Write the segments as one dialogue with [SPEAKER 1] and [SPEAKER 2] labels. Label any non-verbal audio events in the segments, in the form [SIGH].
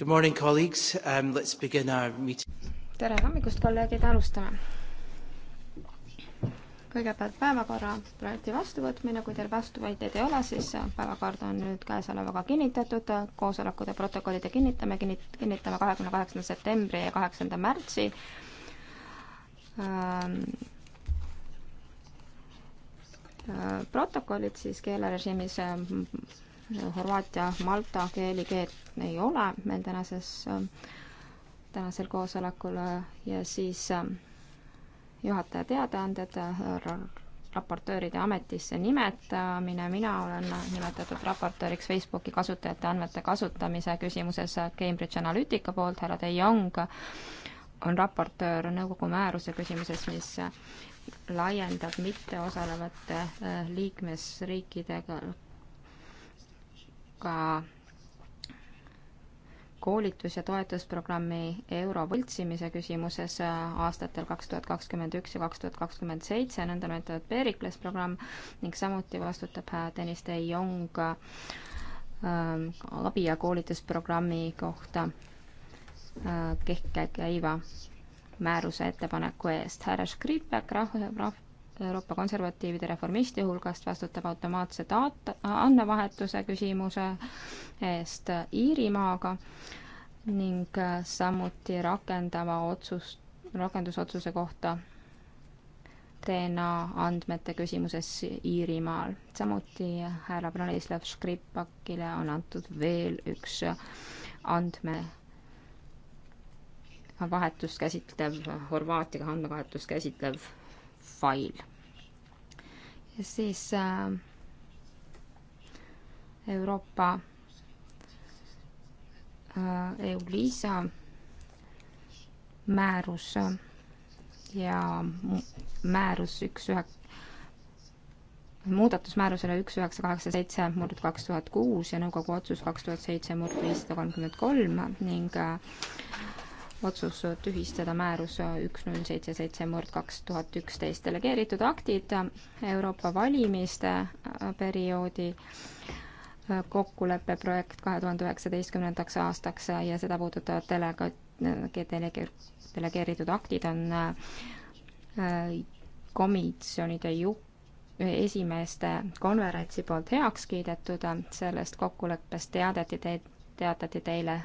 [SPEAKER 1] Good morning, colleagues. Um, let's begin our meeting.
[SPEAKER 2] tere hommikust, kolleegid, alustame. kõigepealt päevakorra projekti vastuvõtmine, kui teil vastuväiteid ei ole, siis päevakord on nüüd käesolevaga kinnitatud, koosolekute protokollide kinnitame, kinnit-, kinnitame kahekümne kaheksanda septembri ja kaheksanda märtsi ähm, äh, protokollid siis keelerežiimis äh, horvaatia, malta keeli keelt ei ole meil tänases, ähm, tänasel koosolekul äh, ja siis ähm, juhataja teadaanded, äh, raportööride ametisse nimetamine, mina olen nimetatud raportööriks Facebooki kasutajate andmete kasutamise küsimuses Cambridge Analytica poolt, härra De Jong on raportöör nõukogu määruse küsimuses, mis äh, laiendab mitteosalevate liikmesriikidega ka koolitus- ja toetusprogrammi euro võltsimise küsimuses aastatel kaks tuhat kakskümmend üks ja kaks tuhat kakskümmend seitse, nõndanimetatud Pericles programm, ning samuti vastutab äh, Deniss de Jong äh, abi- ja koolitusprogrammi kohta äh, käiva määruse ettepaneku eest. härra Škripek, rahva, rahva Euroopa konservatiivide reformisti hulgast vastutab automaatse data, andmevahetuse küsimuse eest Iirimaaga ning samuti rakendava otsus, rakendusotsuse kohta DNA andmete küsimuses Iirimaal. samuti härra Branislav Škripakile on antud veel üks andme vahetust käsitlev, Horvaatiaga andmevahetust käsitlev fail siis äh, Euroopa äh, EU-LISA määrus ja määrus üks ühe, muudatusmäärusele üks üheksa kaheksa seitse murd kaks tuhat kuus ja nõukogu otsus kaks tuhat seitse murd viissada kolmkümmend kolm ning äh, otsus tühistada määrus üks null seitse seitse murd kaks tuhat üksteist delegeeritud aktid Euroopa valimiste perioodi kokkuleppe projekt kahe tuhande üheksateistkümnendaks aastaks ja seda puudutavad delega-, delege-, delegeeritud aktid on äh, komisjonide ju-, esimeeste konverentsi poolt heaks kiidetud, sellest kokkuleppest teadeti te-, teatati teile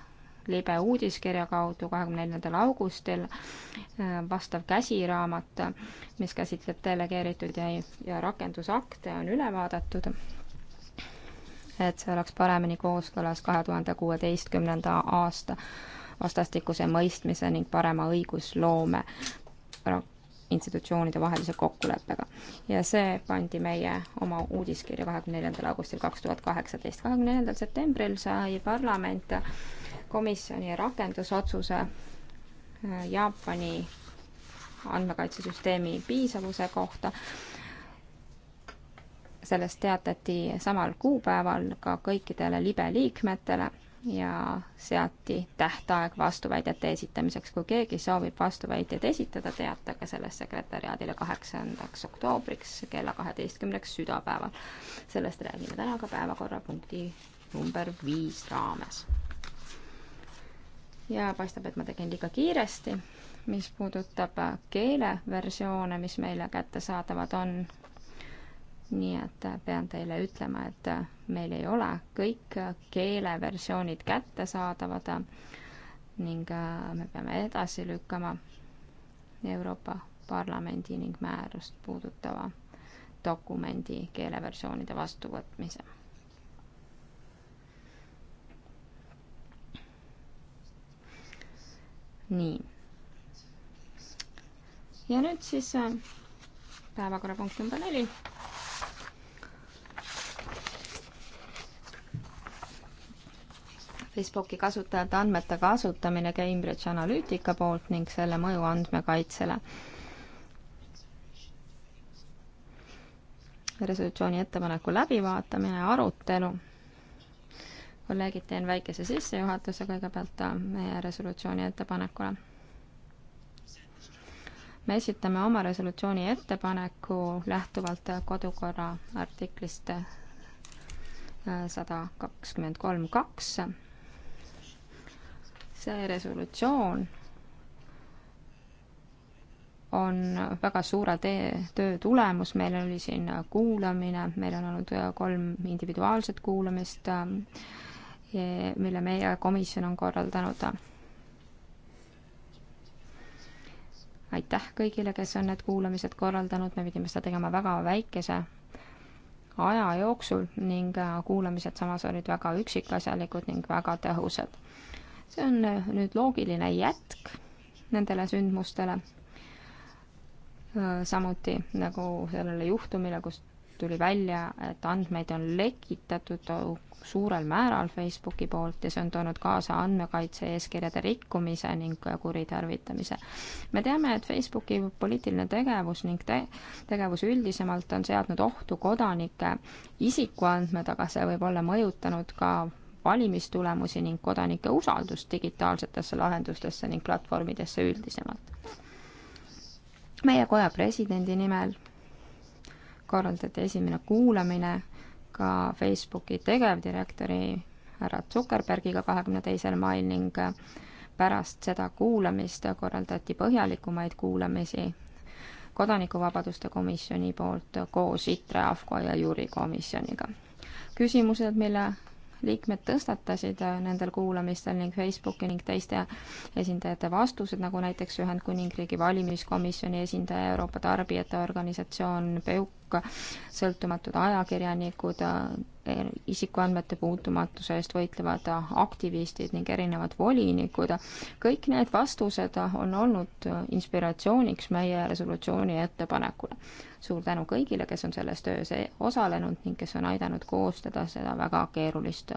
[SPEAKER 2] libe uudiskirja kaudu kahekümne neljandal augustil äh, vastav käsiraamat, mis käsitleb delegeeritud ja, ja rakendusakte, on üle vaadatud, et see oleks paremini kooskõlas kahe tuhande kuueteistkümnenda aasta vastastikuse mõistmise ning parema õigusloome institutsioonide vahelise kokkuleppega. ja see pandi meie oma uudiskirja kahekümne neljandal augustil kaks tuhat kaheksateist. kahekümne neljandal septembril sai parlament komisjoni rakendusotsuse äh, Jaapani andmekaitsesüsteemi piisavuse kohta. sellest teatati samal kuupäeval ka kõikidele libe liikmetele ja seati tähtaeg vastuväidete esitamiseks. kui keegi soovib vastuväiteid esitada, teatage sellest sekretäriaadile kaheksandaks oktoobriks kella kaheteistkümneks südapäeval. sellest räägime täna ka päevakorrapunkti number viis raames ja paistab, et ma tegin liiga kiiresti. mis puudutab keeleversioone, mis meile kättesaadavad on, nii et pean teile ütlema, et meil ei ole kõik keeleversioonid kättesaadavad ning me peame edasi lükkama Euroopa Parlamendi ning määrust puudutava dokumendi keeleversioonide vastuvõtmise nii. ja nüüd siis äh, päevakorrapunkt number neli. Facebooki kasutajate andmete kasutamine Cambridge Analytica poolt ning selle mõju andmekaitsele. resolutsiooni ettepaneku läbivaatamine, arutelu kolleegid, teen väikese sissejuhatuse kõigepealt äh, meie resolutsiooni ettepanekule. me esitame oma resolutsiooni ettepaneku lähtuvalt kodukorra artiklist äh, sada kakskümmend kolm kaks. see resolutsioon on väga suure tee, töö tulemus, meil oli siin kuulamine, meil on olnud äh, kolm individuaalset kuulamist äh,, mille meie komisjon on korraldanud. aitäh kõigile, kes on need kuulamised korraldanud, me pidime seda tegema väga väikese aja jooksul ning kuulamised samas olid väga üksikasjalikud ning väga tõhusad. see on nüüd loogiline jätk nendele sündmustele, samuti nagu sellele juhtumile, kus tuli välja, et andmeid on lekitatud suurel määral Facebooki poolt ja see on toonud kaasa andmekaitse eeskirjade rikkumise ning kuritarvitamise. me teame, et Facebooki poliitiline tegevus ning te tegevus üldisemalt on seadnud ohtu kodanike isikuandmed, aga see võib olla mõjutanud ka valimistulemusi ning kodanike usaldust digitaalsetesse lahendustesse ning platvormidesse üldisemalt. meie koja presidendi nimel korraldati esimene kuulamine ka Facebooki tegevdirektori härra Zuckerbergiga kahekümne teisel mail ning äh, pärast seda kuulamist korraldati põhjalikumaid kuulamisi kodanikuvabaduste komisjoni poolt koos ITRE, AFCO ja Jüri komisjoniga. küsimused, mille liikmed tõstatasid äh, nendel kuulamistel ning Facebooki ning teiste esindajate vastused, nagu näiteks Ühendkuningriigi valimiskomisjoni esindaja, Euroopa Tarbijate Organisatsioon, PEUK, sõltumatud ajakirjanikud, äh, isikuandmete puutumatuse eest võitlevad aktivistid ning erinevad volinikud. kõik need vastused on olnud inspiratsiooniks meie resolutsiooni ettepanekule. suur tänu kõigile, kes on selles töös e- osalenud ning kes on aidanud koostada seda väga keerulist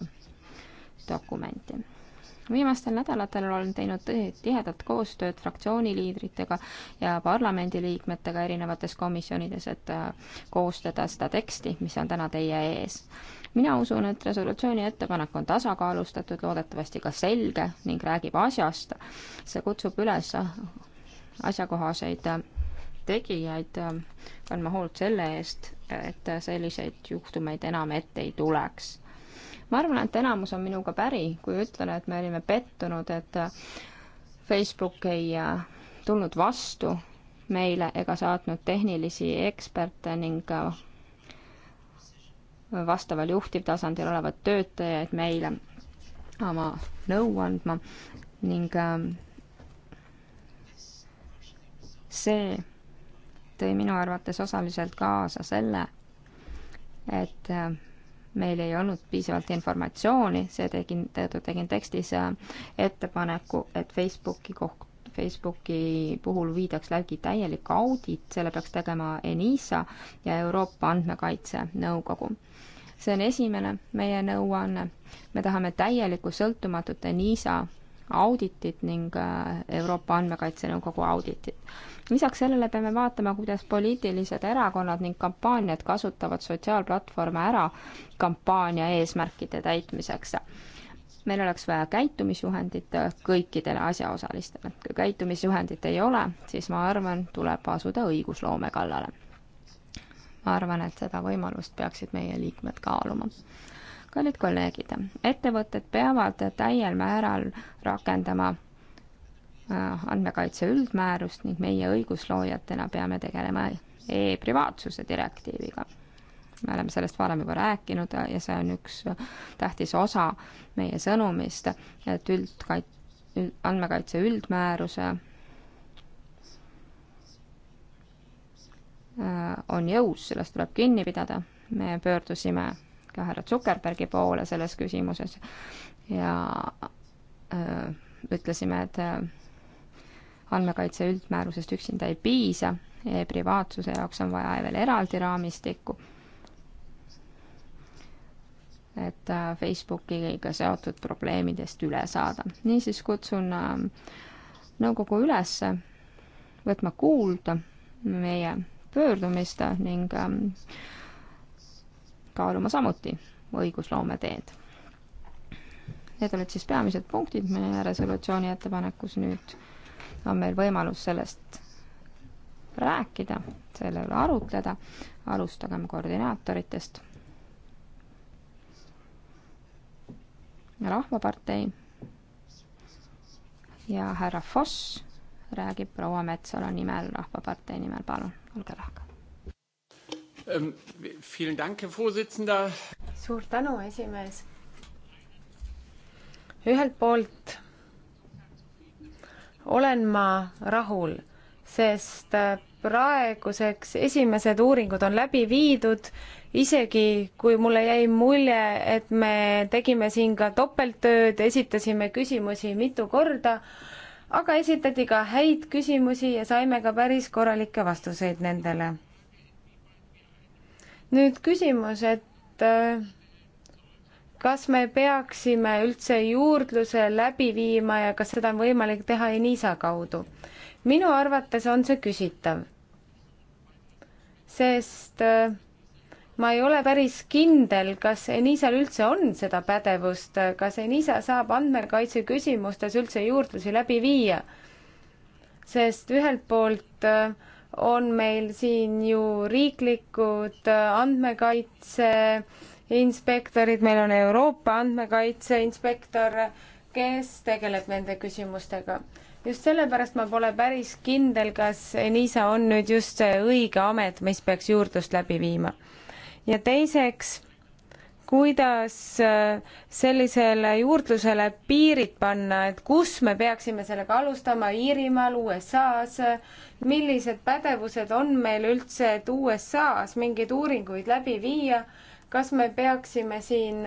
[SPEAKER 2] dokumenti viimastel nädalatel olen teinud tihedat koostööd fraktsiooniliidritega ja parlamendiliikmetega erinevates komisjonides, et äh, koostada seda teksti, mis on täna teie ees mina usun, et resolutsiooni ettepanek on tasakaalustatud, loodetavasti ka selge ning räägib asjast. see kutsub üles asjakohaseid tegijaid kandma hoolt selle eest, et selliseid juhtumeid enam ette ei tuleks. ma arvan, et enamus on minuga päri, kui ütlen, et me olime pettunud, et Facebook ei tulnud vastu meile ega saatnud tehnilisi eksperte ning vastaval juhtivtasandil olevad töötajaid meile oma nõu andma ning ähm, see tõi minu arvates osaliselt kaasa selle, et ähm, meil ei olnud piisavalt informatsiooni, see tegin, seetõttu tegin tekstis äh, ettepaneku, et Facebooki koht, Facebooki puhul viidaks läbi täielik audit, selle peaks tegema ENISA ja Euroopa Andmekaitse Nõukogu see on esimene meie nõuanne. me tahame täielikku sõltumatut NISA auditit ning äh, Euroopa Andmekaitse Nõukogu auditit. lisaks sellele peame vaatama, kuidas poliitilised erakonnad ning kampaaniad kasutavad sotsiaalplatvorme ära kampaania eesmärkide täitmiseks. meil oleks vaja käitumisjuhendit äh, kõikidele asjaosalistele. kui käitumisjuhendit ei ole, siis ma arvan, tuleb asuda õigusloome kallale ma arvan, et seda võimalust peaksid meie liikmed kaaluma kallid kolleegid, ettevõtted peavad täiel määral rakendama äh, andmekaitse üldmäärust ning meie õigusloojatena peame tegelema e-privaatsuse direktiiviga. me oleme sellest varem juba rääkinud ja see on üks tähtis osa meie sõnumist, et üldkait-, andmekaitse üldmääruse Äh, on jõus, sellest tuleb kinni pidada. me pöördusime ka härra Zuckerbergi poole selles küsimuses ja öö, äh, ütlesime, et äh, andmekaitse üldmäärusest üksinda ei piisa e, privaatsuse jaoks on vaja veel eraldi raamistikku. et Facebookiga seotud probleemidest üle saada. niisiis kutsun nõukogu üles võtma kuulda meie pöördumist ning ähm, kaaluma samuti õigusloome teed. Need olid siis peamised punktid meie resolutsiooni ettepanekus, nüüd on meil võimalus sellest rääkida, selle üle arutleda, alustagem koordinaatoritest. rahvapartei ja härra Foss räägib proua Metsola nimel, Rahvapartei nimel, palun
[SPEAKER 3] Kulgerahka ähm,.
[SPEAKER 4] suur tänu, esimees. ühelt poolt olen ma rahul, sest praeguseks esimesed uuringud on läbi viidud, isegi kui mulle jäi mulje, et me tegime siin ka topelttööd, esitasime küsimusi mitu korda aga esitati ka häid küsimusi ja saime ka päris korralikke vastuseid nendele. nüüd küsimus, et äh, kas me peaksime üldse juurdluse läbi viima ja kas seda on võimalik teha Enisa kaudu? minu arvates on see küsitav, sest äh, ma ei ole päris kindel, kas Enisal üldse on seda pädevust, kas Enisa saab andmekaitse küsimustes üldse juurdlusi läbi viia. sest ühelt poolt äh, on meil siin ju riiklikud äh, andmekaitse inspektorid, meil on Euroopa andmekaitse inspektor, kes tegeleb nende küsimustega just sellepärast ma pole päris kindel, kas Enisa on nüüd just see õige amet, mis peaks juurdlust läbi viima ja teiseks, kuidas äh, sellisele juurdlusele piirid panna, et kus me peaksime sellega alustama, Iirimaal, USA-s, millised pädevused on meil üldse, et USA-s mingeid uuringuid läbi viia, kas me peaksime siin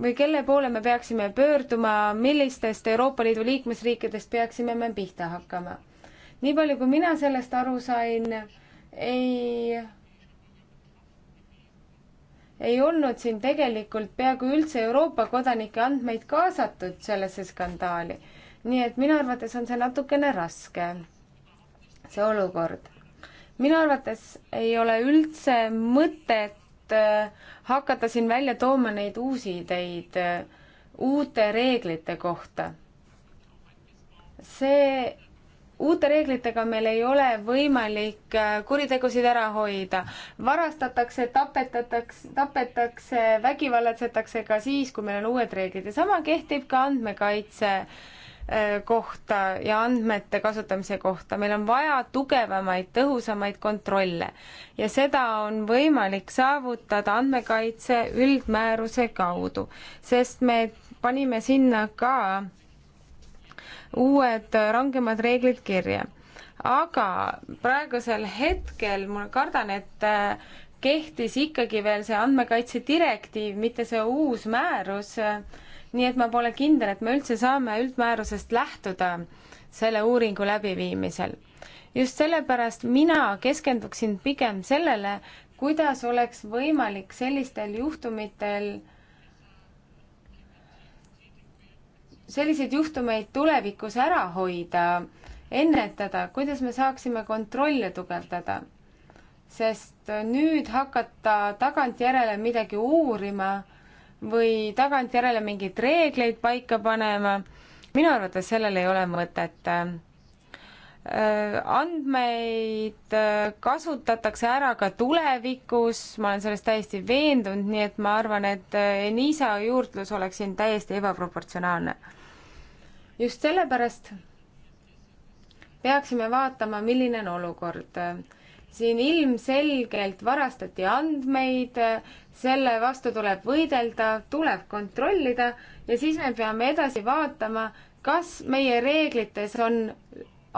[SPEAKER 4] või kelle poole me peaksime pöörduma, millistest Euroopa Liidu liikmesriikidest peaksime me pihta hakkama? nii palju, kui mina sellest aru sain, ei, ei olnud siin tegelikult peaaegu üldse Euroopa kodanike andmeid kaasatud sellesse skandaali. nii et minu arvates on see natukene raske, see olukord. minu arvates ei ole üldse mõtet äh, hakata siin välja tooma neid uusi ideid äh, uute reeglite kohta. see uute reeglitega meil ei ole võimalik äh, kuritegusid ära hoida. varastatakse, tapetatakse, tapetakse, vägivallatsetakse ka siis, kui meil on uued reeglid ja sama kehtib ka andmekaitse äh, kohta ja andmete kasutamise kohta. meil on vaja tugevamaid, tõhusamaid kontrolle ja seda on võimalik saavutada andmekaitse üldmääruse kaudu, sest me panime sinna ka uued rangemad reeglid kirja. aga praegusel hetkel ma kardan, et äh, kehtis ikkagi veel see andmekaitse direktiiv, mitte see uus määrus. nii et ma pole kindel, et me üldse saame üldmäärusest lähtuda selle uuringu läbiviimisel. just sellepärast mina keskenduksin pigem sellele, kuidas oleks võimalik sellistel juhtumitel selliseid juhtumeid tulevikus ära hoida, ennetada, kuidas me saaksime kontrolle tugevdada? sest nüüd hakata tagantjärele midagi uurima või tagantjärele mingeid reegleid paika panema, minu arvates sellel ei ole mõtet äh, andmeid äh, kasutatakse ära ka tulevikus, ma olen selles täiesti veendunud, nii et ma arvan, et äh, Enisa juurdlus oleks siin täiesti ebaproportsionaalne just sellepärast peaksime vaatama, milline on olukord. siin ilmselgelt varastati andmeid, selle vastu tuleb võidelda, tuleb kontrollida ja siis me peame edasi vaatama, kas meie reeglites on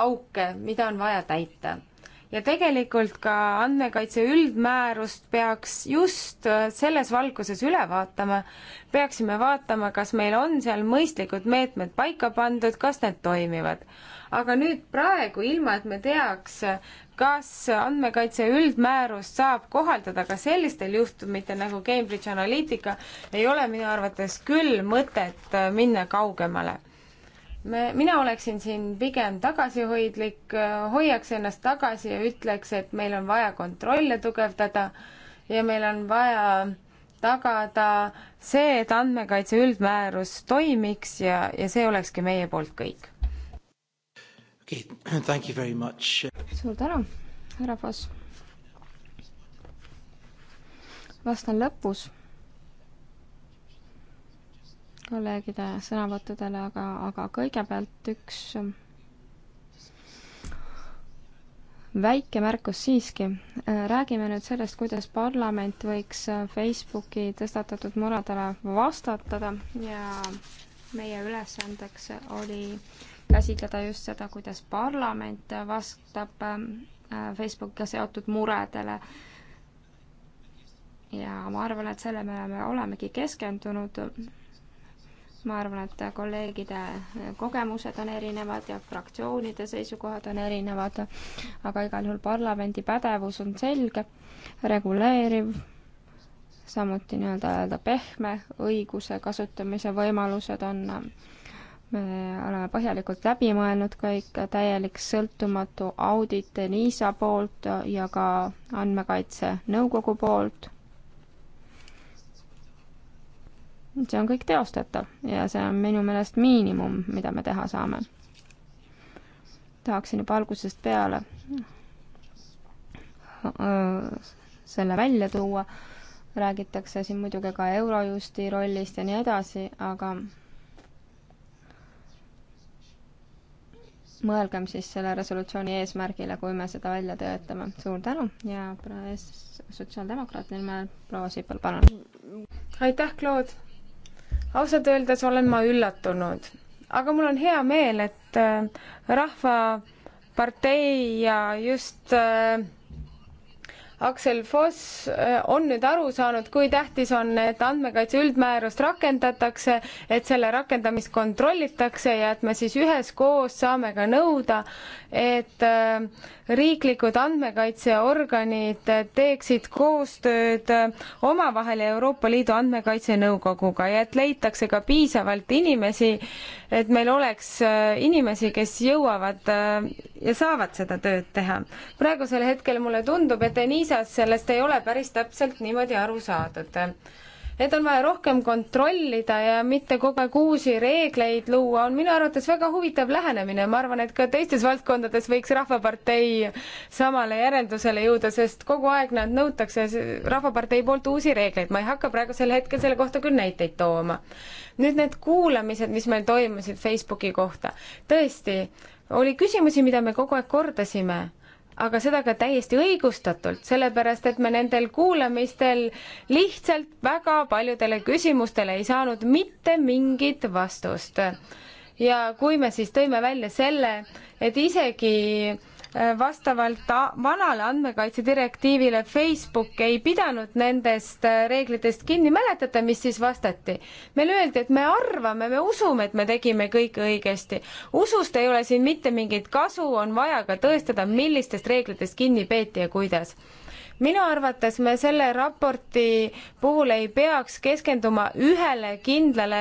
[SPEAKER 4] auke, mida on vaja täita ja tegelikult ka andmekaitse üldmäärust peaks just äh, selles valguses üle vaatama. peaksime vaatama, kas meil on seal mõistlikud meetmed paika pandud, kas need toimivad. aga nüüd praegu, ilma et me teaks, äh, kas andmekaitse üldmäärust saab kohaldada ka sellistel juhtumitel nagu Cambridge Analytica, ei ole minu arvates küll mõtet äh, minna kaugemale me, mina oleksin siin pigem tagasihoidlik, äh, hoiaks ennast tagasi ja ütleks, et meil on vaja kontrolle tugevdada ja meil on vaja tagada see, et andmekaitse üldmäärus toimiks ja, ja see olekski meie poolt kõik.
[SPEAKER 1] okei okay,, [CLEARS THROAT] thank you very much.
[SPEAKER 4] suur tänu, härra Foss. vastan
[SPEAKER 2] lõpus kolleegide sõnavõttudele, aga, aga kõigepealt üks väike märkus siiski. räägime nüüd sellest, kuidas parlament võiks Facebooki tõstatatud muredele vastatada ja meie ülesandeks oli käsitleda just seda, kuidas parlament vastab äh, Facebookiga seotud muredele. ja ma arvan, et selle me olemegi keskendunud ma arvan, et kolleegide kogemused on erinevad ja fraktsioonide seisukohad on erinevad, aga igal juhul parlamendi pädevus on selge, reguleeriv, samuti nii-öelda öelda pehme õiguse kasutamise võimalused on, me oleme põhjalikult läbi mõelnud kõik, täielik sõltumatu audit NISA poolt ja ka Andmekaitse Nõukogu poolt see on kõik teostatav ja see on minu meelest miinimum, mida me teha saame. tahaksin juba algusest peale selle välja tuua, räägitakse siin muidugi ka Eurojusti rollist ja nii edasi, aga mõelgem siis selle resolutsiooni eesmärgile, kui me seda välja töötame. suur tänu ja sotsiaaldemokraatide nimel proua Sipel,
[SPEAKER 4] palun. aitäh, Claude ausalt öeldes olen ma üllatunud, aga mul on hea meel, et äh, Rahvapartei ja just äh, Aksel Foss äh, on nüüd aru saanud, kui tähtis on, et andmekaitse üldmäärust rakendatakse, et selle rakendamist kontrollitakse ja et me siis üheskoos saame ka nõuda, et äh, riiklikud andmekaitseorganid teeksid koostööd äh, omavahel Euroopa Liidu Andmekaitse Nõukoguga ja et leitakse ka piisavalt inimesi, et meil oleks inimesi, kes jõuavad ja saavad seda tööd teha. praegusel hetkel mulle tundub, et Enisa PISA-s sellest ei ole päris täpselt niimoodi aru saadud. et on vaja rohkem kontrollida ja mitte kogu aeg uusi reegleid luua, on minu arvates väga huvitav lähenemine, ma arvan, et ka teistes valdkondades võiks Rahvapartei samale järeldusele jõuda, sest kogu aeg nad nõutakse Rahvapartei poolt uusi reegleid, ma ei hakka praegusel hetkel selle kohta küll näiteid tooma. nüüd need kuulamised, mis meil toimusid Facebooki kohta, tõesti, oli küsimusi, mida me kogu aeg kordasime aga seda ka täiesti õigustatult, sellepärast et me nendel kuulamistel lihtsalt väga paljudele küsimustele ei saanud mitte mingit vastust. ja kui me siis tõime välja selle, et isegi Äh, vastavalt vanale andmekaitse direktiivile Facebook ei pidanud nendest äh, reeglitest kinni. mäletate, mis siis vastati? meile öeldi, et me arvame, me usume, et me tegime kõike õigesti. usust ei ole siin mitte mingit kasu, on vaja ka tõestada, millistest reeglitest kinni peeti ja kuidas minu arvates me selle raporti puhul ei peaks keskenduma ühele kindlale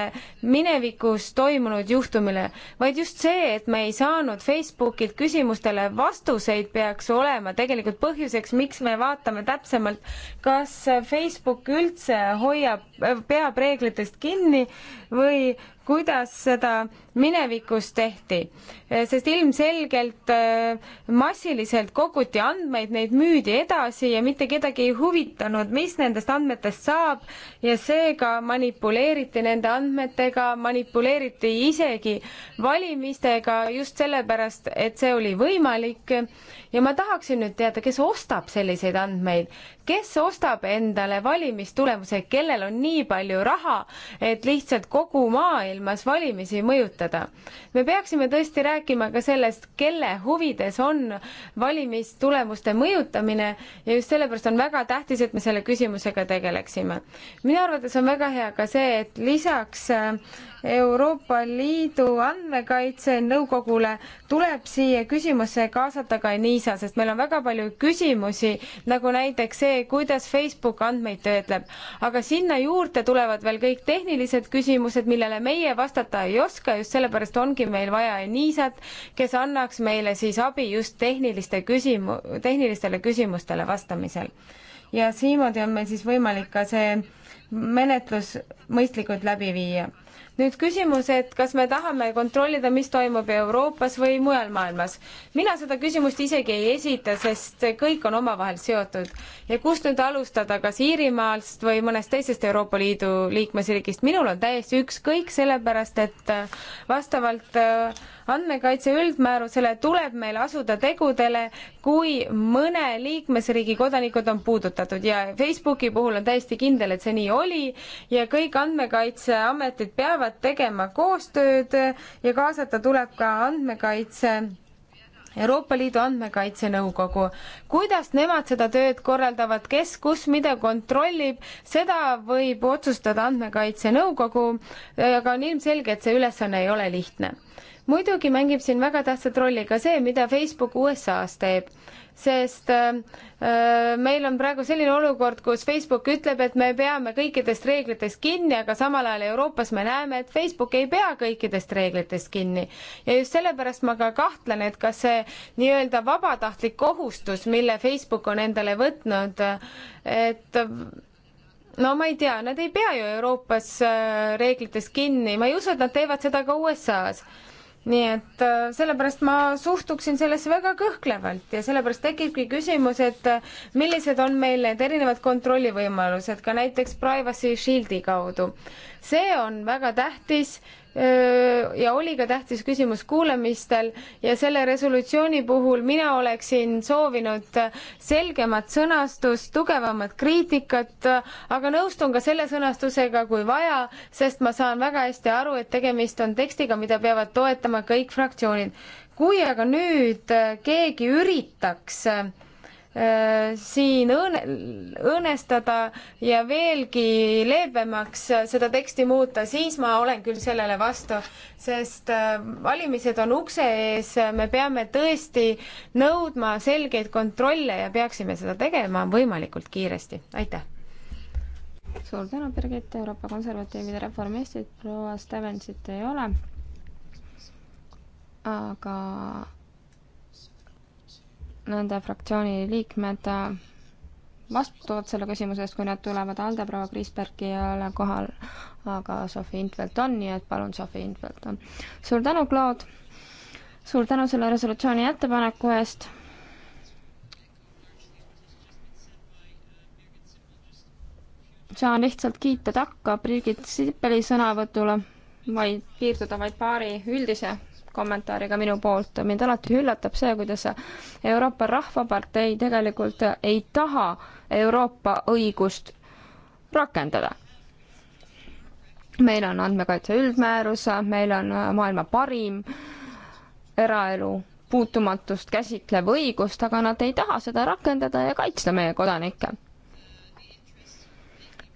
[SPEAKER 4] minevikus toimunud juhtumile, vaid just see, et me ei saanud Facebookilt küsimustele vastuseid, peaks olema tegelikult põhjuseks, miks me vaatame täpsemalt, kas Facebook üldse hoiab, peab reeglitest kinni või kuidas seda minevikus tehti, sest ilmselgelt äh, massiliselt koguti andmeid, neid müüdi edasi ja mitte kedagi ei huvitanud, mis nendest andmetest saab ja seega manipuleeriti nende andmetega, manipuleeriti isegi valimistega just sellepärast, et see oli võimalik. ja ma tahaksin nüüd teada, kes ostab selliseid andmeid, kes ostab endale valimistulemuse, kellel on nii palju raha, et lihtsalt kogu maailmas valimisi mõjutada. me peaksime tõesti rääkima ka sellest, kelle huvides on valimistulemuste mõjutamine ja just sellepärast on väga tähtis, et me selle küsimusega tegeleksime. minu arvates on väga hea ka see, et lisaks äh, Euroopa Liidu Andmekaitse Nõukogule tuleb siia küsimusse kaasata ka NISA, sest meil on väga palju küsimusi, nagu näiteks see, kuidas Facebook andmeid töötleb. aga sinna juurde tulevad veel kõik tehnilised küsimused, millele meie vastata ei oska, just sellepärast ongi meil vaja NISA-t, kes annaks meile siis abi just tehniliste küsimu-, tehnilistele küsimustele vastamisel. ja niimoodi on meil siis võimalik ka see menetlus mõistlikult läbi viia nüüd küsimus, et kas me tahame kontrollida, mis toimub Euroopas või mujal maailmas. mina seda küsimust isegi ei esita, sest kõik on omavahel seotud. ja kust nüüd alustada, kas Iirimaalt või mõnest teisest Euroopa Liidu liikmesriigist, minul on täiesti ükskõik, sellepärast et vastavalt äh, andmekaitse üldmäärusele tuleb meil asuda tegudele, kui mõne liikmesriigi kodanikud on puudutatud ja Facebooki puhul on täiesti kindel, et see nii oli ja kõik andmekaitseametid peavad tegema koostööd ja kaasata tuleb ka andmekaitse Euroopa Liidu Andmekaitse Nõukogu. kuidas nemad seda tööd korraldavad, kes kus mida kontrollib, seda võib otsustada Andmekaitse Nõukogu, aga on ilmselge, et see ülesanne ei ole lihtne muidugi mängib siin väga tähtsat rolli ka see, mida Facebook USA-s teeb, sest äh, äh, meil on praegu selline olukord, kus Facebook ütleb, et me peame kõikidest reeglitest kinni, aga samal ajal Euroopas me näeme, et Facebook ei pea kõikidest reeglitest kinni. ja just sellepärast ma ka kahtlen, et kas see nii-öelda vabatahtlik kohustus, mille Facebook on endale võtnud, et no ma ei tea, nad ei pea ju Euroopas äh, reeglitest kinni, ma ei usu, et nad teevad seda ka USA-s nii et äh, sellepärast ma suhtuksin sellesse väga kõhklevalt ja sellepärast tekibki küsimus, et äh, millised on meil need erinevad kontrollivõimalused ka näiteks Privacy Shieldi kaudu. see on väga tähtis ja oli ka tähtis küsimus kuulamistel ja selle resolutsiooni puhul mina oleksin soovinud selgemat sõnastust, tugevamat kriitikat, aga nõustun ka selle sõnastusega, kui vaja, sest ma saan väga hästi aru, et tegemist on tekstiga, mida peavad toetama kõik fraktsioonid. kui aga nüüd keegi üritaks äh, Äh, siin õõne, õõnestada ja veelgi leebemaks seda teksti muuta, siis ma olen küll sellele vastu, sest äh, valimised on ukse ees, me peame tõesti nõudma selgeid kontrolle ja peaksime seda tegema võimalikult kiiresti, aitäh!
[SPEAKER 2] suur tänu, Birgit, Euroopa Konservatiivide Reformistid, proua Stevensit ei ole, aga nende fraktsiooni liikmed äh, vastutavad selle küsimuse eest, kui nad tulevad, Alde proua Kriisberg ei ole kohal, aga Sofi Intvelt on, nii et palun, Sofi Intvelt. suur tänu, Claude! suur tänu selle resolutsiooni ettepaneku eest! saan lihtsalt kiita takka Birgit Sippeli sõnavõtule, vaid piirduda vaid paari üldise kommentaariga minu poolt, mind alati üllatab see, kuidas Euroopa Rahvapartei tegelikult ei taha Euroopa õigust rakendada. meil on andmekaitse üldmäärus, meil on maailma parim eraelu puutumatust käsitlev õigust, aga nad ei taha seda rakendada ja kaitsta meie kodanikke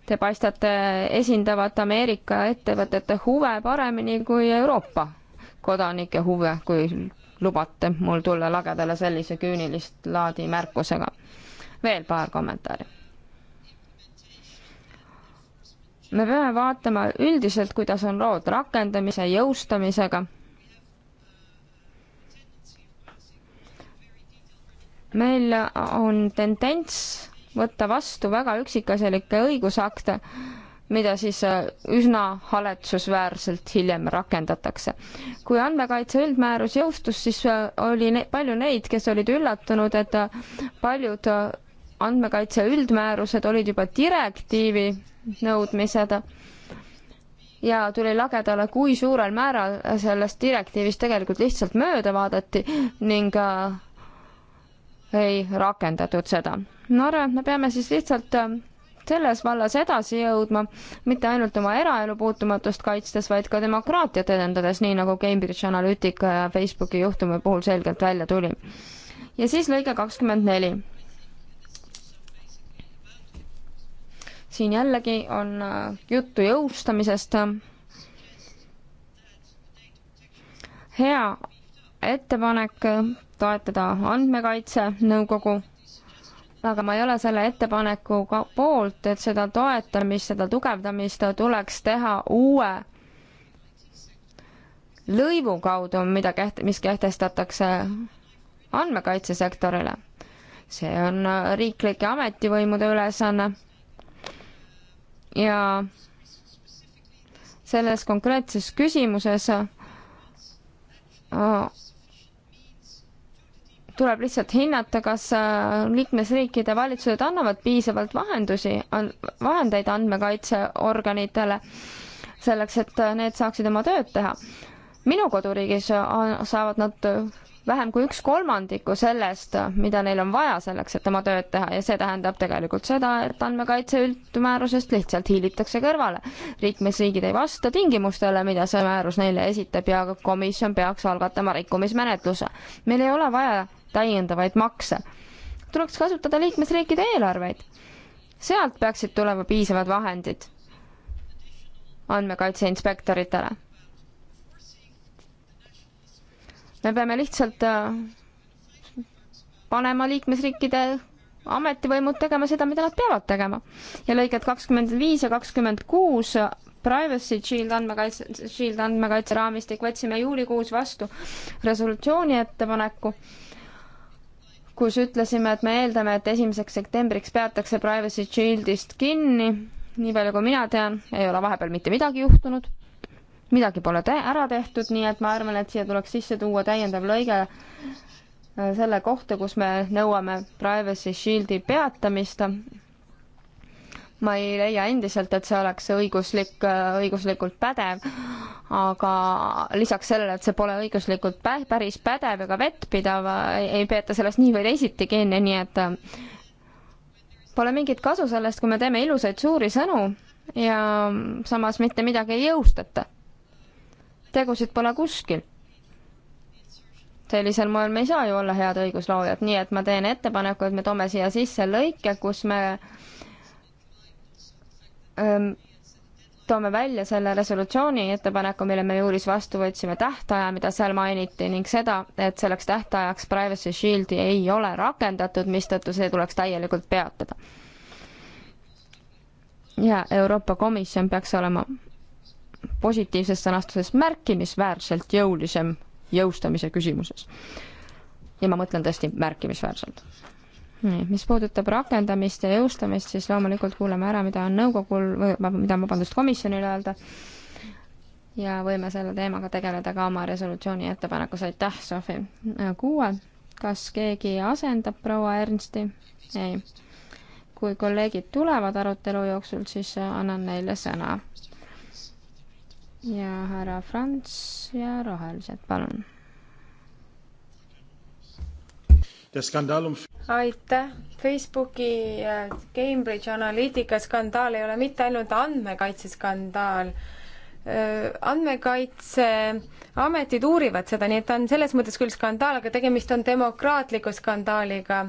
[SPEAKER 2] Te paistate esindavat Ameerika ettevõtete huve paremini kui Euroopa kodanike huve, kui lubate mul tulla lagedale sellise küünilist laadi märkusega. veel paar kommentaari. me peame vaatama üldiselt, kuidas on lood rakendamise, jõustamisega. meil on tendents võtta vastu väga üksikasjalikke õigusakte mida siis äh, üsna haletsusväärselt hiljem rakendatakse. kui andmekaitse üldmäärus jõustus, siis äh, oli ne palju neid, kes olid üllatunud, et äh, paljud andmekaitse üldmäärused olid juba direktiivi nõudmised ja tuli lagedale, kui suurel määral sellest direktiivist tegelikult lihtsalt mööda vaadati ning ei rakendatud seda. ma arvan, et me peame siis lihtsalt selles vallas edasi jõudma, mitte ainult oma eraelu puutumatust kaitstes, vaid ka demokraatiat edendades, nii nagu Cambridge Analytica ja Facebooki juhtumi puhul selgelt välja tuli. ja siis lõige kakskümmend neli. siin jällegi on äh, juttu jõustamisest. hea ettepanek toetada Andmekaitse Nõukogu aga ma ei ole selle ettepaneku poolt, et seda toetamist, seda tugevdamist tuleks teha uue lõivu kaudu, mida keht-, mis kehtestatakse andmekaitsesektorile. see on riiklike ametivõimude ülesanne ja selles konkreetses küsimuses äh, tuleb lihtsalt hinnata, kas äh, liikmesriikide valitsused annavad piisavalt vahendusi, vahendeid andmekaitseorganitele selleks, et äh, need saaksid oma tööd teha. minu koduriigis äh, saavad nad vähem kui üks kolmandiku sellest, mida neil on vaja selleks, et oma tööd teha ja see tähendab tegelikult seda, et andmekaitse üldmäärusest lihtsalt hiilitakse kõrvale. liikmesriigid ei vasta tingimustele, mida see määrus neile esitab ja komisjon peaks algatama rikkumismenetluse. meil ei ole vaja täiendavaid makse. tuleks kasutada liikmesriikide eelarveid. sealt peaksid tulema piisavad vahendid andmekaitse inspektoritele. me peame lihtsalt äh, panema liikmesriikide ametivõimud tegema seda, mida nad peavad tegema. ja lõiged kakskümmend viis ja kakskümmend kuus äh, Privacy Shield andmekaitse, Shield andmekaitse raamistik võtsime juulikuus vastu resolutsiooni ettepaneku kus ütlesime, et me eeldame, et esimeseks septembriks peatakse Privacy Shieldist kinni, nii palju kui mina tean, ei ole vahepeal mitte midagi juhtunud, midagi pole te ära tehtud, nii et ma arvan, et siia tuleks sisse tuua täiendav lõige äh, selle kohta, kus me nõuame Privacy Shieldi peatamist ma ei leia endiselt, et see oleks õiguslik, õiguslikult pädev, aga lisaks sellele, et see pole õiguslikult pä-, päris pädev ega vettpidav, ei peeta sellest nii või teisiti kinni, nii et äh, pole mingit kasu sellest, kui me teeme ilusaid suuri sõnu ja samas mitte midagi ei jõustata. tegusid pole kuskil sellisel moel me ei saa ju olla head õigusloojad, nii et ma teen ettepaneku, et me toome siia sisse lõike, kus me äh, toome välja selle resolutsiooni ettepaneku, mille me juuris vastu võtsime, tähtaja, mida seal mainiti, ning seda, et selleks tähtajaks Privacy Shieldi ei ole rakendatud, mistõttu see tuleks täielikult peatada. ja Euroopa Komisjon peaks olema positiivses sõnastuses märkimisväärselt jõulisem jõustamise küsimuses. ja ma mõtlen tõesti märkimisväärselt nii, mis puudutab rakendamist ja jõustamist, siis loomulikult kuulame ära, mida on nõukogul või mida on, vabandust, komisjonil öelda ja võime selle teemaga tegeleda ka oma resolutsiooni ettepanekus, aitäh, Sofi. kuue, kas keegi asendab proua Ernsti? ei. kui kolleegid tulevad arutelu jooksul, siis annan neile sõna. ja härra Franz ja Rohelised, palun
[SPEAKER 4] aitäh! Facebooki Cambridge Analytica skandaal ei ole mitte ainult andmekaitseskandaal. andmekaitseametid uurivad seda, nii et ta on selles mõttes küll skandaal, aga tegemist on demokraatliku skandaaliga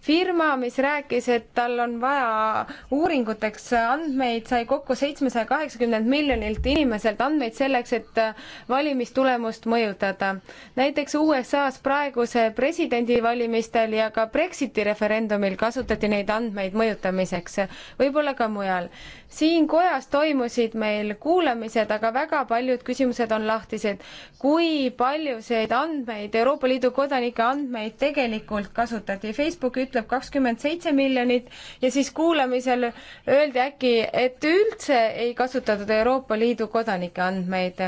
[SPEAKER 4] firma, mis rääkis, et tal on vaja uuringuteks andmeid, sai kokku seitsmesaja kaheksakümnelt miljonilt inimeselt andmeid selleks, et valimistulemust mõjutada. näiteks USA-s praeguse presidendivalimistel ja ka Brexiti referendumil kasutati neid andmeid mõjutamiseks, võib-olla ka mujal. siin kojas toimusid meil kuulamised, aga väga paljud küsimused on lahtised. kui paljusid andmeid, Euroopa Liidu kodanike andmeid tegelikult kasutati? Facebook ütles, ütleb kakskümmend seitse miljonit ja siis kuulamisel öeldi äkki, et üldse ei kasutatud Euroopa Liidu kodanike andmeid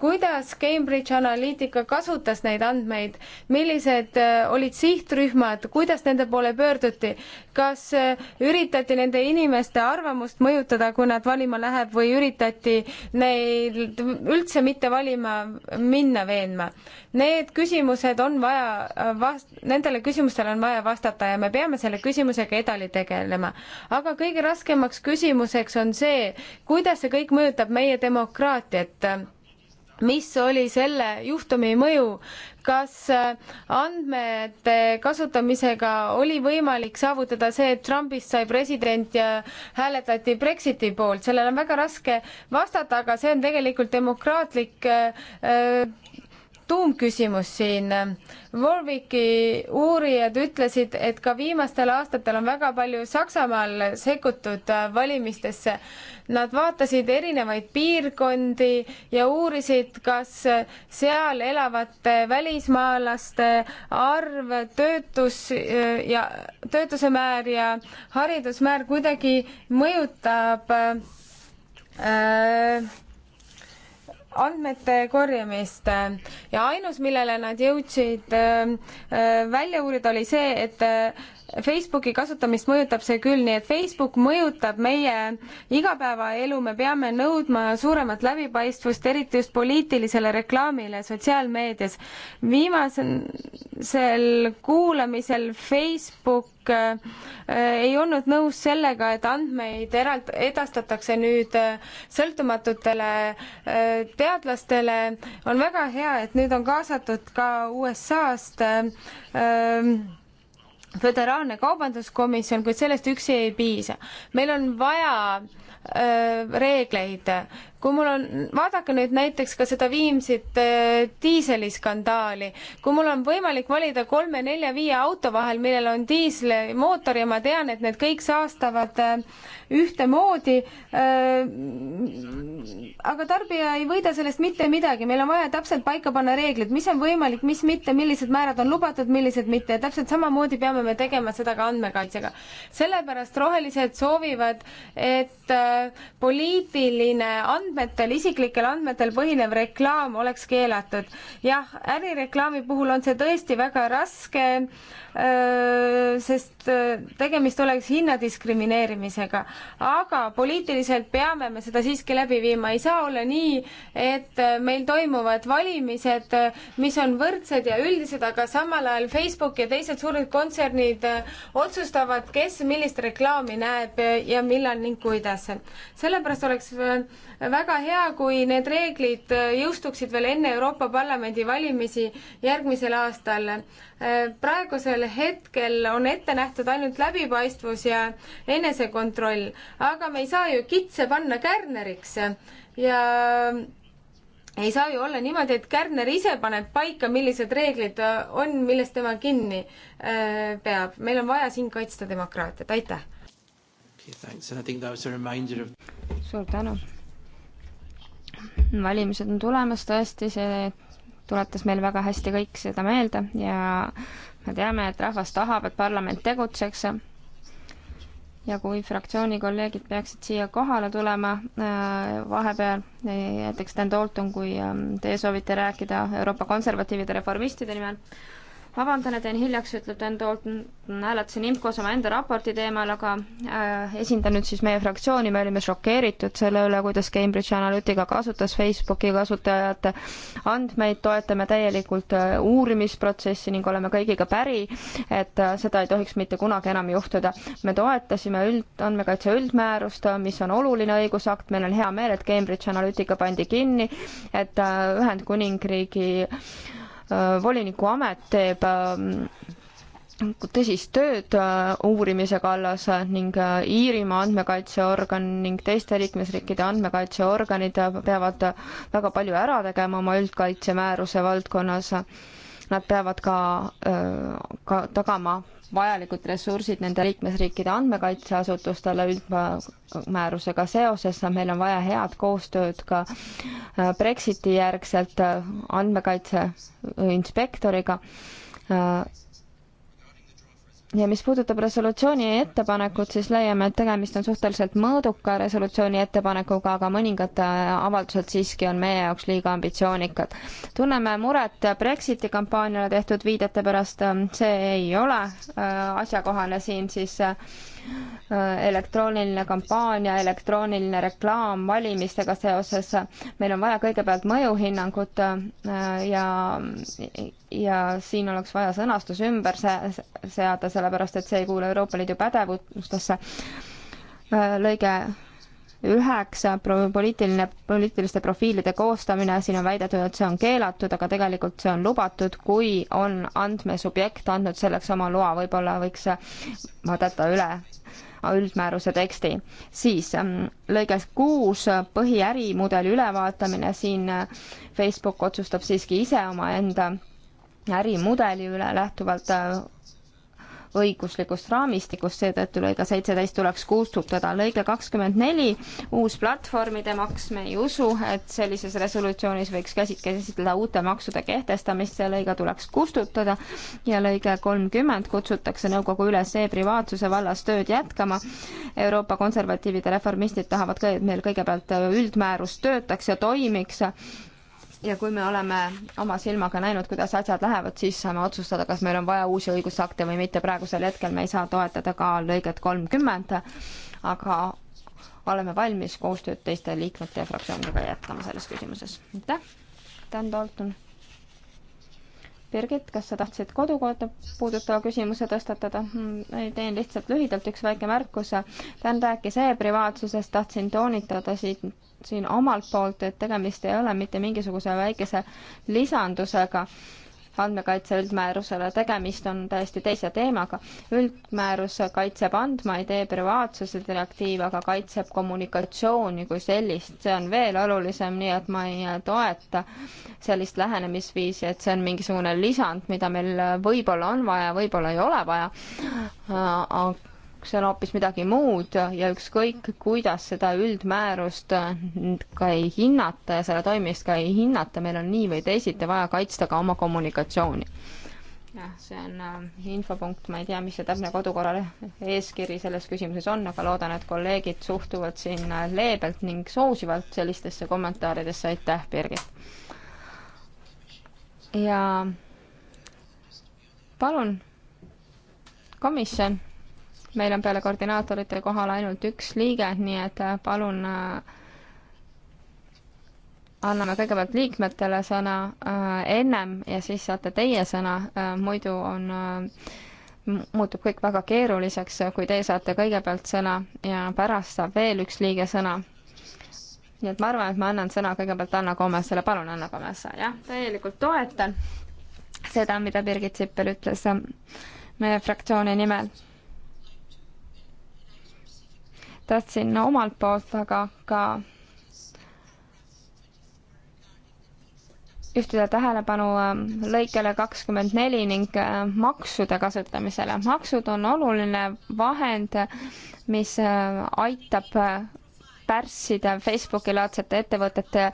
[SPEAKER 4] kuidas Cambridge Analytica kasutas neid andmeid, millised äh, olid sihtrühmad, kuidas nende poole pöörduti, kas äh, üritati nende inimeste arvamust mõjutada, kui nad valima läheb või üritati neil üldse mitte valima minna veenma? Need küsimused on vaja äh, vast-, nendele küsimustele on vaja vastata ja me peame selle küsimusega edasi tegelema. aga kõige raskemaks küsimuseks on see, kuidas see kõik mõjutab meie demokraatiat mis oli selle juhtumi mõju, kas äh, andmete kasutamisega oli võimalik saavutada see, et Trumpist sai president ja hääletati Brexiti poolt, sellele on väga raske vastata, aga see on tegelikult demokraatlik äh, äh tuumküsimus siin. Warwicki uurijad ütlesid, et ka viimastel aastatel on väga palju Saksamaal sekkutud äh, valimistesse. Nad vaatasid erinevaid piirkondi ja uurisid, kas äh, seal elavate välismaalaste arv, töötus äh, ja töötuse määr ja haridusmäär kuidagi mõjutab äh, andmete korjamist ja ainus, millele nad jõudsid äh, äh, välja uurida, oli see, et äh, Facebooki kasutamist mõjutab see küll, nii et Facebook mõjutab meie igapäevaelu, me peame nõudma suuremat läbipaistvust, eriti just poliitilisele reklaamile sotsiaalmeedias. viimasel kuulamisel Facebook äh, ei olnud nõus sellega, et andmeid erald-, edastatakse nüüd äh, sõltumatutele äh, teadlastele. on väga hea, et nüüd on kaasatud ka USA-st äh, äh föderaalne kaubanduskomisjon, kuid sellest üksi ei piisa. meil on vaja öö, reegleid kui mul on, vaadake nüüd näiteks ka seda Viimsit äh, eh, diiseliskandaali, kui mul on võimalik valida kolme, nelja, viie auto vahel, millel on diislimootor ja ma tean, et need kõik saastavad äh, ühtemoodi äh,, aga tarbija ei võida sellest mitte midagi, meil on vaja täpselt paika panna reeglid, mis on võimalik, mis mitte, millised määrad on lubatud, millised mitte ja täpselt samamoodi peame me tegema seda ka andmekaitsega. sellepärast rohelised soovivad, et äh, poliitiline andmekaitse andmetel, isiklikel andmetel põhinev reklaam oleks keelatud. jah, ärireklaami puhul on see tõesti väga raske Äh, sest äh, tegemist oleks hinnadiskrimineerimisega. aga poliitiliselt peame me seda siiski läbi viima, ei saa olla nii, et äh, meil toimuvad valimised, mis on võrdsed ja üldised, aga samal ajal Facebook ja teised suured kontsernid otsustavad, kes millist reklaami näeb ja millal ning kuidas. sellepärast oleks väga hea, kui need reeglid jõustuksid veel enne Euroopa Parlamendi valimisi järgmisel aastal. praegusel hetkel on ette nähtud ainult läbipaistvus ja enesekontroll, aga me ei saa ju kitse panna kärneriks ja ei saa ju olla niimoodi, et Kärner ise paneb paika, millised reeglid on, millest tema kinni äh, peab. meil on vaja siin kaitsta demokraatiat, aitäh
[SPEAKER 1] okay,! Of...
[SPEAKER 2] suur tänu! valimised on tulemas, tõesti, see tuletas meil väga hästi kõik seda meelde ja me teame, et rahvas tahab, et parlament tegutseks. ja kui fraktsiooni kolleegid peaksid siia kohale tulema äh, vahepeal, äh, näiteks Dan Dalton, kui ähm, teie soovite rääkida Euroopa konservatiivide reformistide nimel, vabandan, et jäin hiljaks, ütleb Dan Dalton, hääletasin IMCO-s omaenda raporti teemal, aga äh, esindan nüüd siis meie fraktsiooni, me olime šokeeritud selle üle, kuidas Cambridge Analytica kasutas Facebooki kasutajate andmeid, toetame täielikult äh, uurimisprotsessi ning oleme kõigiga päri, et äh, seda ei tohiks mitte kunagi enam juhtuda. me toetasime üld, andmekaitse üldmäärust, mis on oluline õigusakt, meil on hea meel, et Cambridge Analytica pandi kinni, et äh, Ühendkuningriigi äh, Äh, voliniku amet teeb ähm, tõsist tööd äh, uurimise kallas ning äh, Iirimaa andmekaitseorgan ning teiste liikmesriikide andmekaitseorganid peavad väga palju ära tegema oma üldkaitsemääruse valdkonnas. Nad peavad ka, ka tagama vajalikud ressursid nende liikmesriikide andmekaitseasutustele üldmäärusega seoses. meil on vaja head koostööd ka äh, Brexiti järgselt äh, andmekaitse inspektoriga äh, ja mis puudutab resolutsiooni ettepanekut, siis leiame, et tegemist on suhteliselt mõõduka resolutsiooni ettepanekuga, aga mõningad äh, avaldused siiski on meie jaoks liiga ambitsioonikad. tunneme muret Brexiti kampaaniale tehtud viidete pärast, äh, see ei ole äh, asjakohane siin siis äh, Äh, elektrooniline kampaania, elektrooniline reklaam valimistega seoses. meil on vaja kõigepealt mõjuhinnangut äh, ja, ja siin oleks vaja sõnastus ümber se seada, sellepärast et see ei kuulu Euroopa Liidu pädevustesse. Äh, lõige üheksa pro-, poliitiline, poliitiliste profiilide koostamine, siin on väidetud, et see on keelatud, aga tegelikult see on lubatud, kui on andmesubjekt andnud selleks oma loa, võib-olla võiks vaadata üle üldmääruse teksti. siis ähm, lõiges kuus, põhiärimudeli ülevaatamine, siin äh, Facebook otsustab siiski ise omaenda ärimudeli üle lähtuvalt äh, õiguslikust raamistikust, seetõttu lõige seitseteist tuleks kustutada. lõige kakskümmend neli, uus platvormide maks, me ei usu, et sellises resolutsioonis võiks käsit-, käsitleda uute maksude kehtestamist, see lõige tuleks kustutada ja lõige kolmkümmend kutsutakse nõukogu üles e-privaatsuse vallas tööd jätkama. Euroopa konservatiivid ja reformistid tahavad ka, et meil kõigepealt üldmäärus töötaks ja toimiks ja kui me oleme oma silmaga näinud, kuidas asjad lähevad, siis saame otsustada, kas meil on vaja uusi õigusakte või mitte. praegusel hetkel me ei saa toetada ka lõiget kolmkümmend, aga oleme valmis koostööd teiste liikmete ja fraktsioonidega jätkama selles küsimuses. aitäh, Dan Dalton. Birgit, kas sa tahtsid kodukorda puudutava küsimuse tõstatada? Hmm, teen lihtsalt lühidalt üks väike märkus. Dan rääkis e-privaatsusest, tahtsin toonitada siin siin omalt poolt, et tegemist ei ole mitte mingisuguse väikese lisandusega andmekaitse üldmäärusele, tegemist on täiesti teise teemaga. üldmäärus kaitseb andmeid e, e-privaatsuse direktiiv aga kaitseb kommunikatsiooni kui sellist, see on veel olulisem, nii et ma ei toeta sellist lähenemisviisi, et see on mingisugune lisand, mida meil võib-olla on vaja, võib-olla ei ole vaja see on hoopis midagi muud ja ükskõik, kuidas seda üldmäärust äh, ka ei hinnata ja selle toimimist ka ei hinnata, meil on nii või teisiti vaja kaitsta ka oma kommunikatsiooni. jah, see on äh, infopunkt, ma ei tea, mis see täpne kodukorra eeskiri selles küsimuses on, aga loodan, et kolleegid suhtuvad siin äh, leebelt ning soosivalt sellistesse kommentaaridesse, aitäh, Birgit! ja palun, komisjon meil on peale koordinaatorite kohal ainult üks liige, nii et äh, palun äh, anname kõigepealt liikmetele sõna äh, ennem ja siis saate teie sõna, muidu on muutub kõik väga keeruliseks, kui teie saate kõigepealt sõna ja pärast saab veel üks liige sõna. nii et ma arvan, et ma annan sõna kõigepealt Anna Komesele, palun Anna Komes, jah, täielikult toetan seda, mida Birgit Sippel ütles meie fraktsiooni nimel tahtsin omalt poolt aga ka juhtida tähelepanu ähm, lõikele kakskümmend neli ning äh, maksude kasutamisele. maksud on oluline vahend, mis äh, aitab äh, pärssida Facebooki laadsete ettevõtete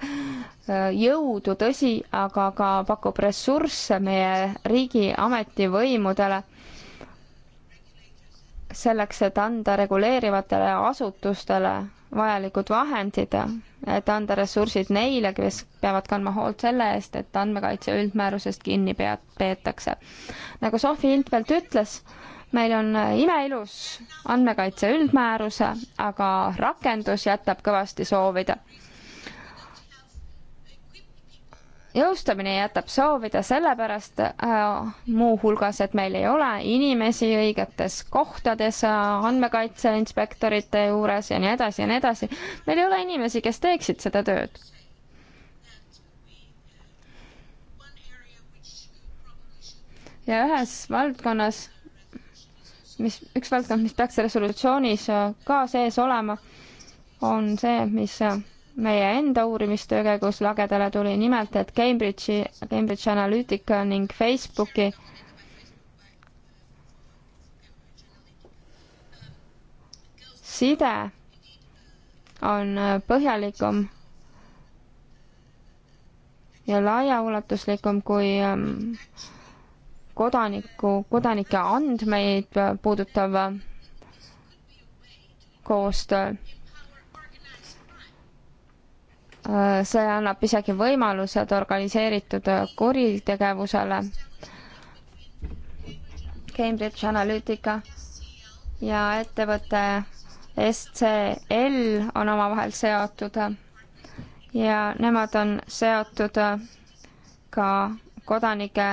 [SPEAKER 2] jõudu, tõsi, aga ka pakub ressursse meie riigi ametivõimudele selleks, et anda reguleerivatele asutustele vajalikud vahendid, et anda ressursid neile, kes peavad kandma hoolt selle eest, et andmekaitse üldmäärusest kinni pea-, peetakse. nagu Sofi Iltvelt ütles, meil on imeilus andmekaitse üldmääruse, aga rakendus jätab kõvasti soovida jõustamine jätab soovida sellepärast äh, muuhulgas, et meil ei ole inimesi õigetes kohtades äh,, andmekaitseinspektorite juures ja nii edasi ja nii edasi. meil ei ole inimesi, kes teeksid seda tööd. ja ühes valdkonnas, mis, üks valdkond, mis peaks resolutsioonis äh, ka sees olema, on see, mis äh, meie enda uurimistöö käigus lagedale tuli nimelt, et Cambridge'i, Cambridge Analytica ning Facebooki side on äh, põhjalikum ja laiaulatuslikum kui ähm, kodaniku, kodanike andmeid puudutav äh, koostöö see annab isegi võimalused organiseeritud kuritegevusele. Cambridge Analytica ja ettevõte SCL on omavahel seotud ja nemad on seotud ka kodanike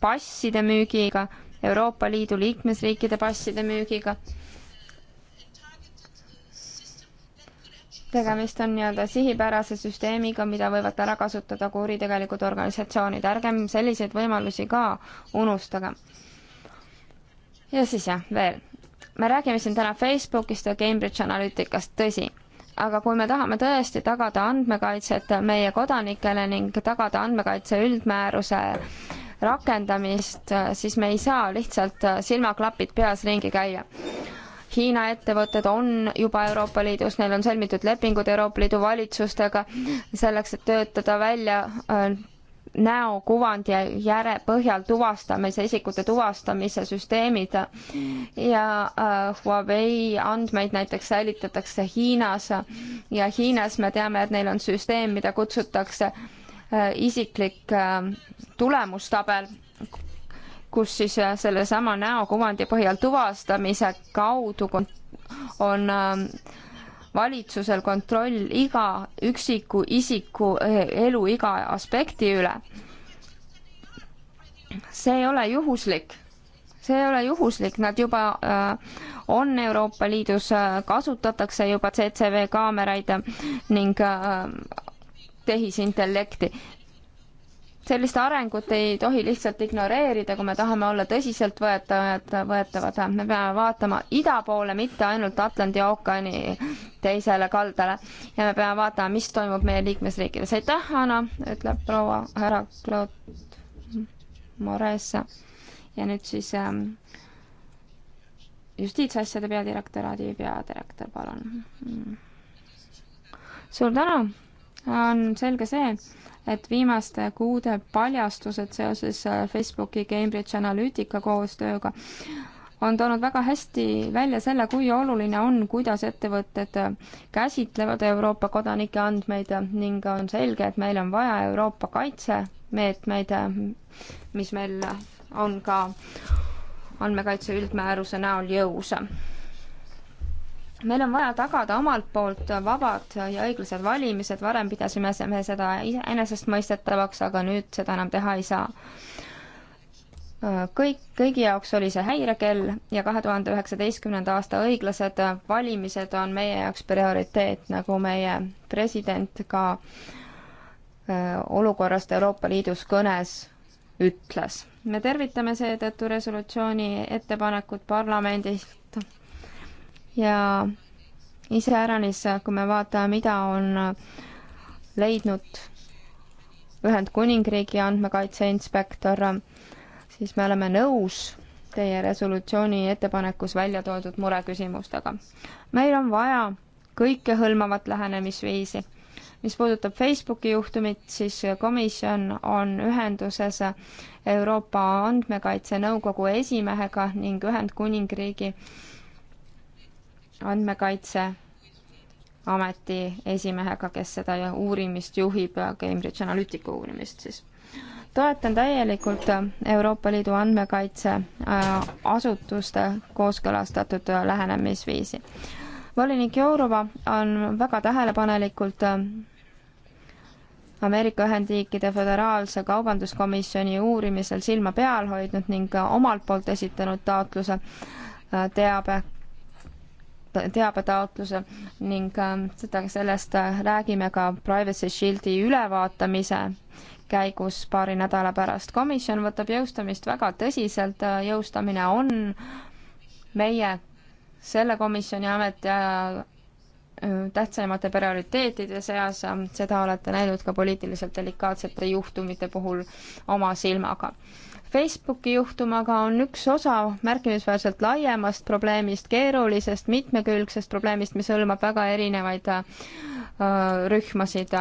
[SPEAKER 2] passide müügiga, Euroopa Liidu liikmesriikide passide müügiga tegemist on nii-öelda sihipärase süsteemiga, mida võivad ära kasutada kuritegelikud organisatsioonid, ärgem selliseid võimalusi ka unustage. ja siis jah, veel. me räägime siin täna Facebookist ja Cambridge Analyticast, tõsi aga kui me tahame tõesti tagada andmekaitset meie kodanikele ning tagada andmekaitse üldmääruse rakendamist, siis me ei saa lihtsalt silmaklapid peas ringi käia. Hiina ettevõtted on juba Euroopa Liidus, neil on sõlmitud lepingud Euroopa Liidu valitsustega selleks, et töötada välja äh, näokuvandi järe põhjal tuvastamise, isikute tuvastamise süsteemid ja äh, Huawei andmeid näiteks säilitatakse Hiinas ja Hiinas me teame, et neil on süsteem, mida kutsutakse äh, isiklik äh, tulemustabel kus siis äh, sellesama näokuvandi põhjal tuvastamise kaudu on ähm, valitsusel kontroll iga üksiku isiku äh, elu iga aspekti üle. see ei ole juhuslik, see ei ole juhuslik, nad juba äh, on Euroopa Liidus äh,, kasutatakse juba CCV kaameraid äh, ning äh, tehisintellekti sellist arengut ei tohi lihtsalt ignoreerida, kui me tahame olla tõsiseltvõetavad, võetavad, me peame vaatama ida poole, mitte ainult Atlandi ookeani teisele kaldale. ja me peame vaatama, mis toimub meie liikmesriikides. aitäh, Anna, ütleb proua härra Claude Mores. ja nüüd siis ähm, justiitsasjade peadirektoraadi peadirektor, palun mm.. suur tänu, on selge see et viimaste kuude paljastused seoses äh, Facebooki Cambridge Analytica koostööga on toonud väga hästi välja selle, kui oluline on, kuidas ettevõtted äh, käsitlevad Euroopa kodanike andmeid äh, ning on selge, et meil on vaja Euroopa kaitsemeetmeid, mis meil on ka andmekaitse üldmääruse näol jõus meil on vaja tagada omalt poolt vabad ja õiglased valimised, varem pidasime me seda enesestmõistetavaks, aga nüüd seda enam teha ei saa. kõik, kõigi jaoks oli see häirekell ja kahe tuhande üheksateistkümnenda aasta õiglased valimised on meie jaoks prioriteet, nagu meie president ka äh, olukorrast Euroopa Liidus kõnes ütles. me tervitame seetõttu resolutsiooni ettepanekut parlamendist ja iseäranis, kui me vaatame, mida on leidnud Ühendkuningriigi andmekaitse inspektor, siis me oleme nõus teie resolutsiooni ettepanekus välja toodud mureküsimustega. meil on vaja kõikehõlmavat lähenemisviisi. mis puudutab Facebooki juhtumit, siis komisjon on ühenduses Euroopa Andmekaitse Nõukogu esimehega ning Ühendkuningriigi andmekaitseameti esimehega, kes seda uurimist juhib, Cambridge Analytica uurimist siis toetan täielikult Euroopa Liidu andmekaitseasutuste äh, kooskõlastatud äh, lähenemisviisi. volinik Jourova on väga tähelepanelikult äh, Ameerika Ühendriikide Föderaalse Kaubanduskomisjoni uurimisel silma peal hoidnud ning omalt poolt esitanud taotluse teabe teabetaotluse ning ähm, seda, sellest äh, räägime ka Privacy Shieldi ülevaatamise käigus paari nädala pärast. komisjon võtab jõustamist väga tõsiselt, äh, jõustamine on meie selle komisjoni ametiaja äh, tähtsaimate prioriteetide seas, seda olete näinud ka poliitiliselt delikaatsete juhtumite puhul oma silmaga Facebooki juhtum aga on üks osa märkimisväärselt laiemast probleemist, keerulisest mitmekülgsest probleemist, mis hõlmab väga erinevaid äh, rühmasid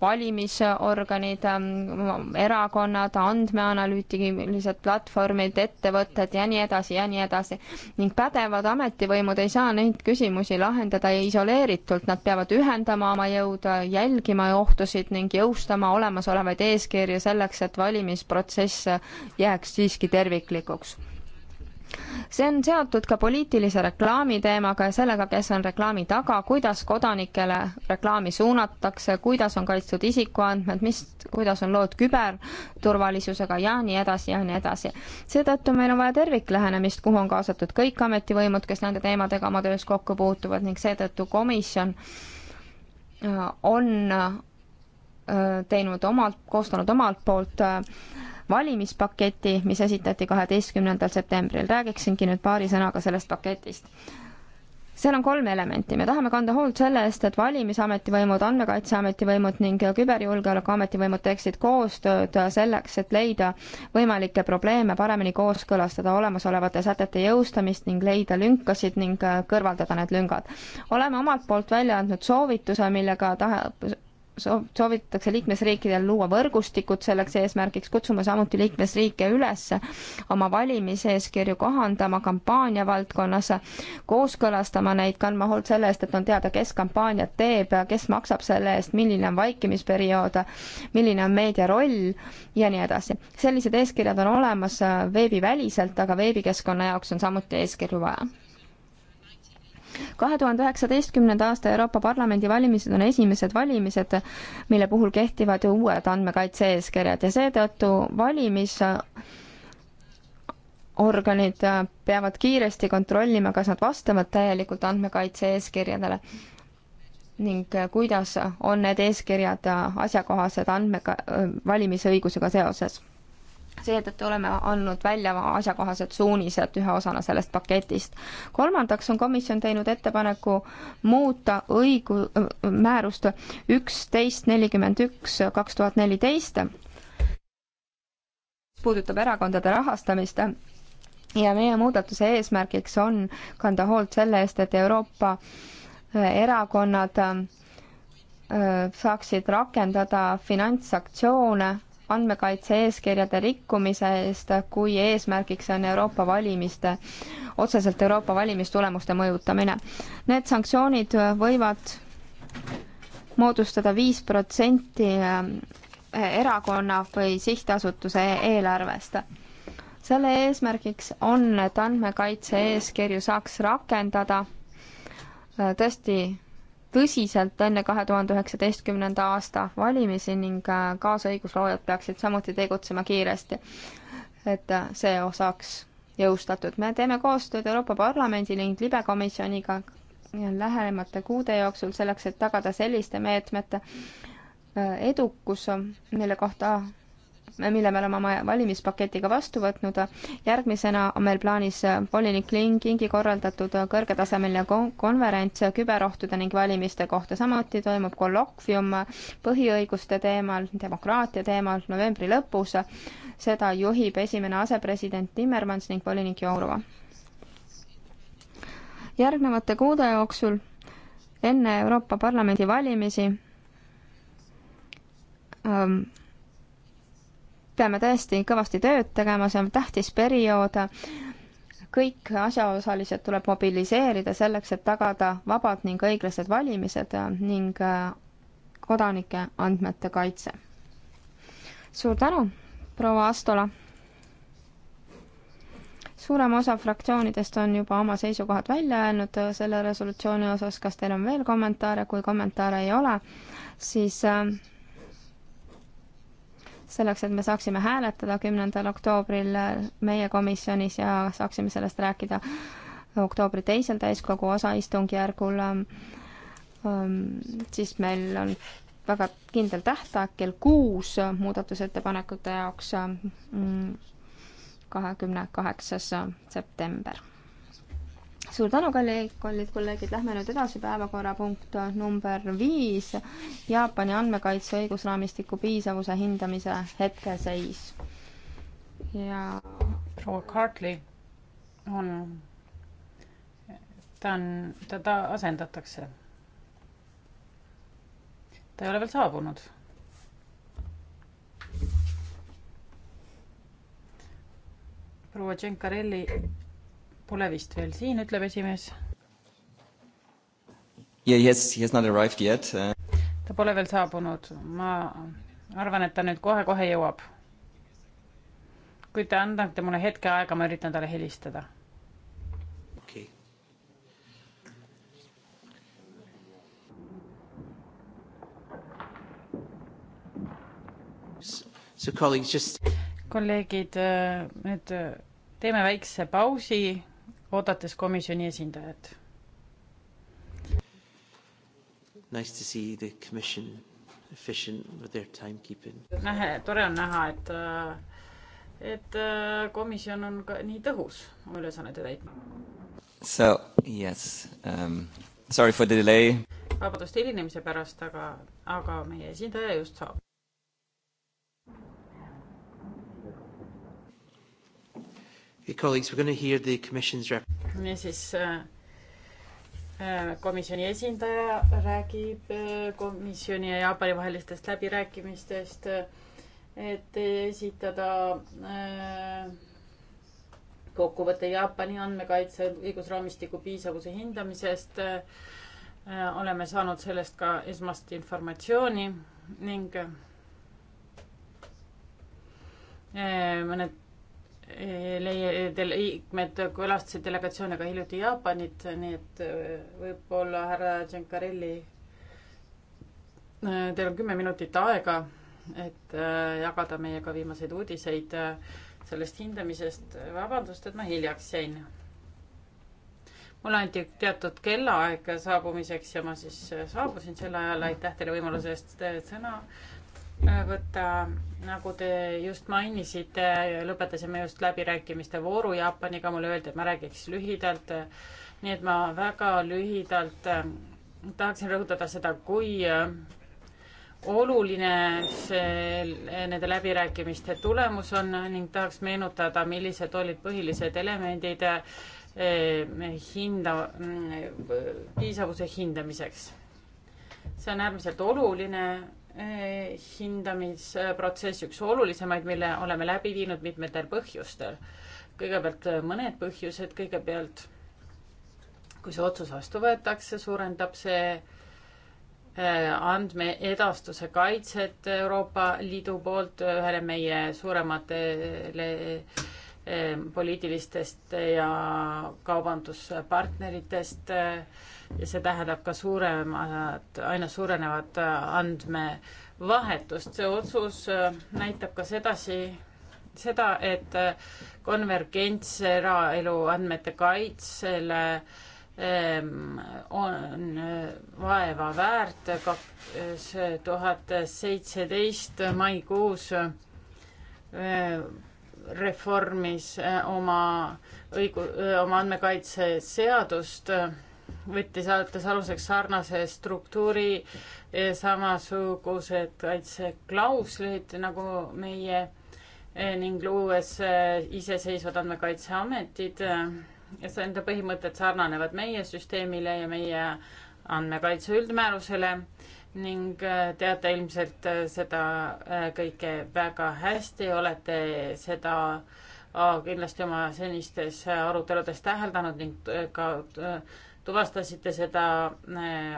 [SPEAKER 2] valimisorganid, ähm, erakonnad, andmeanalüütilised platvormid, ettevõtted ja nii edasi ja nii edasi. ning pädevad ametivõimud ei saa neid küsimusi lahendada isoleeritult, nad peavad ühendama oma jõud, jälgima ohtusid ning jõustama olemasolevaid eeskirju selleks, et valimisprotsess jääks siiski terviklikuks see on seotud ka poliitilise reklaami teemaga ja sellega, kes on reklaami taga, kuidas kodanikele reklaami suunatakse, kuidas on kaitstud isikuandmed, mis, kuidas on lood küberturvalisusega ja nii edasi ja nii edasi. seetõttu meil on vaja terviklähenemist, kuhu on kaasatud kõik ametivõimud, kes nende teemadega oma töös kokku puutuvad ning seetõttu komisjon äh, on äh, teinud omalt, koostanud omalt poolt äh, valimispaketi, mis esitati kaheteistkümnendal septembril. räägiksingi nüüd paari sõnaga sellest paketist. seal on kolm elementi, me tahame kanda hoolt selle eest, et valimisameti võimud, andmekaitseameti võimud ning küberjulgeolekuameti võimud teeksid koostööd selleks, et leida võimalikke probleeme, paremini kooskõlastada olemasolevate sätete jõustamist ning leida lünkasid ning kõrvaldada need lüngad. oleme omalt poolt välja andnud soovituse, millega tahe-, soov, soovitatakse liikmesriikidel luua võrgustikud selleks eesmärgiks, kutsume samuti liikmesriike üles oma valimiseeskirju kohandama kampaania valdkonnas, kooskõlastama neid, kandma hoolt selle eest, et on teada, kes kampaaniat teeb ja kes maksab selle eest, milline on vaikimisperiood, milline on meedia roll ja nii edasi. sellised eeskirjad on olemas veebiväliselt, aga veebikeskkonna jaoks on samuti eeskirju vaja kahe tuhande üheksateistkümnenda aasta Euroopa Parlamendi valimised on esimesed valimised, mille puhul kehtivad ju uued andmekaitse eeskirjad ja seetõttu valimisorganid peavad kiiresti kontrollima, kas nad vastavad täielikult andmekaitse eeskirjadele ning kuidas on need eeskirjad asjakohased andmeka-, valimisõigusega seoses seetõttu oleme andnud välja asjakohased suunised ühe osana sellest paketist. kolmandaks on komisjon teinud ettepaneku muuta õigu-, määrust üksteist nelikümmend üks kaks tuhat neliteist, mis puudutab erakondade rahastamist, ja meie muudatuse eesmärgiks on kanda hoolt selle eest, et Euroopa äh, erakonnad äh, saaksid rakendada finantssanktsioone andmekaitse eeskirjade rikkumise eest, kui eesmärgiks on Euroopa valimiste, otseselt Euroopa valimistulemuste mõjutamine. Need sanktsioonid võivad moodustada viis protsenti eh, erakonna või sihtasutuse eelarvest. selle eesmärgiks on, et andmekaitse eeskirju saaks rakendada tõesti tõsiselt enne kahe tuhande üheksateistkümnenda aasta valimisi ning äh, kaasõigusloojad peaksid samuti tegutsema kiiresti, et äh, see saaks jõustatud. me teeme koostööd Euroopa Parlamendi ning libekomisjoniga lähemate kuude jooksul selleks, et tagada selliste meetmete äh, edukus, mille kohta mille me oleme oma valimispaketiga vastu võtnud. järgmisena on meil plaanis volinik Kingi korraldatud kõrgetasemeline konverents küberohtude ning valimiste kohta. samuti toimub kollokvium põhiõiguste teemal, demokraatia teemal novembri lõpus. seda juhib esimene asepresident Timmermans ning volinik Jourova. järgnevate kuude jooksul enne Euroopa Parlamendi valimisi ähm, peame tõesti kõvasti tööd tegema, see on tähtis periood. kõik asjaosalised tuleb mobiliseerida selleks, et tagada vabad ning õiglased valimised ning äh, kodanike andmete kaitse. suur tänu, proua Astola! suurem osa fraktsioonidest on juba oma seisukohad välja öelnud selle resolutsiooni osas, kas teil on veel kommentaare, kui kommentaare ei ole, siis äh, selleks, et me saaksime hääletada kümnendal oktoobril meie komisjonis ja saaksime sellest rääkida oktoobri teisel täiskogu osaistungjärgul, ähm, siis meil on väga kindel tähtaeg kell kuus muudatusettepanekute jaoks, ähm, kahekümne kaheksas september suur tänu, kalli, kallid kolleegid, lähme nüüd edasi, päevakorrapunkt number viis, Jaapani andmekaitse õigusraamistiku piisavuse hindamise hetkeseis.
[SPEAKER 3] ja proua Cartley on, ta on, teda asendatakse. ta ei ole veel saabunud. proua Tšenkarelli Pole vist veel siin, ütleb esimees.
[SPEAKER 1] Yeah, he has, he has not arrived yet uh....
[SPEAKER 3] ta pole veel saabunud, ma arvan, et ta nüüd kohe-kohe jõuab. kui te annate mulle hetke aega, ma üritan talle helistada. okei
[SPEAKER 1] okay.. So colleagues just
[SPEAKER 3] kolleegid, äh, nüüd äh, teeme väikse pausi oodates komisjoni esindajat.
[SPEAKER 1] Nice to see the commission efficient with their timekeeping.
[SPEAKER 3] nähe, tore on näha, et, äh, et äh, komisjon on ka nii tõhus oma ülesannete täitma.
[SPEAKER 1] So
[SPEAKER 4] yes um,, sorry for the delay.
[SPEAKER 3] vabandust hilinemise pärast, aga, aga meie esindaja just saab. niisiis äh, äh, komisjoni esindaja räägib äh, komisjoni ja Jaapani vahelistest läbirääkimistest, et esitada kokkuvõte Jaapani andmekaitse õigusraamistiku piisavuse hindamisest. oleme saanud sellest ka esmast informatsiooni ning mõned Leie liikmed külastasid delegatsiooniga hiljuti Jaapanit, nii et äh, võib-olla härra Tšenkarelli, äh, teil on kümme minutit aega, et äh, jagada meiega viimaseid uudiseid sellest hindamisest. vabandust, et ma hiljaks jäin. mulle anti teatud kellaaeg saabumiseks ja ma siis saabusin sel ajal. aitäh teile võimaluse eest sõna võtta, nagu te just mainisite, lõpetasime just läbirääkimiste vooru Jaapaniga, mulle öeldi, et ma räägiks lühidalt. nii et ma väga lühidalt äh, tahaksin rõhutada seda, kui äh, oluline see nende läbirääkimiste tulemus on ning tahaks meenutada, millised olid põhilised elemendid äh, hinda, mm, piisavuse hindamiseks. see on äärmiselt oluline hindamisprotsess üks olulisemaid, mille oleme läbi viinud mitmetel põhjustel. kõigepealt äh, mõned põhjused, kõigepealt kui see otsus vastu võetakse, suurendab see äh, andmeedastuse kaitset Euroopa Liidu poolt ühele meie suurematele Ehm, poliitilistest ja kaubanduspartneritest eh, ja see tähendab ka suuremat, aina suurenevat eh, andmevahetust. see otsus eh, näitab ka sedasi, seda, et konvergents eraelu andmete kaitsele ehm, on vaeva väärt. kaks tuhat seitseteist maikuus reformis äh, oma õigu-, äh, oma andmekaitseseadust, äh, võttis alates aluseks sarnase struktuuri, samasugused kaitseklauslid nagu meie ning luues iseseisvad andmekaitseametid. Nende põhimõtted sarnanevad meie süsteemile ja meie andmekaitse üldmäärusele ning äh, teate ilmselt äh, seda äh, kõike väga hästi, olete seda kindlasti oma senistes aruteludes täheldanud ning ka tuvastasite seda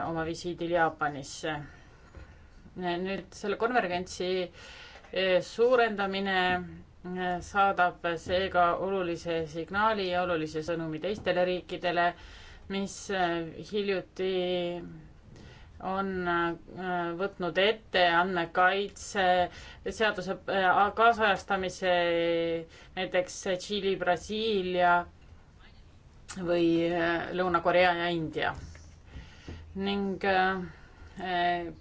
[SPEAKER 3] oma visiidil Jaapanisse. nüüd selle konvergentsi suurendamine saadab seega olulise signaali ja olulise sõnumi teistele riikidele, mis hiljuti on äh, võtnud ette andmekaitse seaduse äh, kaasajastamise näiteks Tšiili, Brasiilia või äh, Lõuna-Korea ja India. ning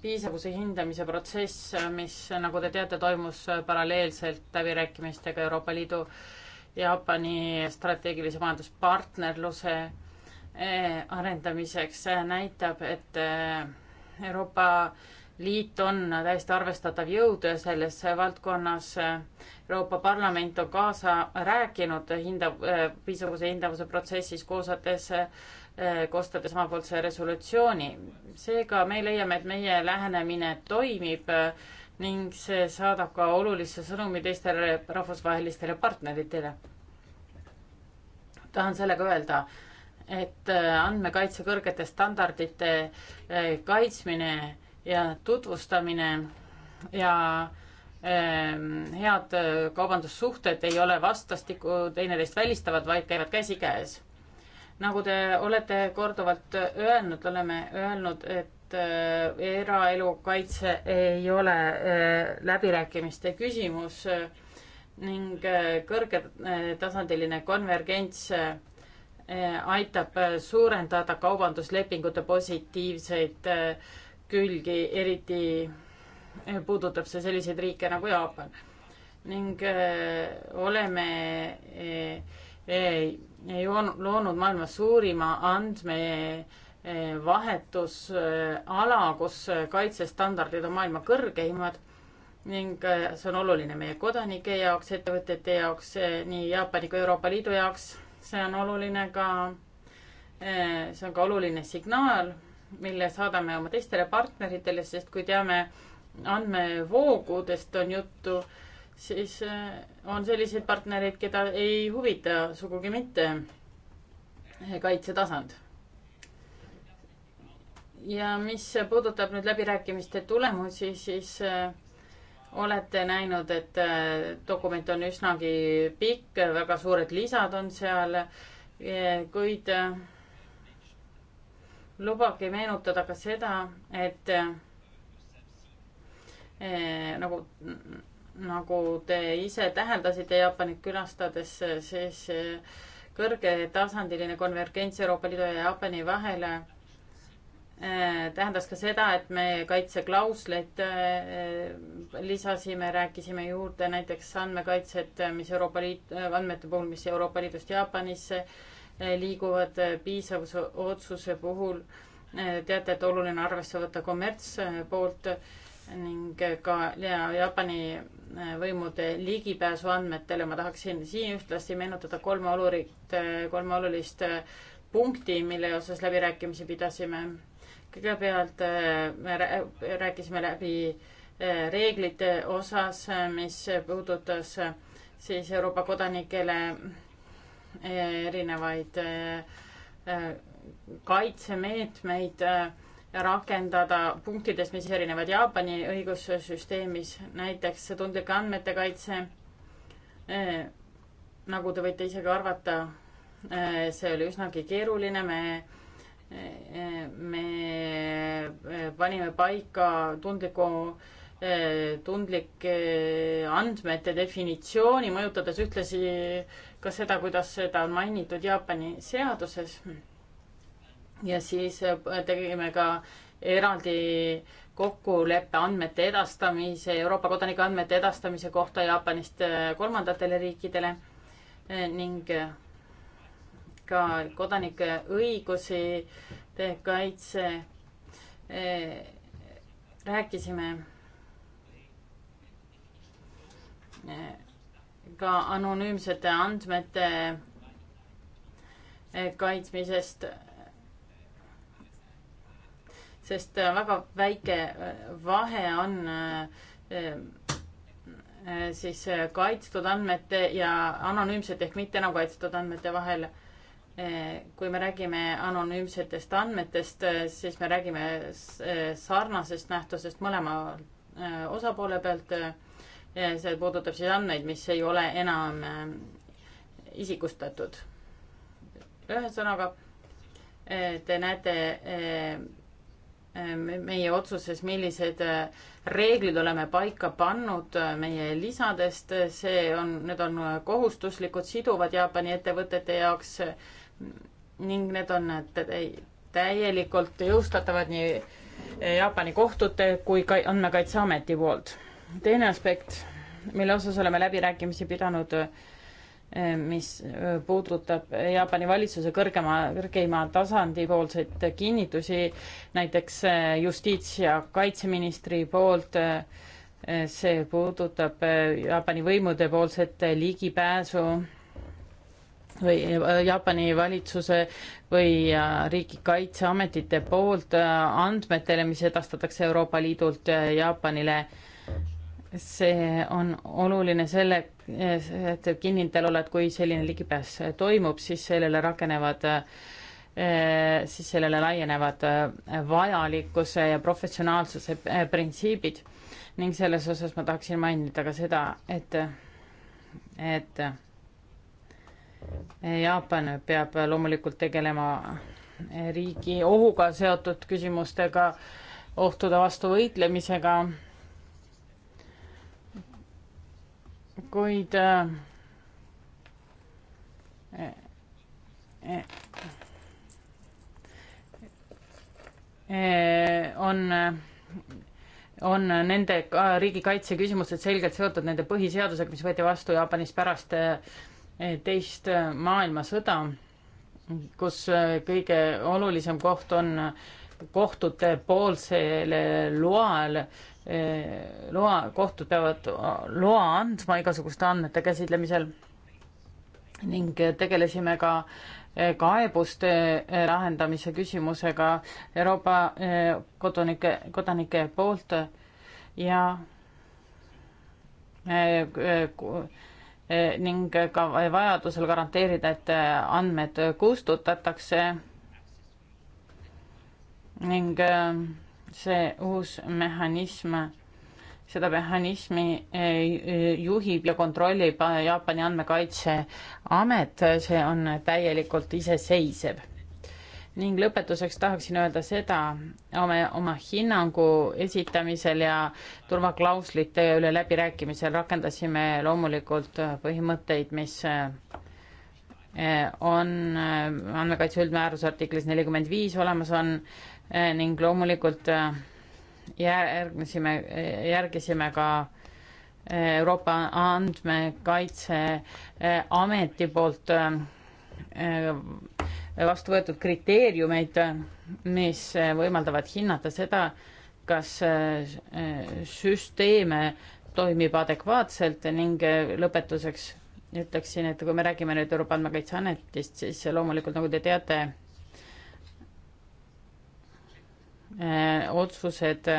[SPEAKER 3] piisavuse hindamise protsess, mis, nagu te teate, toimus paralleelselt läbirääkimistega Euroopa Liidu Jaapani strateegilise majanduspartnerluse arendamiseks, näitab, et Euroopa Liit on täiesti arvestatav jõud selles valdkonnas. Euroopa Parlament on kaasa rääkinud hindav, piisavuse hindavuse protsessis koosates, koostades omapoolse resolutsiooni. seega me leiame, et meie lähenemine toimib ning see saadab ka olulise sõnumi teistele rahvusvahelistele partneritele. tahan sellega öelda et äh, andmekaitse kõrgete standardite äh, kaitsmine ja tutvustamine ja ähm, head äh, kaubandussuhted ei ole vastastikku teineteist välistavad, vaid käivad käsikäes. nagu te olete korduvalt öelnud, oleme öelnud, et eraelu kaitse ei ole läbirääkimiste küsimus ning kõrgetasandiline konvergents Eh, aitab eh, suurendada kaubanduslepingute positiivseid eh, külgi, eriti puudutab see selliseid riike nagu Jaapan. ning oleme loonud maailma suurima andmevahetusala, kus kaitsestandardid on maailma kõrgeimad ning see on oluline meie kodanike jaoks, ettevõtete jaoks, nii Jaapani kui Euroopa Liidu jaoks see on oluline ka, eh, see on ka oluline signaal, mille saadame oma teistele partneritele, sest kui teame andmevoogudest on juttu, siis eh, on selliseid partnereid, keda ei huvita sugugi mitte kaitsetasand. ja mis puudutab nüüd läbirääkimiste tulemusi, siis, siis eh, olete näinud, et äh, dokument on üsnagi pikk, väga suured lisad on seal, e, kuid äh, lubage meenutada ka seda, et äh, e, nagu, nagu te ise täheldasite Jaapanit külastades, siis kõrgetasandiline konvergents Euroopa Liidu ja Jaapani vahele Äh, tähendas ka seda, et me kaitseklausleid äh, äh, lisasime, rääkisime juurde näiteks andmekaitset, mis Euroopa Liit, andmete puhul, mis Euroopa Liidust Jaapanisse liiguvad piisavuse otsuse puhul. teate, et oluline arvesse võtta kommertspoolt ning ka ja, Jaapani võimude ligipääsu andmetele. ma tahaksin siin ühtlasi meenutada kolme olurit, kolme olulist punkti, mille osas läbirääkimisi pidasime kõigepealt äh, me rääkisime läbi äh, reeglite osas, äh, mis puudutas siis Euroopa kodanikele erinevaid kaitsemeetmeid rakendada punktides, mis erinevad Jaapani õigussüsteemis, näiteks tundlike andmete kaitse. nagu te võite isegi arvata, see oli üsnagi keeruline, me me eh, panime paika tundliku, eh, tundlike eh, andmete definitsiooni, mõjutades ühtlasi ka seda, kuidas seda on mainitud Jaapani seaduses. ja siis tegime ka eraldi kokkuleppe andmete edastamise, Euroopa kodanike andmete edastamise kohta Jaapanist kolmandatele riikidele ning ka kodanike õigusi, kaitse. rääkisime ka anonüümsete andmete kaitsmisest, sest väga väike vahe on eh, siis kaitstud andmete ja anonüümsete ehk mitte enam kaitstud andmete vahel Eh, kui me räägime anonüümsetest andmetest, eh, siis me räägime eh, sarnasest nähtusest mõlema osapoole pealt. see puudutab siis andmeid, mis ei ole enam isikustatud. ühesõnaga, te näete meie otsuses, millised reeglid oleme paika pannud meie lisadest, see on, need on kohustuslikud, siduvad Jaapani ettevõtete jaoks ning need on täielikult jõustatavad nii Jaapani kohtute kui ka Andmekaitseameti poolt. teine aspekt, mille osas oleme läbirääkimisi pidanud, mis puudutab Jaapani valitsuse kõrgema, kõrgeima tasandi poolseid kinnitusi, näiteks justiits- ja kaitseministri poolt, see puudutab Jaapani võimude poolset ligipääsu või äh, Jaapani valitsuse või äh, riigikaitseametite poolt äh, andmetele, mis edastatakse Euroopa Liidult Jaapanile. see on oluline selle, et kinnitel olla, et kui selline ligipääs toimub, siis sellele rakenevad siis sellele laienevad vajalikkuse ja professionaalsuse printsiibid ning selles osas ma tahaksin mainida ka seda, et, et Jaapan peab loomulikult tegelema riigi ohuga seotud küsimustega, ohtude vastu võitlemisega. kuid äh, äh, äh, on, on nende riigikaitse küsimused selgelt seotud nende põhiseadusega, mis võeti vastu Jaapanis pärast teist äh, maailmasõda, kus äh, kõige olulisem koht on äh, kohtute poolsele loale, loa, kohtud peavad loa andma igasuguste andmete käsitlemisel ning tegelesime ka kaebuste lahendamise küsimusega Euroopa kodanike, kodanike poolt ja ning ka vajadusel garanteerida, et andmed kustutatakse ning äh, see uus mehhanism, seda mehhanismi äh, juhib ja kontrollib Jaapani andmekaitseamet, see on täielikult iseseisev ning lõpetuseks tahaksin öelda seda oma, oma hinnangu esitamisel ja turvaklauslite üle läbirääkimisel rakendasime loomulikult põhimõtteid, mis eh, on eh, andmekaitse üldmääruse artiklis nelikümmend viis olemas on eh, ning loomulikult järgnesime, järgisime ka Euroopa Andmekaitseameti poolt vastu võetud kriteeriumeid, mis võimaldavad hinnata seda, kas äh, süsteeme toimib adekvaatselt ning äh, lõpetuseks ütleksin, et kui me räägime nüüd Euroopa Andmekaitseametist, siis loomulikult, nagu te teate, äh, otsused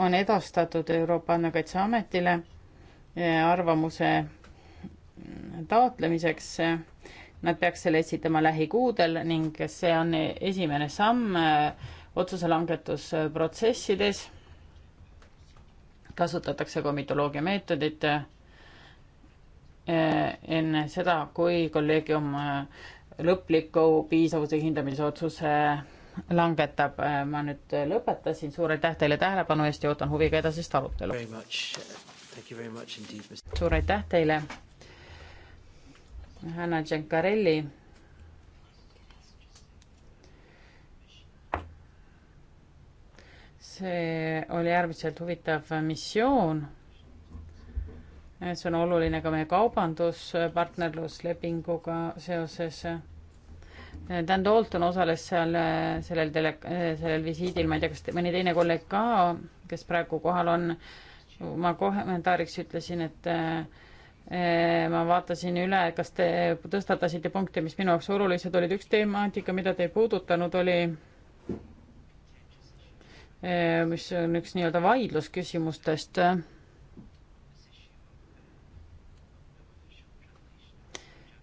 [SPEAKER 3] on edastatud Euroopa Andmekaitseametile arvamuse taotlemiseks Nad peaks selle esitama lähikuudel ning see on esimene samm äh, otsuse langetusprotsessides. kasutatakse komitoloogia meetodit äh, enne seda, kui kolleegium äh, lõpliku piisavuse hindamise otsuse langetab. ma nüüd lõpetasin, suur aitäh teile tähelepanu eest ja ootan huviga edasist arutelu. suur aitäh teile Hanna Giancarelli. see oli äärmiselt huvitav missioon. see on oluline ka meie kaubanduspartnerluslepinguga seoses. Dan Dalton osales seal äh, sellel tele, äh, sellel visiidil, ma ei tea, kas te, mõni teine kolleeg ka, kes praegu kohal on. ma kommentaariks ütlesin, et äh, ma vaatasin üle, kas te tõstatasite punkte, mis minu jaoks olulised olid. üks temaatika, mida te ei puudutanud, oli, mis on üks nii-öelda vaidlus küsimustest.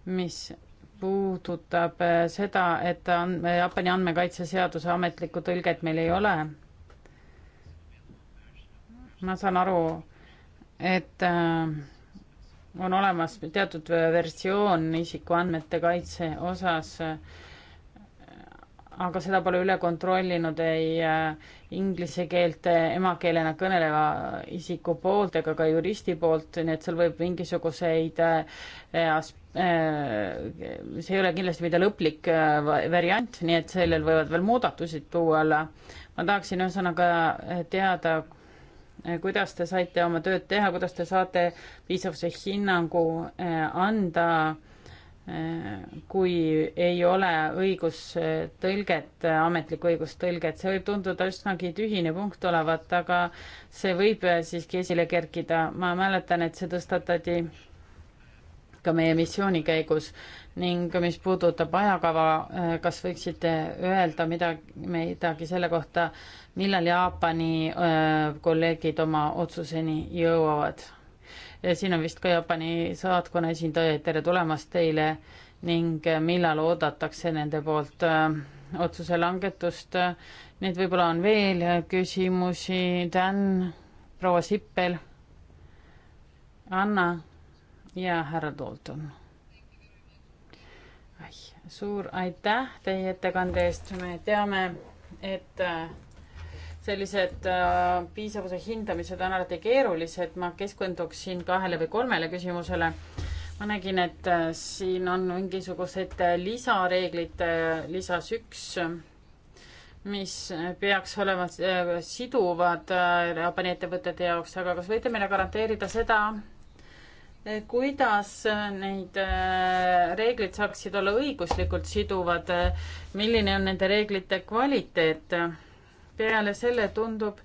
[SPEAKER 3] mis puudutab seda, et andme, Jaapani andmekaitseseaduse ametlikku tõlget meil ei ole. ma saan aru, et äh, on olemas teatud versioon isikuandmete kaitse osas, aga seda pole üle kontrollinud ei äh, inglise keelt äh, emakeelena kõneleva isiku poolt ega ka juristi poolt, nii et seal võib mingisuguseid äh, as-, see ei ole kindlasti mitte lõplik variant, nii et sellel võivad veel muudatusi tuua alla. ma tahaksin ühesõnaga teada, Eh, kuidas te saite oma tööd teha, kuidas te saate piisavuse hinnangu eh, anda, eh, kui ei ole õigustõlget, ametlikku õigustõlget, see võib tunduda üsnagi tühine punkt olevat, aga see võib siiski esile kerkida. ma mäletan, et see tõstatati ka meie missiooni käigus ning mis puudutab ajakava, äh, kas võiksite öelda midagi, midagi selle kohta, millal Jaapani äh, kolleegid oma otsuseni jõuavad? siin on vist ka Jaapani saatkonna esindajaid, tere tulemast teile ning äh, millal oodatakse nende poolt otsuse langetust. nüüd võib-olla on veel küsimusi, Dan, proua Sippel, Anna ja härra Dalton suur aitäh teie ettekande eest, me teame, et äh, sellised äh, piisavuse hindamised on alati keerulised, ma keskenduksin kahele või kolmele küsimusele. ma nägin, et äh, siin on mingisugused lisareeglid, lisas üks, mis peaks olema siduvad Jaapani ettevõtete jaoks, aga kas võite meile garanteerida seda, kuidas neid äh, reeglid saaksid olla õiguslikult siduvad, äh, milline on nende reeglite kvaliteet? peale selle tundub,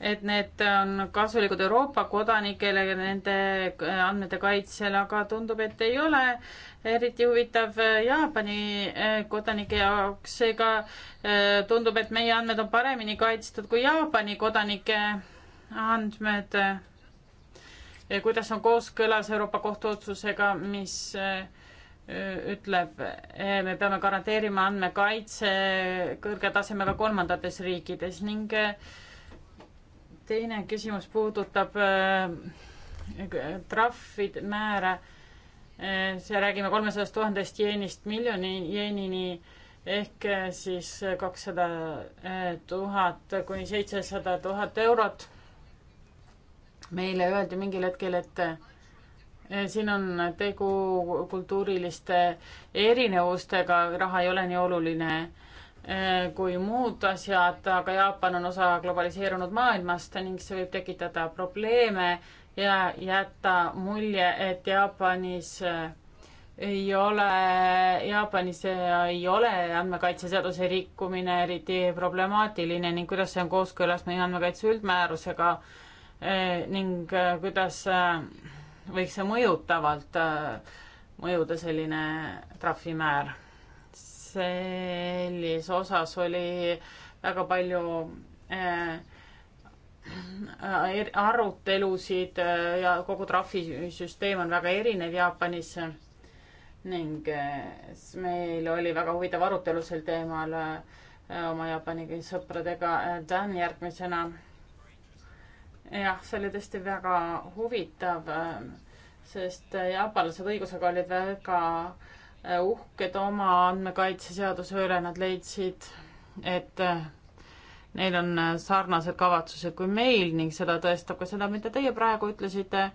[SPEAKER 3] et need on kasulikud Euroopa kodanikele ja nende äh, andmete kaitsel, aga tundub, et ei ole eriti huvitav Jaapani kodanike jaoks, seega tundub, et meie andmed on paremini kaitstud kui Jaapani kodanike andmed kuidas on kooskõlas Euroopa Kohtu otsusega, mis äh, ütleb, äh, me peame garanteerima andmekaitse kõrge tasemega kolmandates riikides ning äh, teine küsimus puudutab trahvide määra. see räägime kolmesajast tuhandest jeenist miljoni jeenini ehk siis kakssada tuhat kuni seitsesada tuhat eurot meile öeldi mingil hetkel, et eh, siin on tegu kultuuriliste erinevustega, raha ei ole nii oluline eh, kui muud asjad, aga Jaapan on osa globaliseerunud maailmast ning see võib tekitada probleeme ja jätta mulje, et Jaapanis eh, ei ole, Jaapanis ei ole andmekaitseseaduse rikkumine eriti problemaatiline ning kuidas see on kooskõlas meie andmekaitse üldmäärusega Eh, ning eh, kuidas eh, võiks see mõjutavalt mõjuda selline trahvimäär. selles osas oli väga palju er-, arutelusid ja kogu trahvisüsteem on väga erinev Jaapanis ning meil oli väga huvitav arutelu sel teemal oma Jaapani sõpradega. Dan järgmisena jah, see oli tõesti väga huvitav, äh, sest äh, jaapanlased õigusega olid väga äh, uhked oma andmekaitseseaduse üle, nad leidsid, et neil on sarnased kavatsused kui meil ning seda tõestab ka seda, mida teie praegu ütlesite.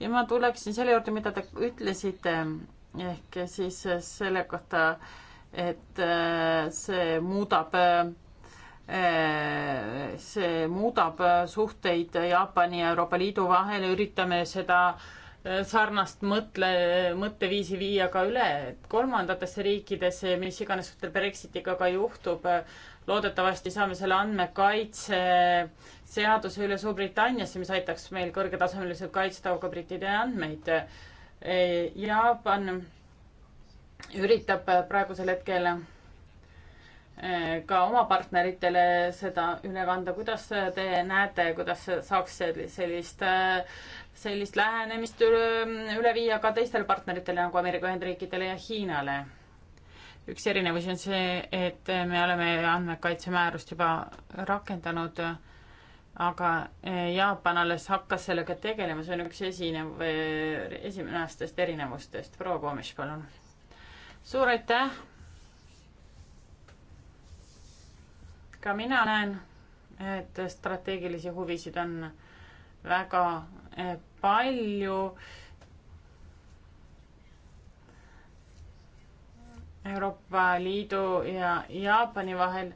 [SPEAKER 3] ja ma tuleksin selle juurde, mida te ütlesite, ehk siis selle kohta, et see muudab äh, see muudab suhteid Jaapani ja Euroopa Liidu vahel ja üritame seda äh, sarnast mõtle, mõtteviisi viia ka üle kolmandatesse riikidesse, mis iganes suhtel Brexitiga ka juhtub. loodetavasti saame selle andmekaitse seaduse üle Suurbritanniasse, mis aitaks meil kõrgetasemeliselt kaitsta ka brittide andmeid. Jaapan üritab praegusel hetkel Eh, ka oma partneritele seda üle kanda, kuidas te näete, kuidas saaks sellist, eh, sellist lähenemist üle, üle viia ka teistele partneritele nagu Ameerika Ühendriikidele ja Hiinale? üks erinevus on see, et me oleme andmekaitsemäärust juba rakendanud, aga eh, Jaapan alles hakkas sellega tegelema, see on üks esinev, esimene aastast erinevustest. proua Komisch, palun. suur aitäh ka mina näen, et strateegilisi huvisid on väga eh, palju. Euroopa Liidu ja Jaapani vahel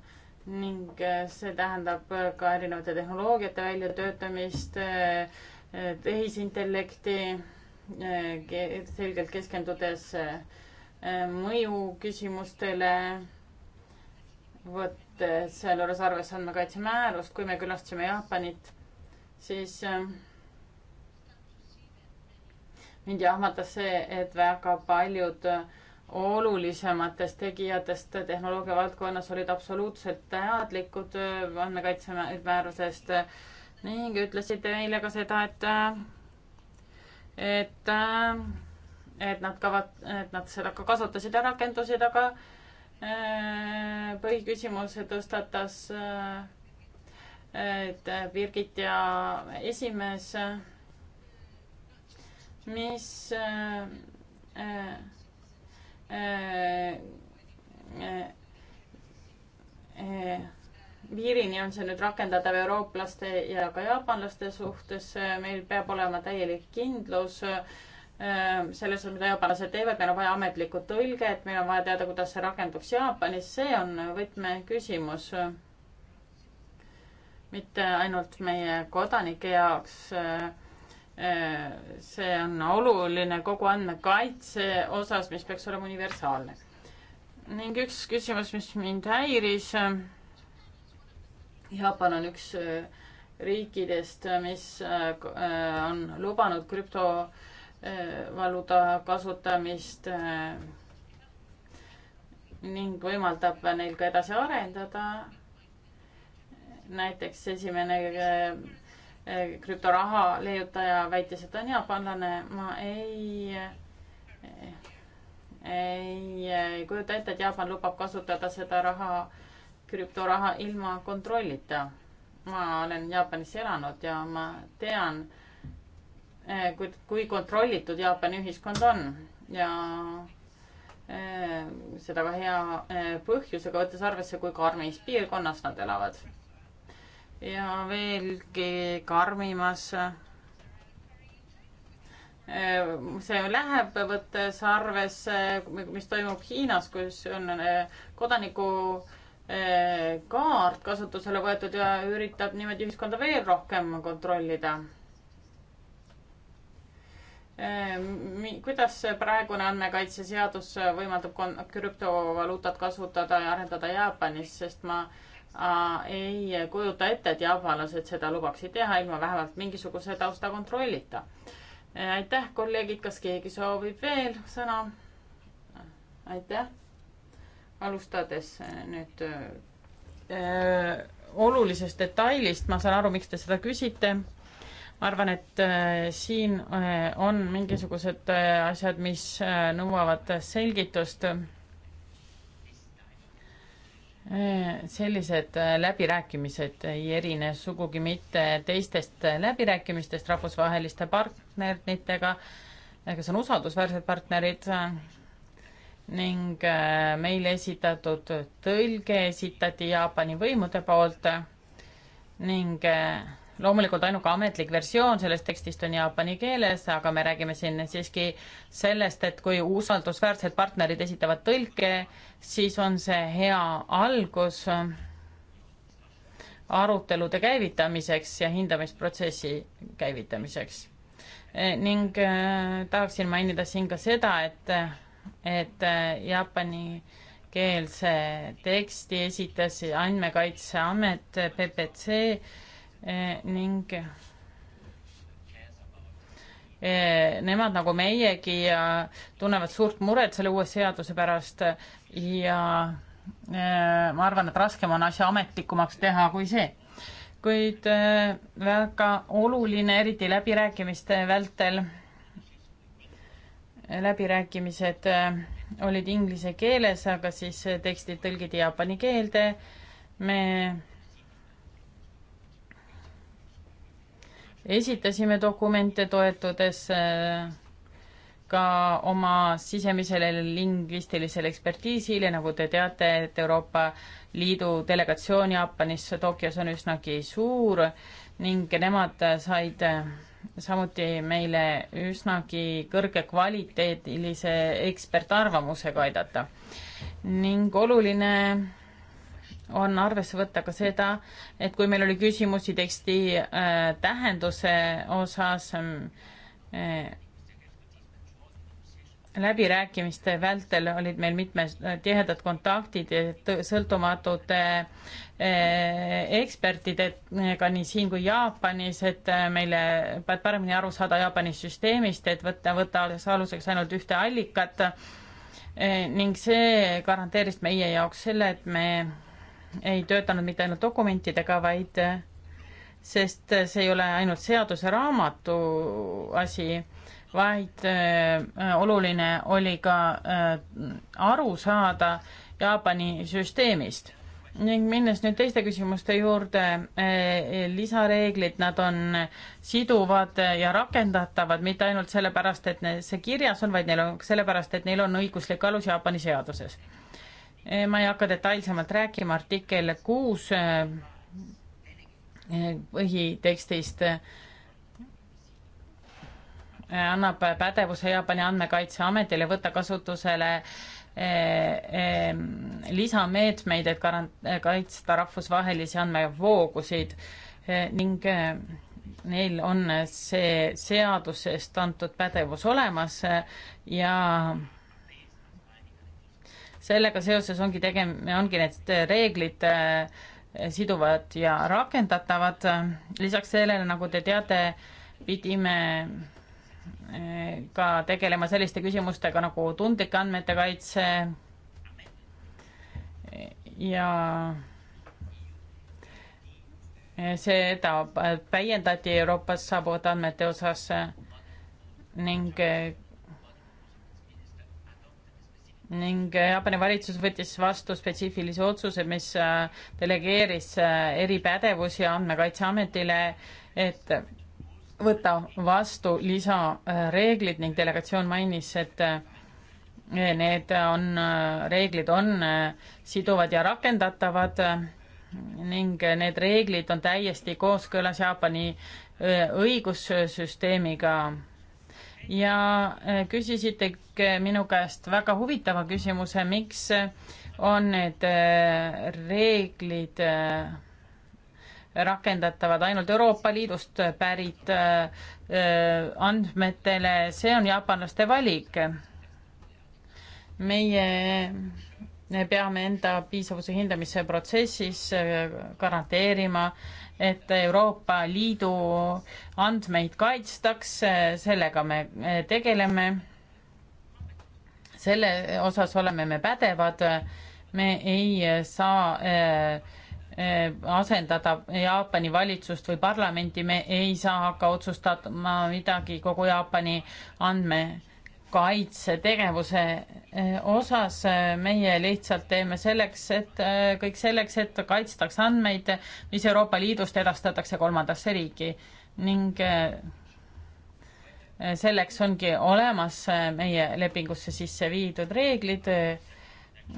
[SPEAKER 3] ning eh, see tähendab ka erinevate tehnoloogiate väljatöötamist, eh, tehisintellekti, selgelt keskendudes mõju küsimustele, vot sealjuures arvesse andmekaitse määrust, kui me külastasime Jaapanit, siis äh, mind jahmatas see, et väga paljud äh, olulisematest tegijatest tehnoloogia valdkonnas olid absoluutselt teadlikud äh, andmekaitse määrusest ning ütlesid meile ka seda, et, et, et nad kavat-, et nad seda ka kasutasid ja rakendusid, aga Äh, põhiküsimuse tõstatas äh, et Birgit ja esimees, mis äh, piirini on see nüüd rakendatav eurooplaste ja ka jaapanlaste suhtes, meil peab olema täielik kindlus äh, Ehm, selles osas, mida jaapanlased teevad, meil on vaja ametlikku tõlget, meil on vaja teada, kuidas see rakenduks Jaapanis, see on võtmeküsimus. mitte ainult meie kodanike jaoks. Ehm, see on oluline kogu andmekaitse osas, mis peaks olema universaalne. ning üks küsimus, mis mind häiris. Jaapan on üks eh, riikidest, mis eh, eh, on lubanud krüpto valuuta kasutamist äh, ning võimaldab neil ka edasi arendada. näiteks esimene äh, krüptoraha leiutaja väitis, et ta on jaapanlane, ma ei, ei äh, kujuta ette, et Jaapan lubab kasutada seda raha, krüptoraha ilma kontrollita. ma olen Jaapanis elanud ja ma tean Eh, kui, kui kontrollitud Jaapani ühiskond on ja eh, seda ka hea eh, põhjusega, võttes arvesse, kui karmis piirkonnas nad elavad. ja veelgi karmimas see läheb, võttes arvesse, mis toimub Hiinas, kus on kodanikukaart kasutusele võetud ja üritab niimoodi ühiskonda veel rohkem kontrollida Ehm, kuidas praegune andmekaitseseadus võimaldab krüptovaluutat kasutada ja arendada Jaapanis, sest ma ei kujuta ette, et jaapanlased seda lubaksid teha ilma vähemalt mingisuguse taustakontrollita. Ehm, aitäh, kolleegid, kas keegi soovib veel sõna? aitäh. alustades eh, nüüd öö, eh, olulisest detailist, ma saan aru, miks te seda küsite arvan, et äh, siin äh, on mingisugused äh, asjad, mis nõuavad selgitust. sellised läbirääkimised ei erine sugugi mitte teistest läbirääkimistest rahvusvaheliste partneritega, kes on usaldusväärsed partnerid ning meile esitatud tõlge esitati Jaapani võimude poolt ning loomulikult ainuke ametlik versioon sellest tekstist on jaapani keeles, aga me räägime siin siiski sellest, et kui usaldusväärsed partnerid esitavad tõlke, siis on see hea algus arutelude käivitamiseks ja hindamisprotsessi käivitamiseks. Eh, ning eh, tahaksin mainida siin ka seda, et, et eh, Jaapani keelse teksti esitas Andmekaitseamet PPC Eh, ning eh, nemad nagu meiegi tunnevad suurt muret selle uue seaduse pärast ja eh, ma arvan, et raskem on asja ametlikumaks teha kui see. kuid väga oluline, eriti läbirääkimiste vältel, läbirääkimised olid inglise keeles, aga siis tekstid tõlgiti jaapani keelde, me esitasime dokumente toetudes äh, ka oma sisemisele lingvistilisele ekspertiisile, nagu te teate, et Euroopa Liidu delegatsioon Jaapanis Tokyos on üsnagi suur ning nemad said äh, samuti meile üsnagi kõrge kvaliteedilise ekspertarvamusega aidata. ning oluline on arvesse võtta ka seda, et kui meil oli küsimusi teksti äh, tähenduse osas ähm, äh, läbirääkimiste vältel olid meil mitmed äh, tihedad kontaktid sõltumatute äh, ekspertidega nii siin kui Jaapanis, et äh, meile, et paremini aru saada Jaapani süsteemist, et võtta, võtta aluseks ainult ühte allikat. ning see garanteeris meie jaoks selle, et me ei töötanud mitte ainult dokumentidega, vaid eh, sest see ei ole ainult seaduseraamatu asi, vaid eh, oluline oli ka eh, aru saada Jaapani süsteemist. ning minnes nüüd teiste küsimuste juurde, lisareeglid, nad on siduvad ja rakendatavad mitte ainult sellepärast, et see kirjas on, vaid neil on sellepärast, et neil on õiguslik alus Jaapani seaduses Eh, ma ei hakka detailsemalt rääkima, artikkel kuus eh, põhitekstist eh, annab pädevuse Jaapani andmekaitseametile võtta kasutusele lisameetmeid, et garant-, kaitsta rahvusvahelisi andmevoogusid ning neil on see seadusest antud pädevus olemas ja sellega seoses ongi tegem-, ongi need äh, reeglid äh, siduvad ja rakendatavad. lisaks sellele, nagu te teate, pidime äh, ka tegelema selliste küsimustega nagu tundlike andmete kaitse ja seda täiendati Euroopas saabuvate andmete osas ning ning Jaapani valitsus võttis vastu spetsiifilise otsuse, mis äh, delegeeris äh, eripädevusi Andmekaitseametile, et võtta vastu lisareeglid äh, ning delegatsioon mainis, et need on, reeglid on siduvad ja rakendatavad ning need reeglid on täiesti kooskõlas Jaapani õigussüsteemiga ja äh, küsisite minu käest väga huvitava küsimuse, miks äh, on need äh, reeglid rakendatavad ainult Euroopa Liidust pärit andmetele, see on jaapanlaste valik. meie me peame enda piisavuse hindamise protsessis garanteerima äh, et Euroopa Liidu andmeid kaitstakse, sellega me tegeleme. selle osas oleme me pädevad, me ei saa eh, eh, asendada Jaapani valitsust või parlamenti, me ei saa hakka otsustama midagi kogu Jaapani andme kaitsetegevuse eh, osas eh, meie lihtsalt teeme selleks, et eh, kõik selleks, et kaitstaks andmeid, mis Euroopa Liidust edastatakse kolmandasse riiki ning selleks ongi olemas meie lepingusse sisse viidud reeglid.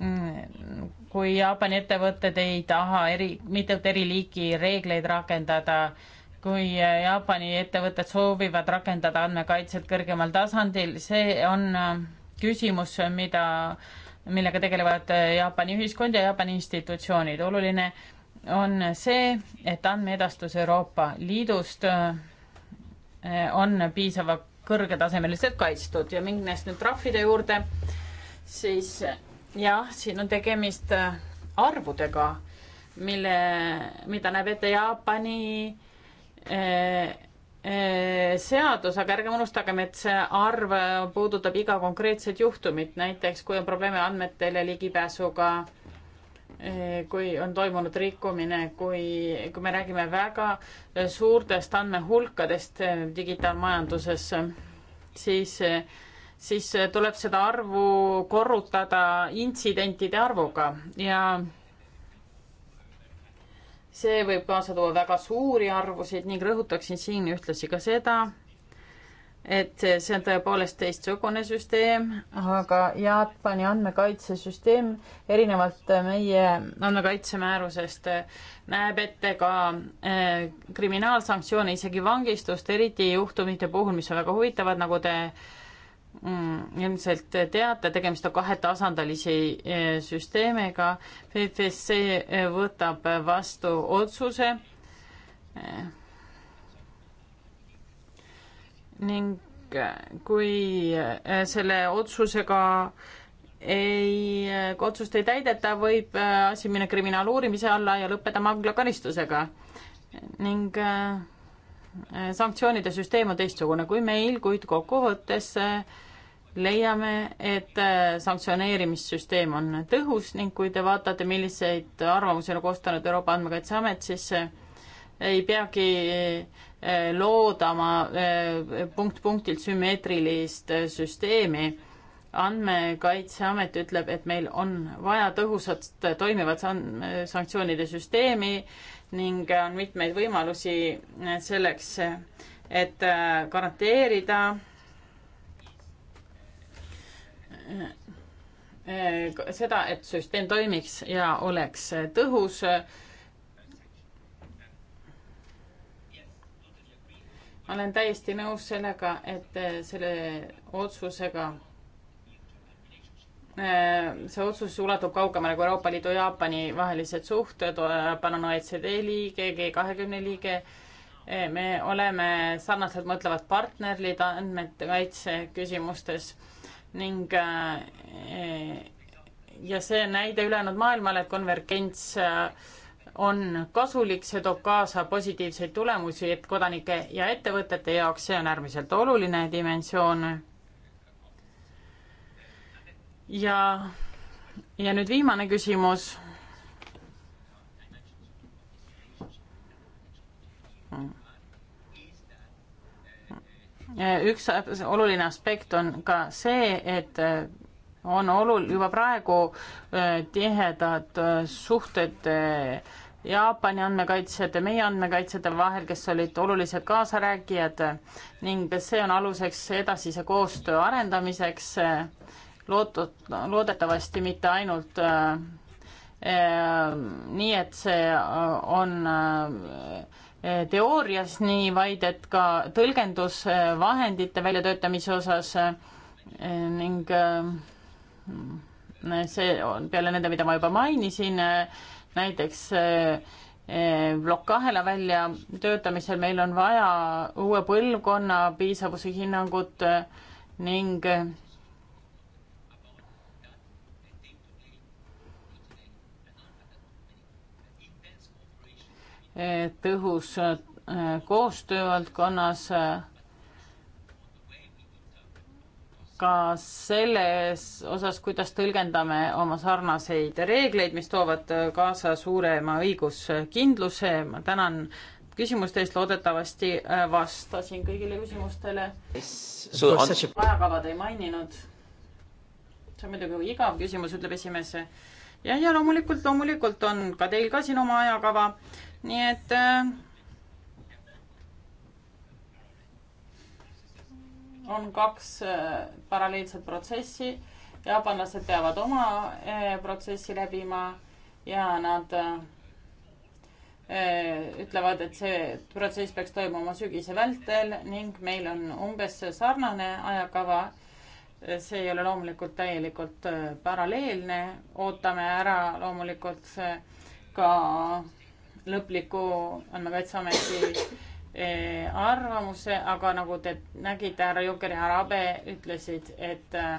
[SPEAKER 3] Mm, kui Jaapani ettevõtted ei taha eri, mitte eri liiki reegleid rakendada, kui eh, Jaapani ettevõtted soovivad rakendada andmekaitset kõrgemal tasandil, see on eh, küsimus, mida, millega tegelevad eh, Jaapani ühiskond ja Jaapani institutsioonid. oluline on see, et andmeedastus Euroopa Liidust on piisava kõrgetasemeliselt kaitstud ja minnes nüüd trahvide juurde, siis jah, siin on tegemist arvudega, mille, mida näeb ette Jaapani Äh, äh, seadus, aga ärgem unustagem, et see arv äh, puudutab iga konkreetset juhtumit, näiteks kui on probleeme andmetele ligipääsuga, kui on toimunud rikkumine, kui, kui me räägime väga suurtest andmehulkadest digitaalmajanduses, siis, siis tuleb seda arvu korrutada intsidentide arvuga ja see võib kaasa tuua väga suuri arvusid ning rõhutaksin siin ühtlasi ka seda, et see on tõepoolest teistsugune süsteem, aga Jaapani andmekaitsesüsteem erinevalt meie andmekaitsemäärusest näeb ette ka äh, kriminaalsanktsioone, isegi vangistust, eriti juhtumite puhul, mis on väga huvitavad, nagu te äh, Mm, ilmselt teate, tegemist on kahetasandilisi eh, süsteemiga. FFC eh, võtab vastu otsuse eh, ning kui selle otsusega ei, kui otsust ei täideta, võib asi minna kriminaaluurimise alla ja lõppeda vanglakaristusega ning sanktsioonide süsteem on teistsugune kui meil, kuid kokkuvõttes äh, leiame, et äh, sanktsioneerimissüsteem on tõhus ning kui te vaatate, milliseid arvamusi on koostanud Euroopa Andmekaitseamet, siis äh, ei peagi äh, loodama punkt-punktilt sümmeetrilist süsteemi. andmekaitseamet ütleb, et meil on vaja tõhusat toimivat sanktsioonide süsteemi ning on mitmeid võimalusi selleks, et garanteerida Äh, äh, seda, et süsteem toimiks ja oleks tõhus. ma olen täiesti nõus sellega, et äh, selle otsusega, see otsus ulatub kaugemale kui Euroopa Liidu ja Jaapani vahelised suhted, Jaapan on OECD liige, G kahekümne liige me oleme sarnaselt mõtlevad partnerid andmete kaitse küsimustes ning äh, ja see näide ülejäänud maailmale, et konvergents äh, on kasulik, see toob kaasa positiivseid tulemusi, et kodanike ja ettevõtete jaoks see on äärmiselt oluline dimensioon. ja, ja nüüd viimane küsimus üks oluline aspekt on ka see, et eh, on olul-, juba praegu eh, tihedad eh, suhted Jaapani andmekaitsjate, meie andmekaitsjate vahel, kes olid olulised kaasarääkijad ning see on aluseks edasise koostöö arendamiseks, lootud, loodetavasti mitte ainult äh, äh, nii, et see on äh, teoorias nii, vaid et ka tõlgendusvahendite väljatöötamise osas eh, ning eh, see on peale nende, mida ma juba mainisin, eh, näiteks plokk kahela väljatöötamisel meil on vaja uue põlvkonna piisavuse hinnangut ning tõhus äh, koostöö valdkonnas. ka selles osas, kuidas tõlgendame oma sarnaseid reegleid, mis toovad kaasa suurema õiguskindluse. ma tänan küsimuste eest, loodetavasti äh, vastasin kõigile küsimustele. ajakavad ei maininud. see on muidugi igav küsimus, ütleb esimees ja, ja loomulikult, loomulikult on ka teil ka siin oma ajakava nii et äh, on kaks äh, paralleelset protsessi, jaapanlased peavad oma äh, protsessi läbima ja nad äh, äh, ütlevad, et see protsess peaks toimuma sügise vältel ning meil on umbes sarnane ajakava. see ei ole loomulikult täielikult äh, paralleelne, ootame ära loomulikult ka lõpliku Andmekaitseameti eh, arvamuse, aga nagu te nägite, härra Juncker ja härra Abe ütlesid, et eh,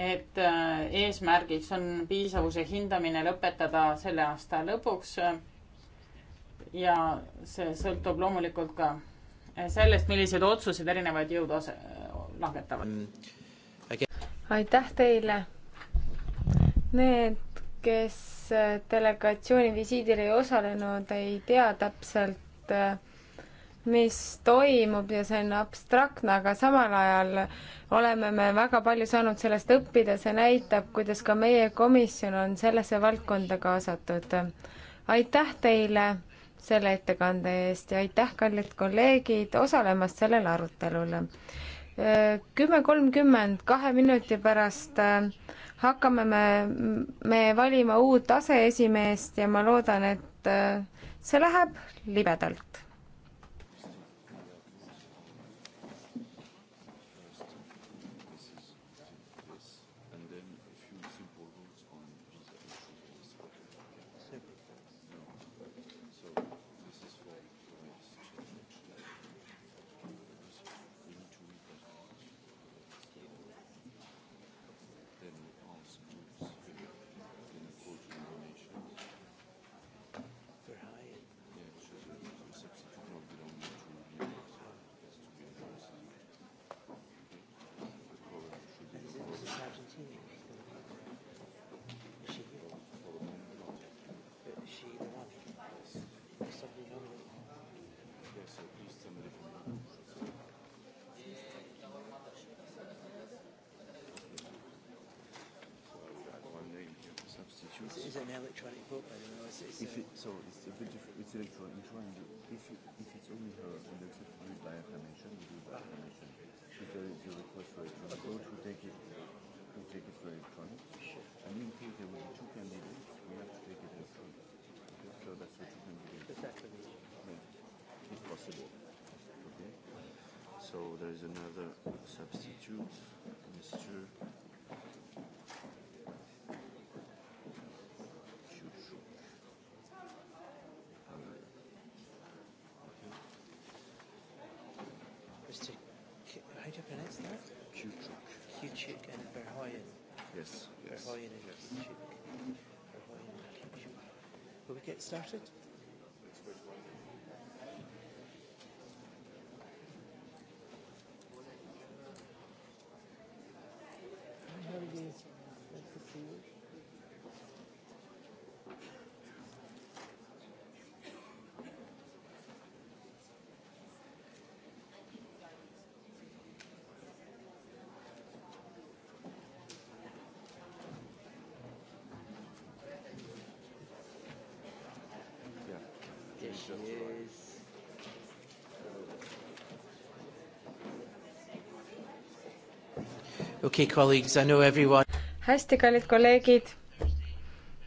[SPEAKER 3] et eh, eesmärgiks on piisavuse hindamine lõpetada selle aasta lõpuks. ja see sõltub loomulikult ka sellest, milliseid otsuseid erinevad jõud langetavad. Mm,
[SPEAKER 4] aitäh teile. Need kes äh, delegatsiooni visiidil ei osalenud, ei tea täpselt, äh, mis toimub ja see on abstraktne, aga samal ajal oleme me väga palju saanud sellest õppida, see näitab, kuidas ka meie komisjon on sellesse valdkonda kaasatud. aitäh teile selle ettekande eest ja aitäh, kallid kolleegid, osalemast sellel arutelul. Äh, kümme kolmkümmend, kahe minuti pärast äh, hakkame me, me valima uut aseesimeest ja ma loodan, et äh, see läheb libedalt
[SPEAKER 1] It's, it's an electronic book, I don't know. It's, it's if a, it, uh, so it's a bit different. It's electronic. If, it, if it's only her and they accept to read by affirmation, we do it by affirmation. If there is a request for electronic vote, we take it. We take it for electronic. Sure. And in case there will be two candidates, we have to take it electronic. Okay? So that's what you can do. But that can be. Yeah. If possible. Okay. So there is another substitute, Mr. get started. Christians, right? Okay, colleagues, I know everyone.
[SPEAKER 4] hästi, kallid kolleegid,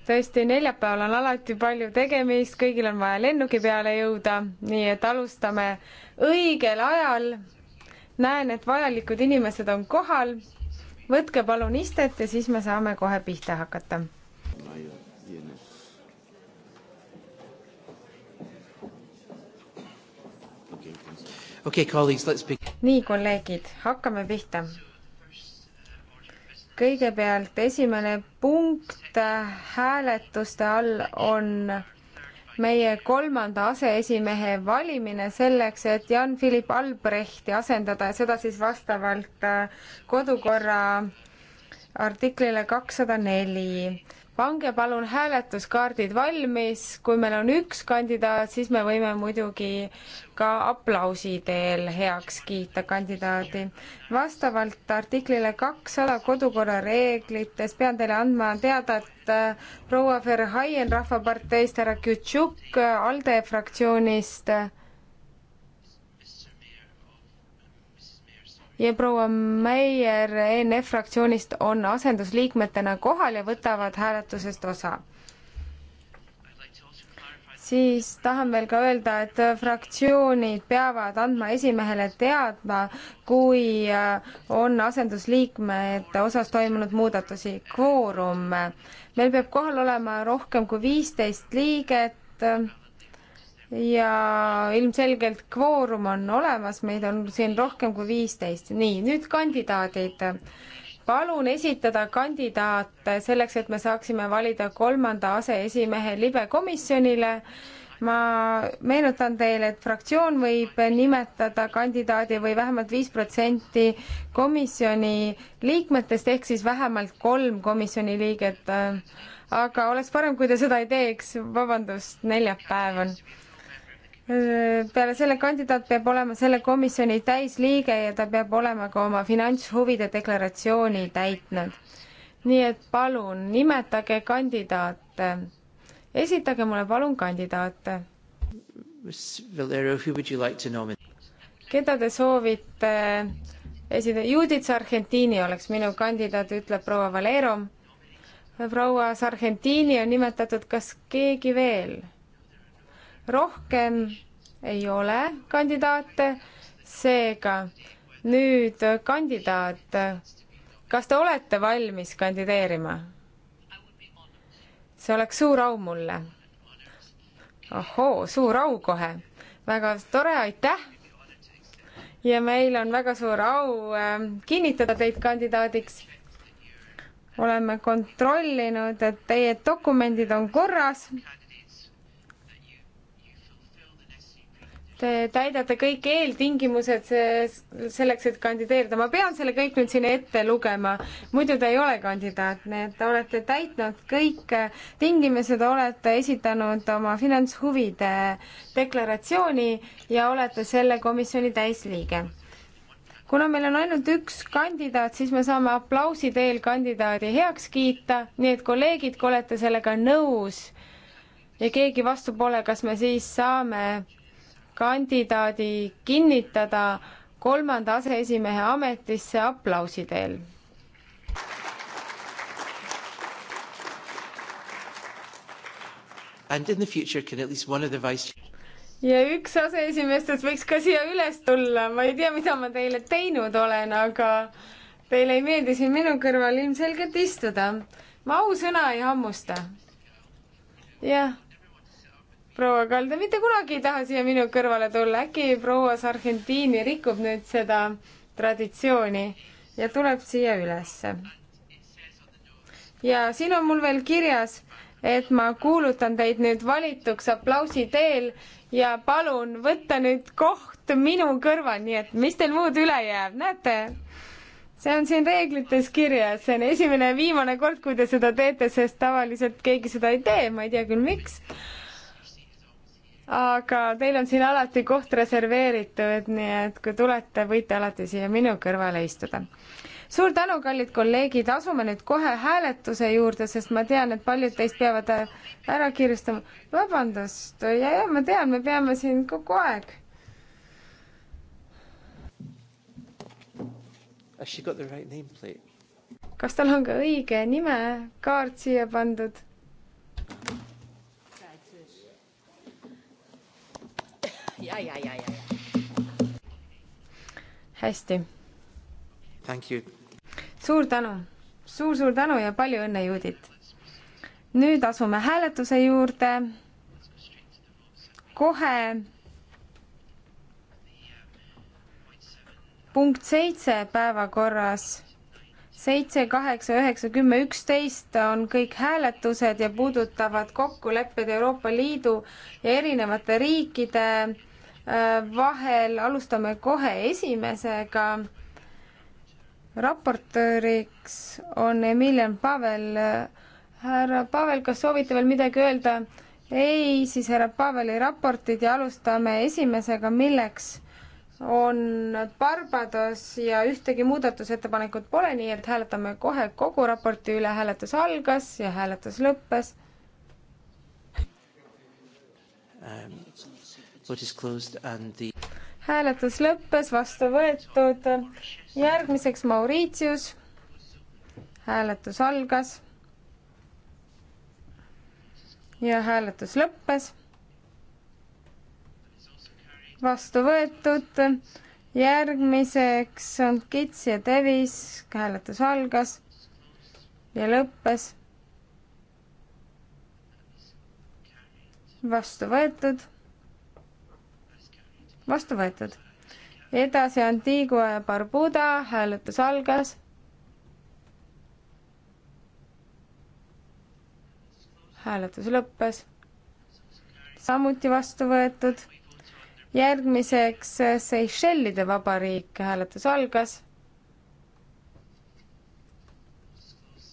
[SPEAKER 4] tõesti, neljapäeval on alati palju tegemist, kõigil on vaja lennuki peale jõuda, nii et alustame õigel ajal. näen, et vajalikud inimesed on kohal. võtke palun istet ja siis me saame kohe pihta hakata okay, nii, kolleegid, hakkame pihta. kõigepealt esimene punkt hääletuste all on meie kolmanda aseesimehe valimine selleks, et Jan-Philipp Albrechti asendada ja seda siis vastavalt äh, kodukorra artiklile kakssada neli pange palun hääletuskaardid valmis, kui meil on üks kandidaat, siis me võime muidugi ka aplausi teel heaks kiita kandidaadi. vastavalt artiklile kakssada kodukorra reeglites pean teile andma teada, et äh, proua Verhaien Rahvaparteist, härra Kütšuk äh, ALDE fraktsioonist äh, ja proua Meier ENF fraktsioonist on asendusliikmetena kohal ja võtavad hääletusest osa siis tahan veel ka öelda, et fraktsioonid peavad andma esimehele teadma, kui äh, on asendusliikmete osas toimunud muudatusi. kvoorum, meil peab kohal olema rohkem kui viisteist liiget ja ilmselgelt kvoorum on olemas, meid on siin rohkem kui viisteist. nii, nüüd kandidaadid. palun esitada kandidaate selleks, et me saaksime valida kolmanda aseesimehe libekomisjonile. ma meenutan teile, et fraktsioon võib nimetada kandidaadi või vähemalt viis protsenti komisjoni liikmetest ehk siis vähemalt kolm komisjoni liiget. aga oleks parem, kui te seda ei teeks, vabandust, neljapäev on peale selle kandidaat peab olema selle komisjoni täisliige ja ta peab olema ka oma finantshuvide deklaratsiooni täitnud. nii et palun nimetage kandidaate. esitage mulle palun kandidaate.
[SPEAKER 1] Like
[SPEAKER 4] keda te soovite esida-, Judith Sargentini oleks minu kandidaat, ütleb proua Valero. proua Sargentini on nimetatud, kas keegi veel? rohkem ei ole kandidaate, seega nüüd kandidaat, kas te olete valmis kandideerima? see oleks suur au mulle. ohoo, suur au kohe. väga tore, aitäh. ja meil on väga suur au ähm, kinnitada teid kandidaadiks. oleme kontrollinud, et teie dokumendid on korras Te täidate kõik eeltingimused selleks, et kandideerida. ma pean selle kõik nüüd siin ette lugema, muidu te ei ole kandidaat, nii et te olete täitnud kõik tingimused, olete esitanud oma finantshuvide deklaratsiooni ja olete selle komisjoni täisliige kuna meil on ainult üks kandidaat, siis me saame aplausi teel kandidaadi heaks kiita, nii et kolleegid, kui olete sellega nõus ja keegi vastu pole, kas me siis saame kandidaadi kinnitada kolmanda aseesimehe ametisse aplausi teel.
[SPEAKER 1] And in the future can at least one of the vice
[SPEAKER 4] ja üks aseesimeestest võiks ka siia üles tulla, ma ei tea, mida ma teile teinud olen, aga teile ei meeldi siin minu kõrval ilmselgelt istuda. ma ausõna ei hammusta. jah proua Kalda mitte kunagi ei taha siia minu kõrvale tulla, äkki proua Sargentini rikub nüüd seda traditsiooni ja tuleb siia ülesse. ja siin on mul veel kirjas, et ma kuulutan teid nüüd valituks aplausi teel ja palun võtta nüüd koht minu kõrval, nii et mis teil muud üle jääb, näete? see on siin reeglites kirjas, see on esimene ja viimane kord, kui te seda teete, sest tavaliselt keegi seda ei tee, ma ei tea küll, miks aga teil on siin alati koht reserveeritud, nii et kui tulete, võite alati siia minu kõrvale istuda. suur tänu, kallid kolleegid, asume nüüd kohe hääletuse juurde, sest ma tean, et paljud teist peavad ära kiirustama. vabandust, ja, ja ma tean, me peame siin kogu aeg. kas tal on ka õige nimekaart siia pandud?
[SPEAKER 2] ja, ja, ja, ja, ja.
[SPEAKER 4] hästi. suur tänu suur,, suur-suur tänu ja palju õnne, Judit. nüüd asume hääletuse juurde. kohe punkt seitse päevakorras seitse, kaheksa, üheksa, kümme, üksteist on kõik hääletused ja puudutavad kokkulepped Euroopa Liidu ja erinevate riikide vahel, alustame kohe esimesega. raportööriks on Emilian Pavel. härra Pavel, kas soovite veel midagi öelda? ei, siis härra Paveli raportid ja alustame esimesega, milleks on Barbados ja ühtegi muudatusettepanekut pole, nii et hääletame kohe kogu raporti üle, hääletus algas ja hääletus lõppes um
[SPEAKER 1] The...
[SPEAKER 4] hääletus lõppes, vastu võetud. järgmiseks Mauritius. hääletus algas. ja hääletus lõppes. vastu võetud. järgmiseks on Kits ja Devis, hääletus algas ja lõppes vastu võetud vastu võetud. edasi Antigua ja Barbuda, hääletus algas. hääletus lõppes. samuti vastu võetud. järgmiseks Seychellide Vabariik, hääletus algas.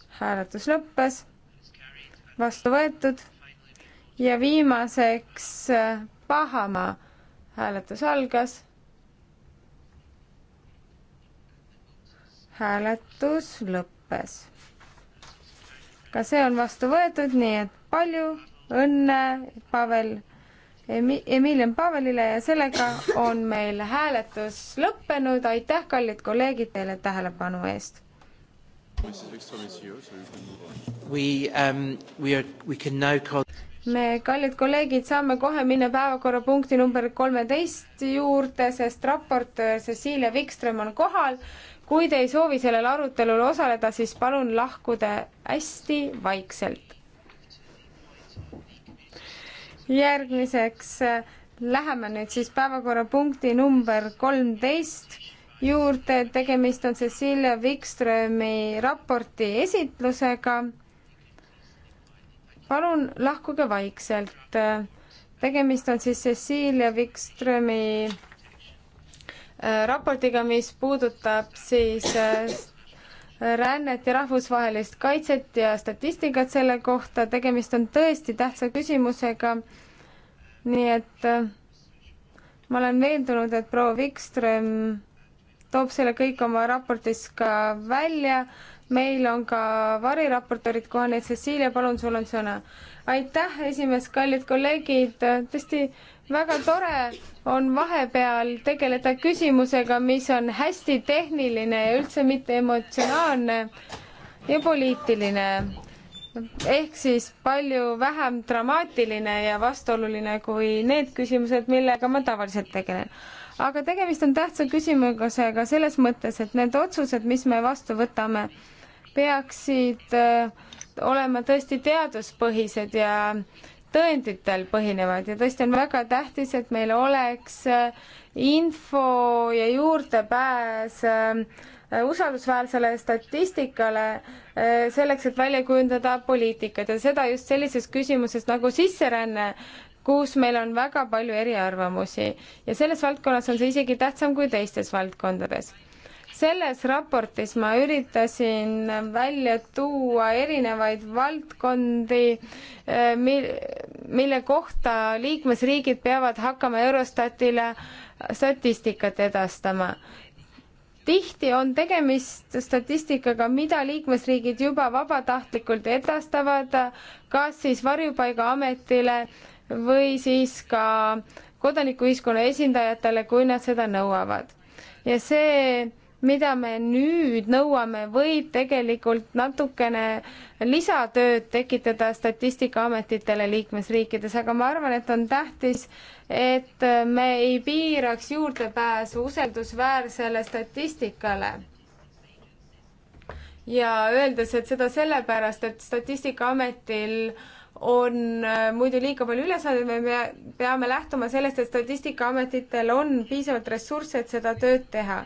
[SPEAKER 4] hääletus lõppes, vastu võetud ja viimaseks Bahamaa hääletus algas. hääletus lõppes. ka see on vastu võetud, nii et palju õnne, Pavel Emi,, Emilian Pavelile ja sellega on meil hääletus lõppenud. aitäh, kallid kolleegid, teile tähelepanu eest.
[SPEAKER 1] We um, we are we can now call
[SPEAKER 4] me, kallid kolleegid, saame kohe minna päevakorrapunkti number kolmeteist juurde, sest raportöör Cecilia Wikström on kohal. kui te ei soovi sellel arutelul osaleda, siis palun lahkuda hästi vaikselt. järgmiseks läheme nüüd siis päevakorrapunkti number kolmteist juurde, tegemist on Cecilia Wikströmi raporti esitlusega palun lahkuge vaikselt. tegemist on siis Cecilia Wikströmi äh, raportiga, mis puudutab siis äh, rännet ja rahvusvahelist kaitset ja statistikat selle kohta, tegemist on tõesti tähtsa küsimusega. nii et äh, ma olen veendunud, et proua Wikström toob selle kõik oma raportis ka välja meil on ka variraportorid kohal, nii et Cecilia, palun, sul on sõna. aitäh, esimees, kallid kolleegid, tõesti väga tore on vahepeal tegeleda küsimusega, mis on hästi tehniline ja üldse mitte emotsionaalne ja poliitiline. ehk siis palju vähem dramaatiline ja vastuoluline kui need küsimused, millega ma tavaliselt tegelen aga tegemist on tähtsa küsimusega selles mõttes, et need otsused, mis me vastu võtame, peaksid äh, olema tõesti teaduspõhised ja tõenditel põhinevad ja tõesti on väga tähtis, et meil oleks äh, info ja juurdepääs äh, usaldusväärsele statistikale selleks, et välja kujundada poliitikat ja seda just sellises küsimuses nagu sisseränne, kus meil on väga palju eriarvamusi ja selles valdkonnas on see isegi tähtsam kui teistes valdkondades selles raportis ma üritasin välja tuua erinevaid valdkondi, eh, mille kohta liikmesriigid peavad hakkama Eurostatile statistikat edastama tihti on tegemist statistikaga, mida liikmesriigid juba vabatahtlikult edastavad, kas siis Varjupaigaametile või siis ka kodanikuühiskonna esindajatele, kui nad seda nõuavad. ja see mida me nüüd nõuame, võib tegelikult natukene lisatööd tekitada Statistikaametitele liikmesriikides, aga ma arvan, et on tähtis, et me ei piiraks juurdepääsu usaldusväärsele statistikale. ja öeldes, et seda sellepärast, et Statistikaametil on äh, muidu liiga palju ülesandeid, me peame lähtuma sellest, et Statistikaametitel on piisavalt ressursse, et seda tööd teha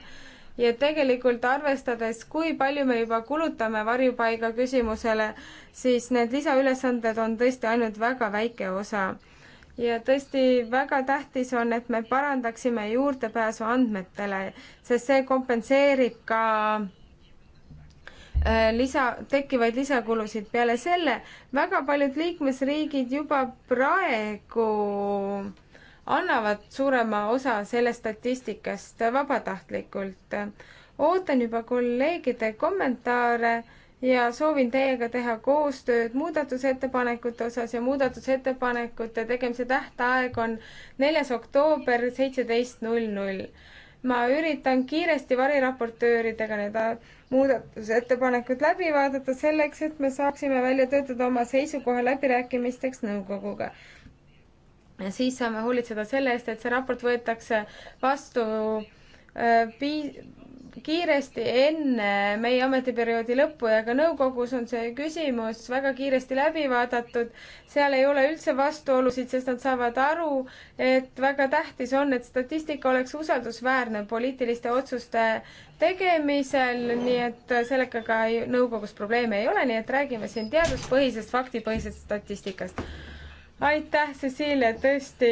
[SPEAKER 4] ja tegelikult arvestades, kui palju me juba kulutame varjupaiga küsimusele, siis need lisaülesanded on tõesti ainult väga väike osa. ja tõesti väga tähtis on, et me parandaksime juurdepääsu andmetele, sest see kompenseerib ka äh, lisa, tekkivaid lisakulusid. peale selle väga paljud liikmesriigid juba praegu annavad suurema osa sellest statistikast vabatahtlikult. ootan juba kolleegide kommentaare ja soovin teiega teha koostööd muudatusettepanekute osas ja muudatusettepanekute tegemise tähtaeg on neljas oktoober seitseteist null null. ma üritan kiiresti variraportööridega need muudatusettepanekud läbi vaadata selleks, et me saaksime välja töötada oma seisukoha läbirääkimisteks nõukoguga siis saame hoolitseda selle eest, et see raport võetakse vastu äh, pii-, kiiresti enne meie ametiperioodi lõppu ja ka nõukogus on see küsimus väga kiiresti läbi vaadatud. seal ei ole üldse vastuolusid, sest nad saavad aru, et väga tähtis on, et statistika oleks usaldusväärne poliitiliste otsuste tegemisel, nii et sellega ka nõukogus probleeme ei ole, nii et räägime siin teaduspõhisest, faktipõhisest statistikast aitäh, Cecilia, tõesti,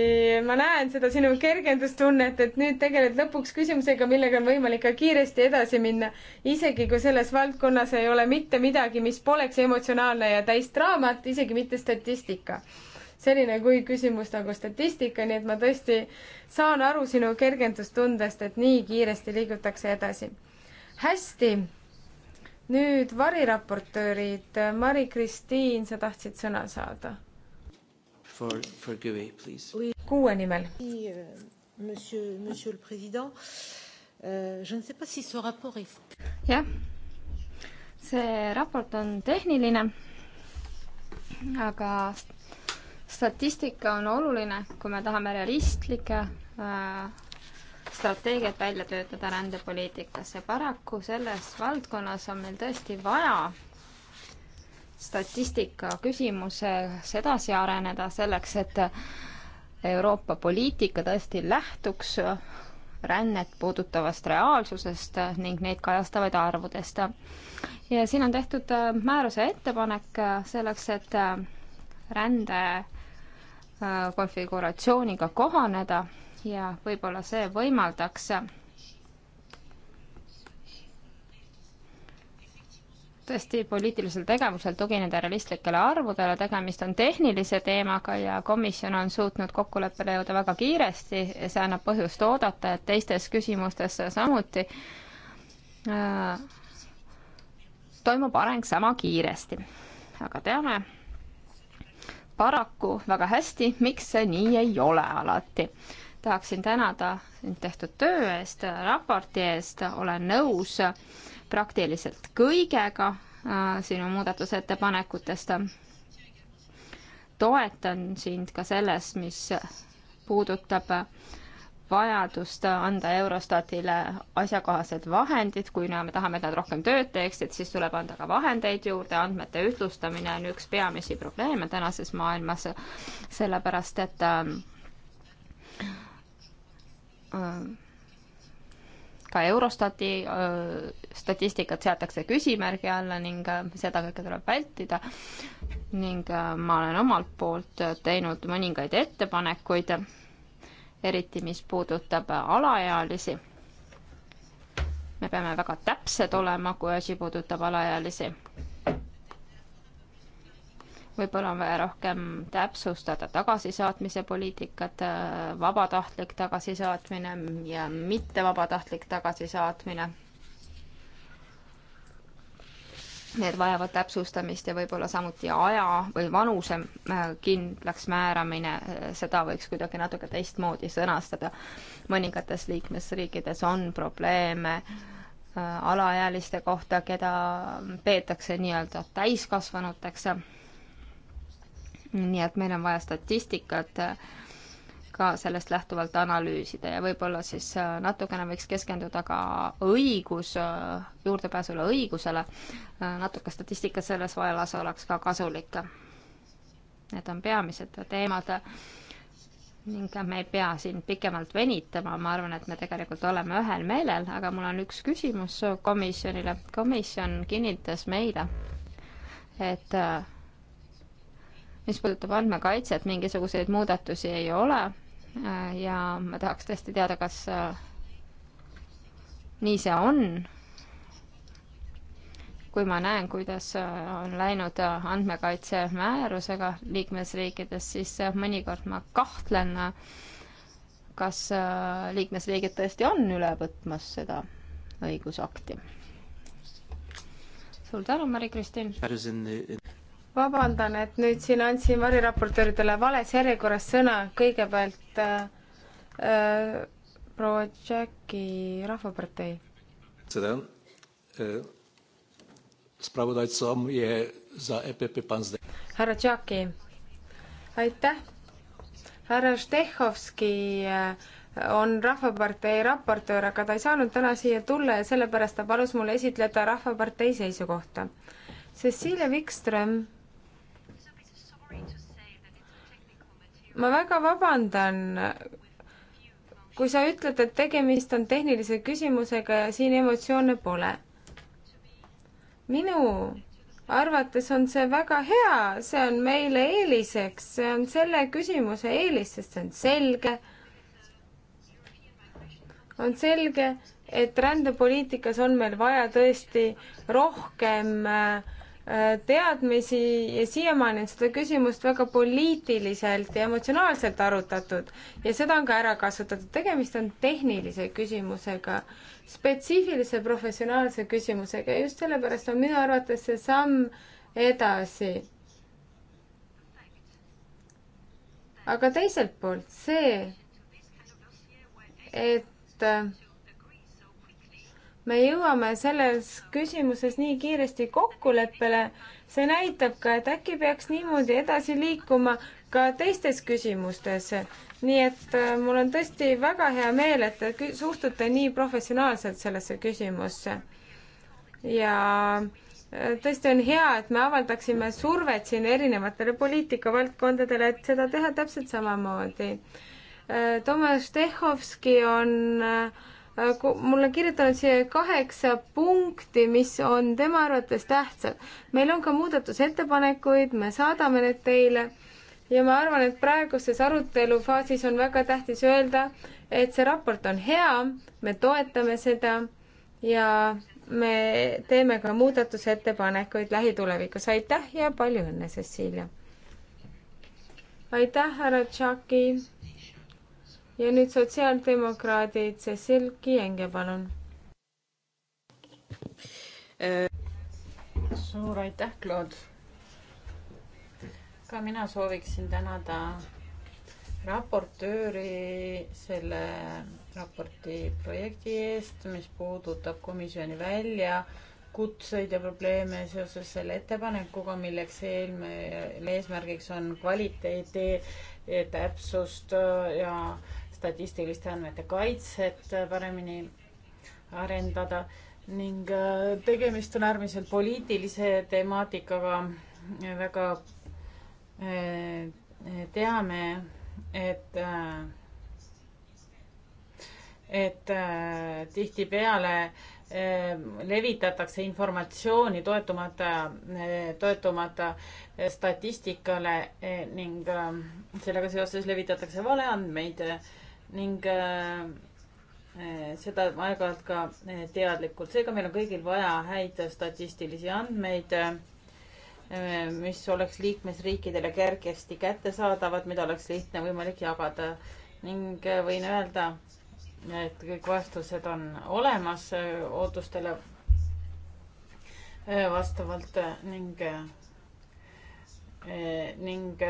[SPEAKER 4] ma näen seda sinu kergendustunnet, et nüüd tegeled lõpuks küsimusega, millega on võimalik ka kiiresti edasi minna, isegi kui selles valdkonnas ei ole mitte midagi, mis poleks emotsionaalne ja täis draamat, isegi mitte statistika. selline kui küsimus nagu statistika, nii et ma tõesti saan aru sinu kergendustundest, et nii kiiresti liigutakse edasi. hästi, nüüd variraportöörid, Mari-Kristiin, sa tahtsid sõna saada
[SPEAKER 1] for, for GUE, please.
[SPEAKER 4] kuue nimel. Euh, monsieur, monsieur le Président, euh, je ne sais pas si ce rapport est... jah, see
[SPEAKER 2] raport on tehniline, aga statistika on oluline, kui me tahame realistlikke äh, strateegiat välja töötada rändepoliitikas ja paraku selles valdkonnas on meil tõesti vaja statistika küsimuses edasi areneda, selleks et Euroopa poliitika tõesti lähtuks rännet puudutavast reaalsusest ning neid kajastavaid arvudest. ja siin on tehtud äh, määruse ettepanek äh, selleks, et äh, rände konfiguratsiooniga kohaneda ja võib-olla see võimaldaks tõesti poliitilisel tegevusel tugineda realistlikele arvudele, tegemist on tehnilise teemaga ja komisjon on suutnud kokkuleppele jõuda väga kiiresti ja see annab põhjust oodata, et teistes küsimustes samuti äh, toimub areng sama kiiresti. aga teame paraku väga hästi, miks see nii ei ole alati tahaksin tänada tehtud töö eest, raporti eest, olen nõus äh, praktiliselt kõigega äh, sinu muudatusettepanekutest. toetan sind ka selles, mis puudutab vajadust anda Eurostatile asjakohased vahendid, kui me tahame, et nad rohkem tööd teeksid, siis tuleb anda ka vahendeid juurde, andmete ühtlustamine on üks peamisi probleeme tänases maailmas, sellepärast et äh, äh ka Eurostati statistikat seatakse küsimärgi alla ning seda kõike tuleb vältida. ning ma olen omalt poolt teinud mõningaid ettepanekuid, eriti mis puudutab alaealisi. me peame väga täpsed olema, kui asi puudutab alaealisi võib-olla on vaja rohkem täpsustada tagasisaatmise poliitikat, vabatahtlik tagasisaatmine ja mittevabatahtlik tagasisaatmine. Need vajavad täpsustamist ja võib-olla samuti aja või vanuse äh, kindlaks määramine, äh, seda võiks kuidagi natuke teistmoodi sõnastada. mõningates liikmesriikides on probleeme äh, alaealiste kohta, keda peetakse nii-öelda täiskasvanuteks nii et meil on vaja statistikat äh, ka sellest lähtuvalt analüüsida ja võib-olla siis äh, natukene võiks keskenduda ka õigus, äh, juurdepääsule õigusele, natuke statistikat selles vallas oleks ka kasulik. Need on peamised teemad ning me ei pea siin pikemalt venitama, ma arvan, et me tegelikult oleme ühel meelel, aga mul on üks küsimus komisjonile. komisjon kinnitas meile, et mis puudutab andmekaitset, mingisuguseid muudatusi ei ole äh, ja ma tahaks tõesti teada, kas äh, nii see on. kui ma näen, kuidas äh, on läinud andmekaitse määrusega liikmesriikides, siis mõnikord ma kahtlen, kas liikmesriigid tõesti on üle
[SPEAKER 4] võtmas seda õigusakti. suur tänu, Mari-Kristin! vabandan, et nüüd siin andsin variraportööridele vales järjekorras sõna, kõigepealt äh, äh, proua Tšäki Rahvapartei.
[SPEAKER 1] seda äh,, spravodajtsom
[SPEAKER 4] je za EPP panzde. härra Tšaki, aitäh. härra Štehhovski äh, on Rahvapartei raportöör, aga ta ei saanud täna siia tulla ja sellepärast ta palus mul esitleda Rahvapartei seisukohta. Cecilia Wikström ma väga vabandan, kui sa ütled, et tegemist on tehnilise küsimusega ja siin emotsioone pole. minu arvates on see väga hea, see on meile eeliseks, see on selle küsimuse eelis, sest see on selge. on selge, et rändepoliitikas on meil vaja tõesti rohkem äh, Äh, teadmisi ja siiamaani on seda küsimust väga poliitiliselt ja emotsionaalselt arutatud ja seda on ka ära kasutatud. tegemist on tehnilise küsimusega, spetsiifilise professionaalse küsimusega ja just sellepärast on minu arvates see samm edasi. aga teiselt poolt see, et äh, me jõuame selles küsimuses nii kiiresti kokkuleppele, see näitab ka, et äkki peaks niimoodi edasi liikuma ka teistes küsimustes. nii et äh, mul on tõesti väga hea meel, et te suhtute nii professionaalselt sellesse küsimusse. ja äh, tõesti on hea, et me avaldaksime survet siin erinevatele poliitikavaldkondadele, et seda teha täpselt samamoodi. Äh, Tomas Tehhovski on äh, Äh, mul on kirjutanud siia kaheksa punkti, mis on tema arvates tähtsad. meil on ka muudatusettepanekuid, me saadame need teile ja ma arvan, et praeguses arutelufaasis on väga tähtis öelda, et see raport on hea, me toetame seda ja me teeme ka muudatusettepanekuid lähitulevikus. aitäh ja palju õnne, Cecilia! aitäh, härra Tšaki! ja nüüd sotsiaaldemokraadid, Cecil Kiienge,
[SPEAKER 3] palun. suur aitäh, Claude. ka mina sooviksin tänada raportööri selle raporti projekti eest, mis puudutab komisjoni väljakutseid ja probleeme seoses selle ettepanekuga, milleks eelme-, eesmärgiks on kvaliteedi täpsust ja äh, statistiliste andmete kaitset paremini arendada ning äh, tegemist on äärmiselt poliitilise temaatikaga. väga äh, teame, et, äh, et tihtipeale levitatakse informatsiooni toetumata, toetumata statistikale ning sellega seoses levitatakse valeandmeid ning äh, äh, seda aeg-ajalt ka äh, teadlikult. seega meil on kõigil vaja häid statistilisi andmeid, mis oleks liikmesriikidele kergesti kättesaadavad, mida oleks lihtne võimalik jagada ning võin öelda, et kõik vastused on olemas ootustele vastavalt ning ning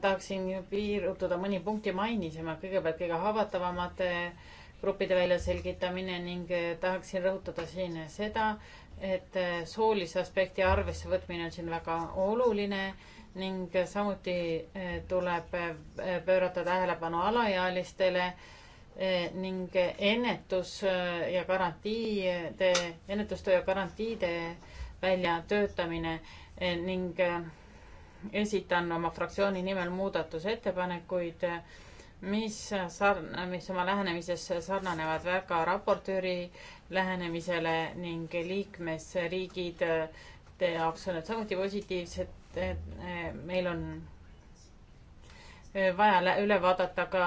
[SPEAKER 3] tahaksin piirutuda mõni punkti mainisema, kõigepealt kõige haavatavamate gruppide väljaselgitamine ning eh, tahaksin rõhutada siin seda, et eh, soolise aspekti arvesse võtmine on siin väga oluline ning samuti eh, tuleb pöörata tähelepanu alaealistele ning ennetus ja garantiide, ennetustöö ja garantiide väljatöötamine ning esitan oma fraktsiooni nimel muudatusettepanekuid, mis sarn-, mis oma lähenemises sarnanevad väga raportööri lähenemisele ning liikmesriigid jaoks on need samuti positiivsed. Eh, meil on vaja üle vaadata ka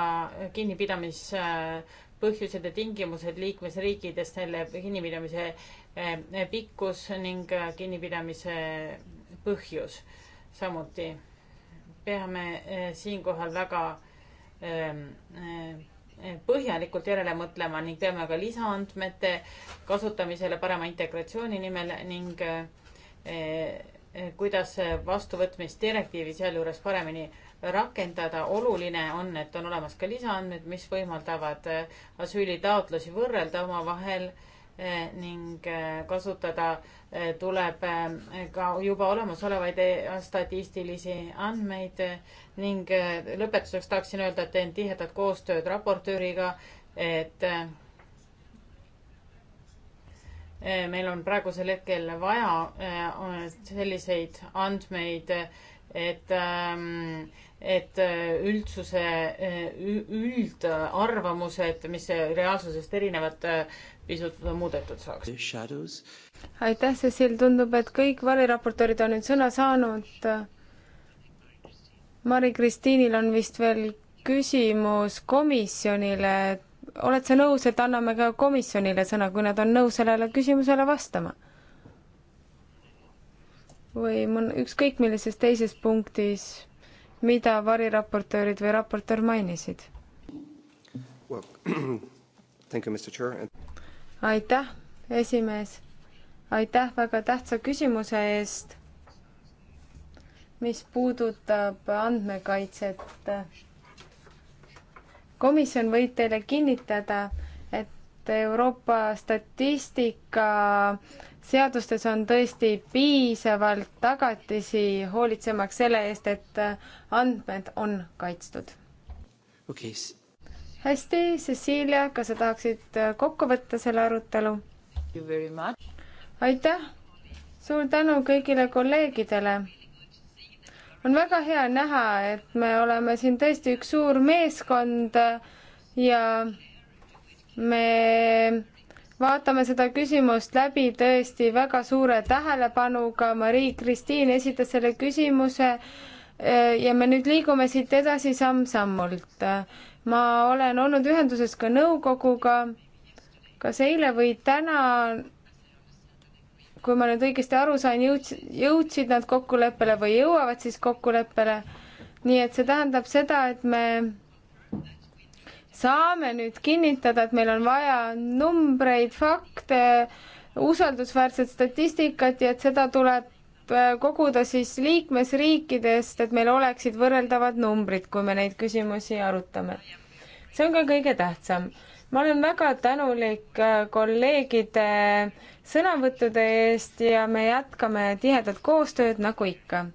[SPEAKER 3] kinnipidamispõhjused ja tingimused liikmesriikides, selle kinnipidamise eh, eh, pikkus ning kinnipidamise põhjus samuti peame eh, siinkohal väga ehm, eh, põhjalikult järele mõtlema ning teeme ka lisaandmete kasutamisele parema integratsiooni nimel ning eh, kuidas vastuvõtmisdirektiivi sealjuures paremini rakendada. oluline on, et on olemas ka lisaandmed, mis võimaldavad asüülitaotlusi võrrelda omavahel ning kasutada tuleb äh, ka juba olemasolevaid äh, statistilisi andmeid ning äh, lõpetuseks tahaksin öelda, et teen tihedat koostööd raportööriga, et meil on praegusel hetkel vaja selliseid andmeid, et, ähm, et üldsuse üldarvamused, mis reaalsusest erinevad, pisut muudetud saaks.
[SPEAKER 4] aitäh, Cecil, tundub, et kõik variraportöörid on nüüd sõna saanud. Mari-Kristiinil on vist veel küsimus komisjonile. oled sa nõus, et anname ka komisjonile sõna, kui nad on nõus sellele küsimusele vastama? või mõn-, ükskõik millises teises punktis, mida variraportöörid või raportöör mainisid?
[SPEAKER 1] Well, [CLEARS THROAT] thank you, Mr Chair
[SPEAKER 4] and aitäh, esimees. aitäh väga tähtsa küsimuse eest, mis puudutab andmekaitset. komisjon võib teile kinnitada, et Euroopa statistika seadustes on tõesti piisavalt tagatisi hoolitsemaks selle eest, et andmed on kaitstud.
[SPEAKER 1] okei okay
[SPEAKER 4] hästi, Cecilia, kas sa tahaksid äh, kokku võtta selle arutelu? aitäh, suur tänu kõigile kolleegidele. on väga hea näha, et me oleme siin tõesti üks suur meeskond ja me vaatame seda küsimust läbi tõesti väga suure tähelepanuga. Marii-Kristiin esitas selle küsimuse äh, ja me nüüd liigume siit edasi samm-sammult ma olen olnud ühenduses ka nõukoguga, kas eile või täna, kui ma nüüd õigesti aru sain, jõudsid, jõudsid nad kokkuleppele või jõuavad siis kokkuleppele. nii et see tähendab seda, et me saame nüüd kinnitada, et meil on vaja numbreid, fakte, usaldusväärset statistikat ja et seda tuleb Äh, koguda siis liikmesriikidest, et meil oleksid võrreldavad numbrid, kui me neid küsimusi arutame. see on ka kõige tähtsam. ma olen väga tänulik äh, kolleegide sõnavõttude eest ja me jätkame tihedat koostööd nagu ikka.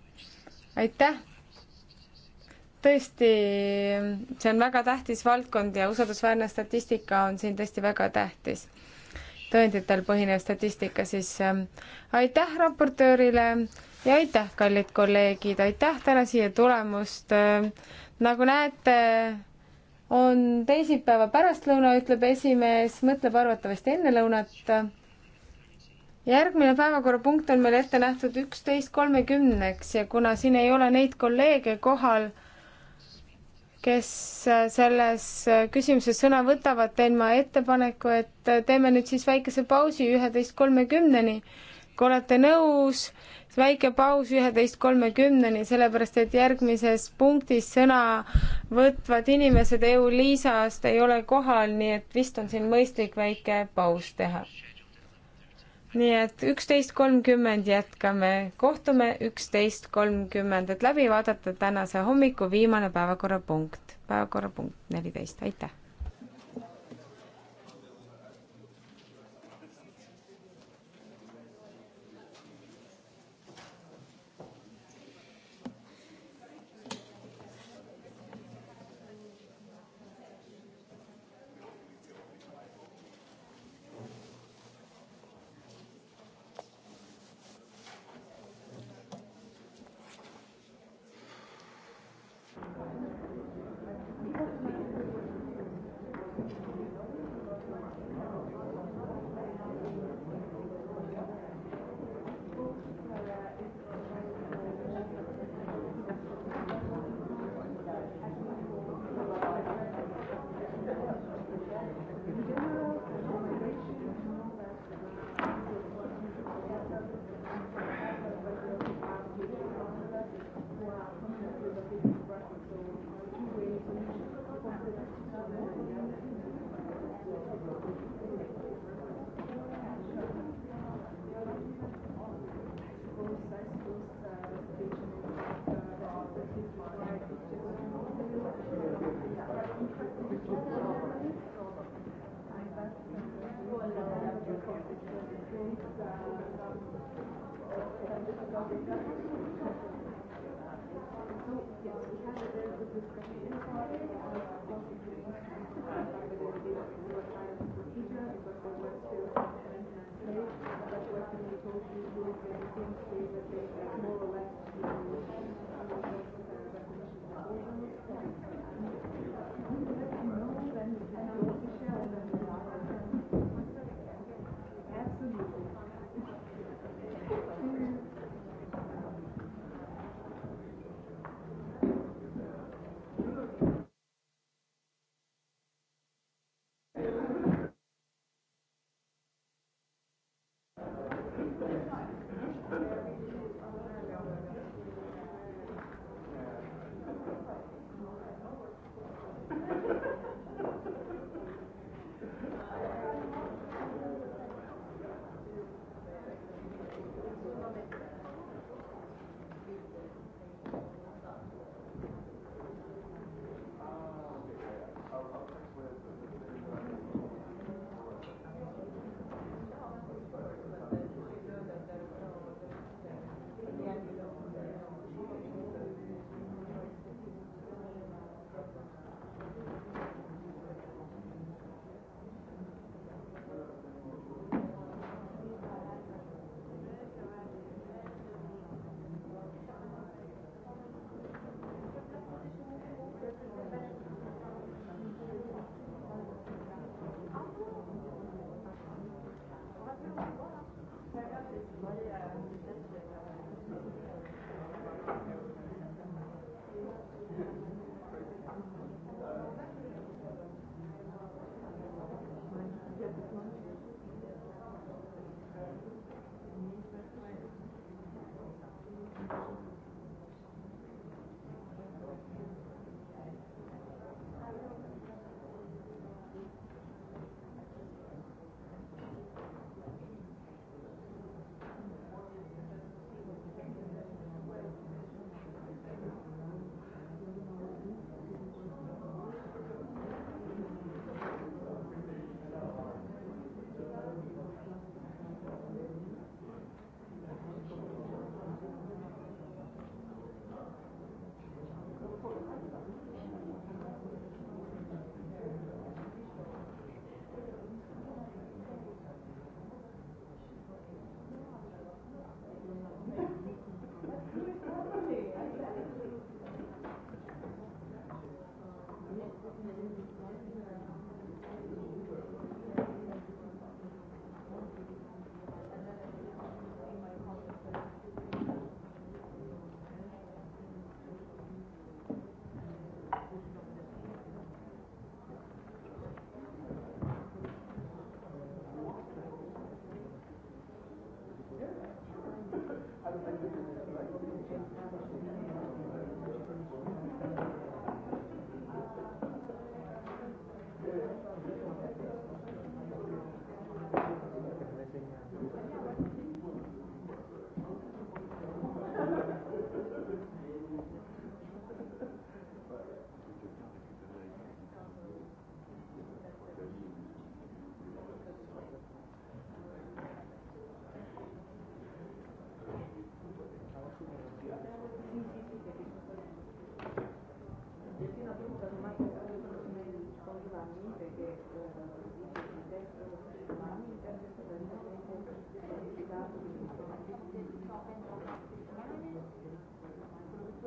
[SPEAKER 4] aitäh! tõesti, see on väga tähtis valdkond ja usaldusväärne statistika on siin tõesti väga tähtis tõenditel põhinev statistika, siis ähm, aitäh raportöörile ja aitäh, kallid kolleegid, aitäh täna siia tulemast. Ähm, nagu näete, on teisipäeva pärastlõuna, ütleb esimees, mõtleb arvatavasti enne lõunat. järgmine päevakorrapunkt on meil ette nähtud üksteist kolmekümneks ja kuna siin ei ole neid kolleege kohal kes äh, selles äh, küsimuses sõna võtavad, teen ma ettepaneku, et äh, teeme nüüd siis väikese pausi üheteist kolmekümneni. kui olete nõus, väike paus üheteist kolmekümneni, sellepärast et järgmises punktis sõna võtvad inimesed EU-Liisast ei ole kohal, nii et vist on siin mõistlik väike paus teha nii et üksteist kolmkümmend jätkame, kohtume üksteist kolmkümmend, et läbi vaadata tänase hommiku viimane päevakorrapunkt, päevakorrapunkt neliteist, aitäh!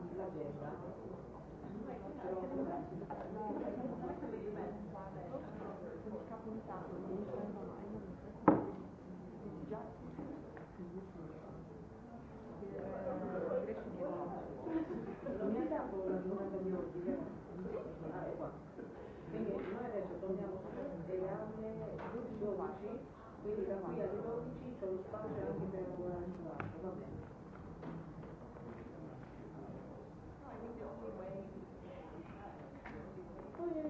[SPEAKER 4] Thank you.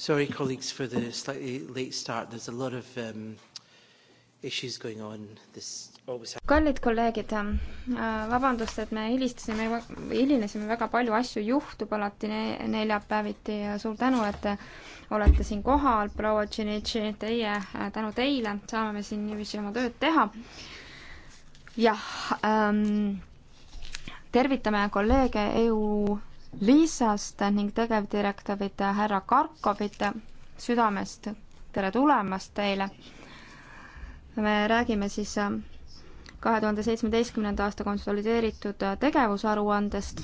[SPEAKER 1] Sorry, colleagues, for the slightly late start. There's a lot of um, issues going on. This always happens. kallid
[SPEAKER 2] kolleegid, ähm, äh, vabandust, et me helistasime, hilinesime väga palju asju, juhtub alati ne neljapäeviti ja suur tänu, et te olete siin kohal, proua Tšinitši, teie, äh, tänu teile saame me siin niiviisi oma tööd teha. jah ähm,, tervitame kolleege EU Liisast ning tegevdirektorit härra Karkovit südamest tere tulemast teile. me räägime siis äh, kahe tuhande seitsmeteistkümnenda aasta konsolideeritud äh, tegevusaruandest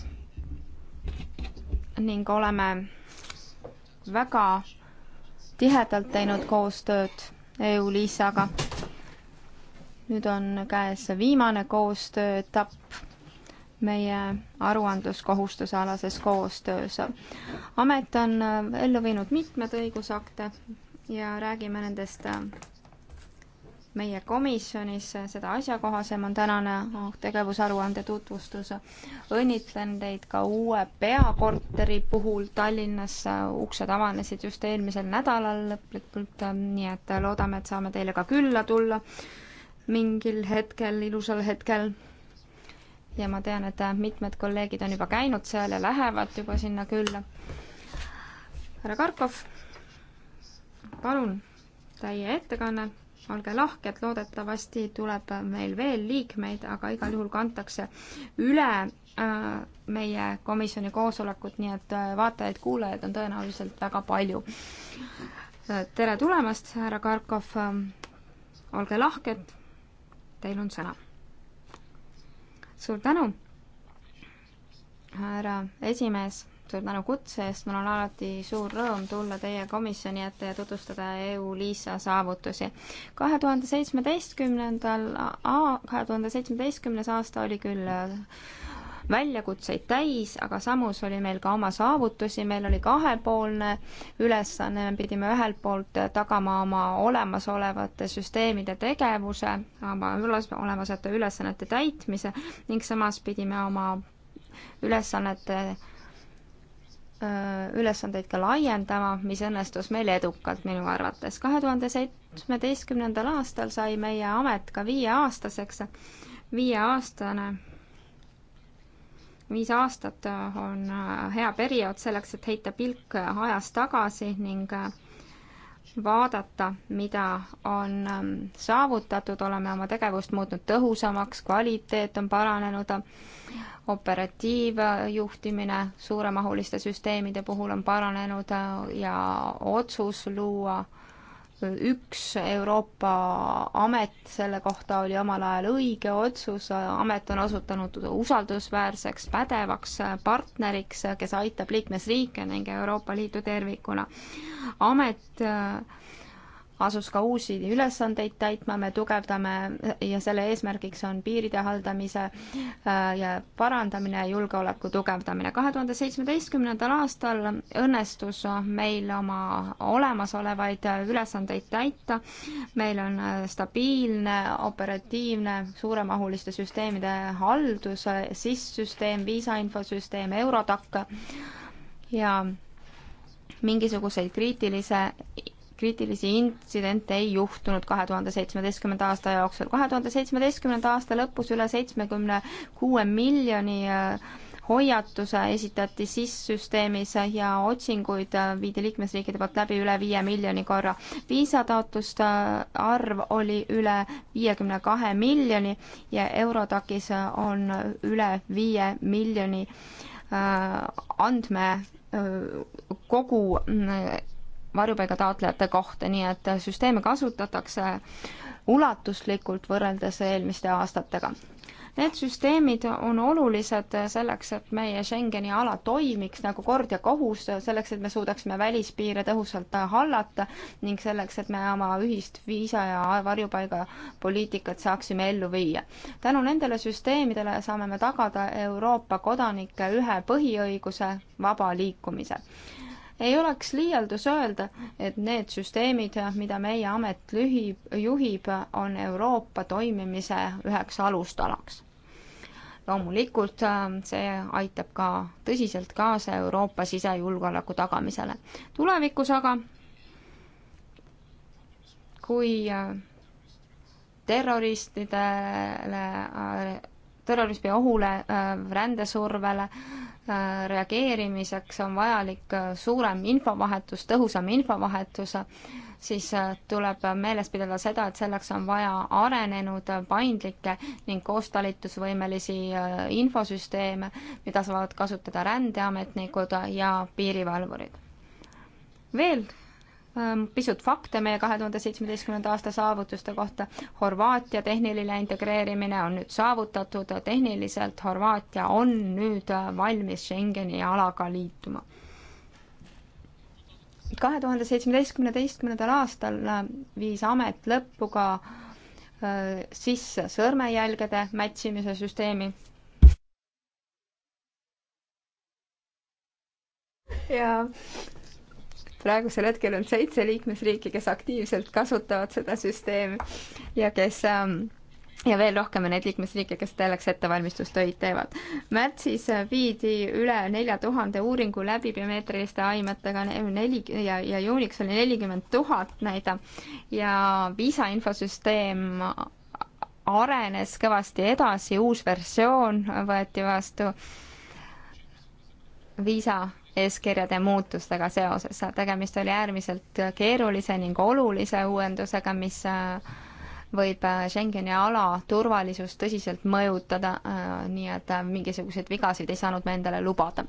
[SPEAKER 2] ning oleme väga tihedalt teinud koostööd EU-Liisaga. nüüd on käes viimane koostööetapp meie aruandluskohustuse alases koostöös. amet on äh, ellu viinud mitmed õigusakte ja räägime nendest äh, meie komisjonis, seda asjakohasem on tänane äh, tegevusaruande tutvustus. õnnitlen teid ka uue peakorteri puhul Tallinnasse, uksed avanesid just eelmisel nädalal lõplikult, nii et loodame, et saame teile ka külla tulla mingil hetkel, ilusal hetkel ja ma tean, et äh, mitmed kolleegid on juba käinud seal ja lähevad juba sinna külla. härra Karkov, palun, teie ettekanne, olge lahked, loodetavasti tuleb meil veel liikmeid, aga igal juhul kantakse üle äh, meie komisjoni koosolekut, nii et äh, vaatajaid-kuulajaid on tõenäoliselt väga palju. tere tulemast, härra Karkov, olge lahked, teil on sõna suur tänu, härra esimees, suur tänu kutse eest, mul on alati suur rõõm tulla teie komisjoni ette ja tutvustada EU-LISA saavutusi. kahe tuhande seitsmeteistkümnendal, kahe tuhande seitsmeteistkümnes aasta oli küll väljakutseid täis, aga samus oli meil ka oma saavutusi, meil oli kahepoolne ülesanne, me pidime ühelt poolt tagama oma olemasolevate süsteemide tegevuse, oma olemasolevate ülesannete täitmise ning samas pidime oma ülesannete ülesandeid ka laiendama, mis õnnestus meil edukalt minu arvates. kahe tuhande seitsmeteistkümnendal aastal sai meie amet ka viieaastaseks, viieaastane viis aastat äh, on äh, hea periood selleks, et heita pilk äh, ajas tagasi ning vaadata, mida on ähm, saavutatud, oleme oma tegevust muutnud tõhusamaks, kvaliteet on paranenud, operatiivjuhtimine suuremahuliste süsteemide puhul on paranenud ja otsus luua äh, üks Euroopa amet selle kohta oli omal ajal õige otsus, amet on osutunud usaldusväärseks, pädevaks partneriks, kes aitab liikmesriike ning Euroopa Liitu tervikuna. amet äh, asus ka uusi ülesandeid täitma, me tugevdame ja selle eesmärgiks on piiride haldamise
[SPEAKER 3] äh,
[SPEAKER 2] ja parandamine ja julgeoleku tugevdamine. kahe tuhande seitsmeteistkümnendal aastal õnnestus meil oma olemasolevaid ülesandeid täita. meil on äh, stabiilne, operatiivne, suuremahuliste süsteemide haldus, SIS-süsteem, viisainfosüsteem, Eurodac ja mingisuguseid kriitilise kriitilisi intsidente ei juhtunud kahe tuhande seitsmeteistkümnenda aasta jooksul. kahe tuhande seitsmeteistkümnenda aasta lõpus üle seitsmekümne kuue miljoni äh, hoiatuse esitati SIS-süsteemis ja otsinguid äh, viidi liikmesriikide poolt läbi üle viie miljoni korra. viisataotluste äh, arv oli üle viiekümne kahe miljoni ja Eurodacis on üle viie miljoni andmekogu varjupaiga taotlejate kohta, nii et süsteeme kasutatakse ulatuslikult võrreldes eelmiste aastatega. Need süsteemid on olulised selleks, et meie Schengeni ala toimiks nagu kord ja kohus, selleks, et me suudaksime välispiire tõhusalt hallata ning selleks, et me oma ühist viisa ja varjupaigapoliitikat saaksime ellu viia. tänu nendele süsteemidele saame me tagada Euroopa kodanike ühe põhiõiguse, vaba liikumise ei oleks liialdus öelda, et need süsteemid, mida meie amet lühib, juhib, on Euroopa toimimise üheks alustalaks. loomulikult äh, see aitab ka tõsiselt kaasa Euroopa sisejulgeoleku tagamisele. tulevikus aga, kui äh, terroristidele, äh, terrorismi ohule, rändesurvele, Äh, reageerimiseks on vajalik äh, suurem infovahetus, tõhusam infovahetus, siis äh, tuleb meeles pidada seda, et selleks on vaja arenenud, paindlikke ning koostalitusvõimelisi infosüsteeme, mida saavad kasutada rändeametnikud ja piirivalvurid. veel Ähm, pisut fakte meie kahe tuhande seitsmeteistkümnenda aasta saavutuste kohta. Horvaatia tehniline integreerimine on nüüd saavutatud, tehniliselt Horvaatia on nüüd valmis Schengeni alaga liituma. kahe tuhande seitsmeteistkümneteistkümnendal aastal äh, viis amet lõppu ka äh, sisse sõrmejälgede mätsimise süsteemi. ja praegusel hetkel on seitse liikmesriiki, kes aktiivselt kasutavad seda süsteemi ja kes ähm, ja veel rohkem on neid liikmesriike, kes selleks ettevalmistustöid teevad. märtsis äh, viidi üle nelja tuhande uuringu läbi biomeetriliste aimetega, neli ja, ja juuniks oli nelikümmend tuhat neid ja viisa infosüsteem arenes kõvasti edasi, uus versioon võeti vastu viisa eeskirjade muutustega seoses. tegemist oli äärmiselt keerulise ning olulise uuendusega, mis äh, võib äh, Schengeni ala turvalisust tõsiselt mõjutada, äh, nii et mingisuguseid vigasid ei saanud me endale lubada.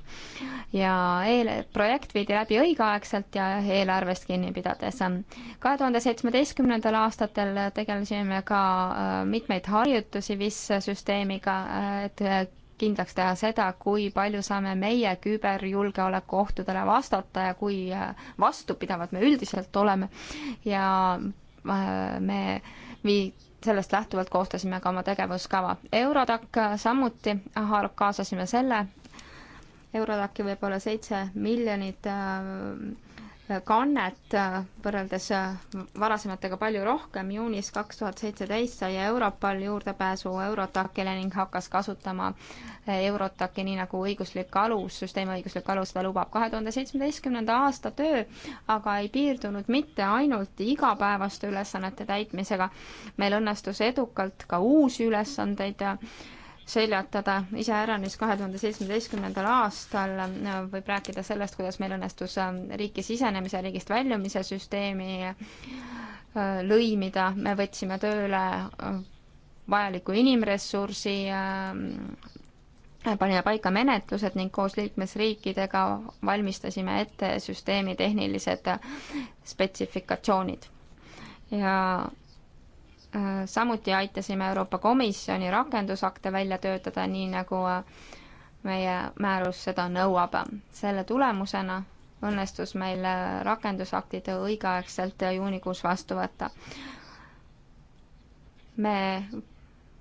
[SPEAKER 2] ja eel-, projekt viidi läbi õigeaegselt ja eelarvest kinni pidades. kahe tuhande seitsmeteistkümnendal aastatel tegelesime ka mitmeid harjutusi VIS-süsteemiga, et kindlaks teha seda, kui palju saame meie küberjulgeoleku ohtudele vastata ja kui äh, vastupidavad me üldiselt oleme ja äh, me vii-, sellest lähtuvalt koostasime ka oma tegevuskava. Eurodac äh, samuti haarab kaasasime selle, Eurodaki võib-olla seitse miljonit äh, kannet äh, võrreldes äh, varasematega palju rohkem. juunis kaks tuhat seitseteist sai Europol juurdepääsu Eurotacile ning hakkas kasutama äh, Eurotaci nii nagu õiguslik alus, süsteemi õiguslik alus seda lubab. kahe tuhande seitsmeteistkümnenda aasta töö aga ei piirdunud mitte ainult igapäevaste ülesannete täitmisega. meil õnnestus edukalt ka uusi ülesandeid seljatada. iseäranis kahe tuhande seitsmeteistkümnendal aastal äh, võib rääkida sellest, kuidas meil õnnestus äh, riiki sisenemise, riigist väljumise süsteemi äh, lõimida. me võtsime tööle vajaliku inimressursi, panime paika menetlused ning koos liikmesriikidega valmistasime ette süsteemi tehnilised spetsifikatsioonid. ja samuti aitasime Euroopa Komisjoni rakendusakte välja töötada, nii nagu äh, meie määrus seda nõuab. selle tulemusena õnnestus meil äh, rakendusaktid õigeaegselt äh, juunikuus vastu võtta. me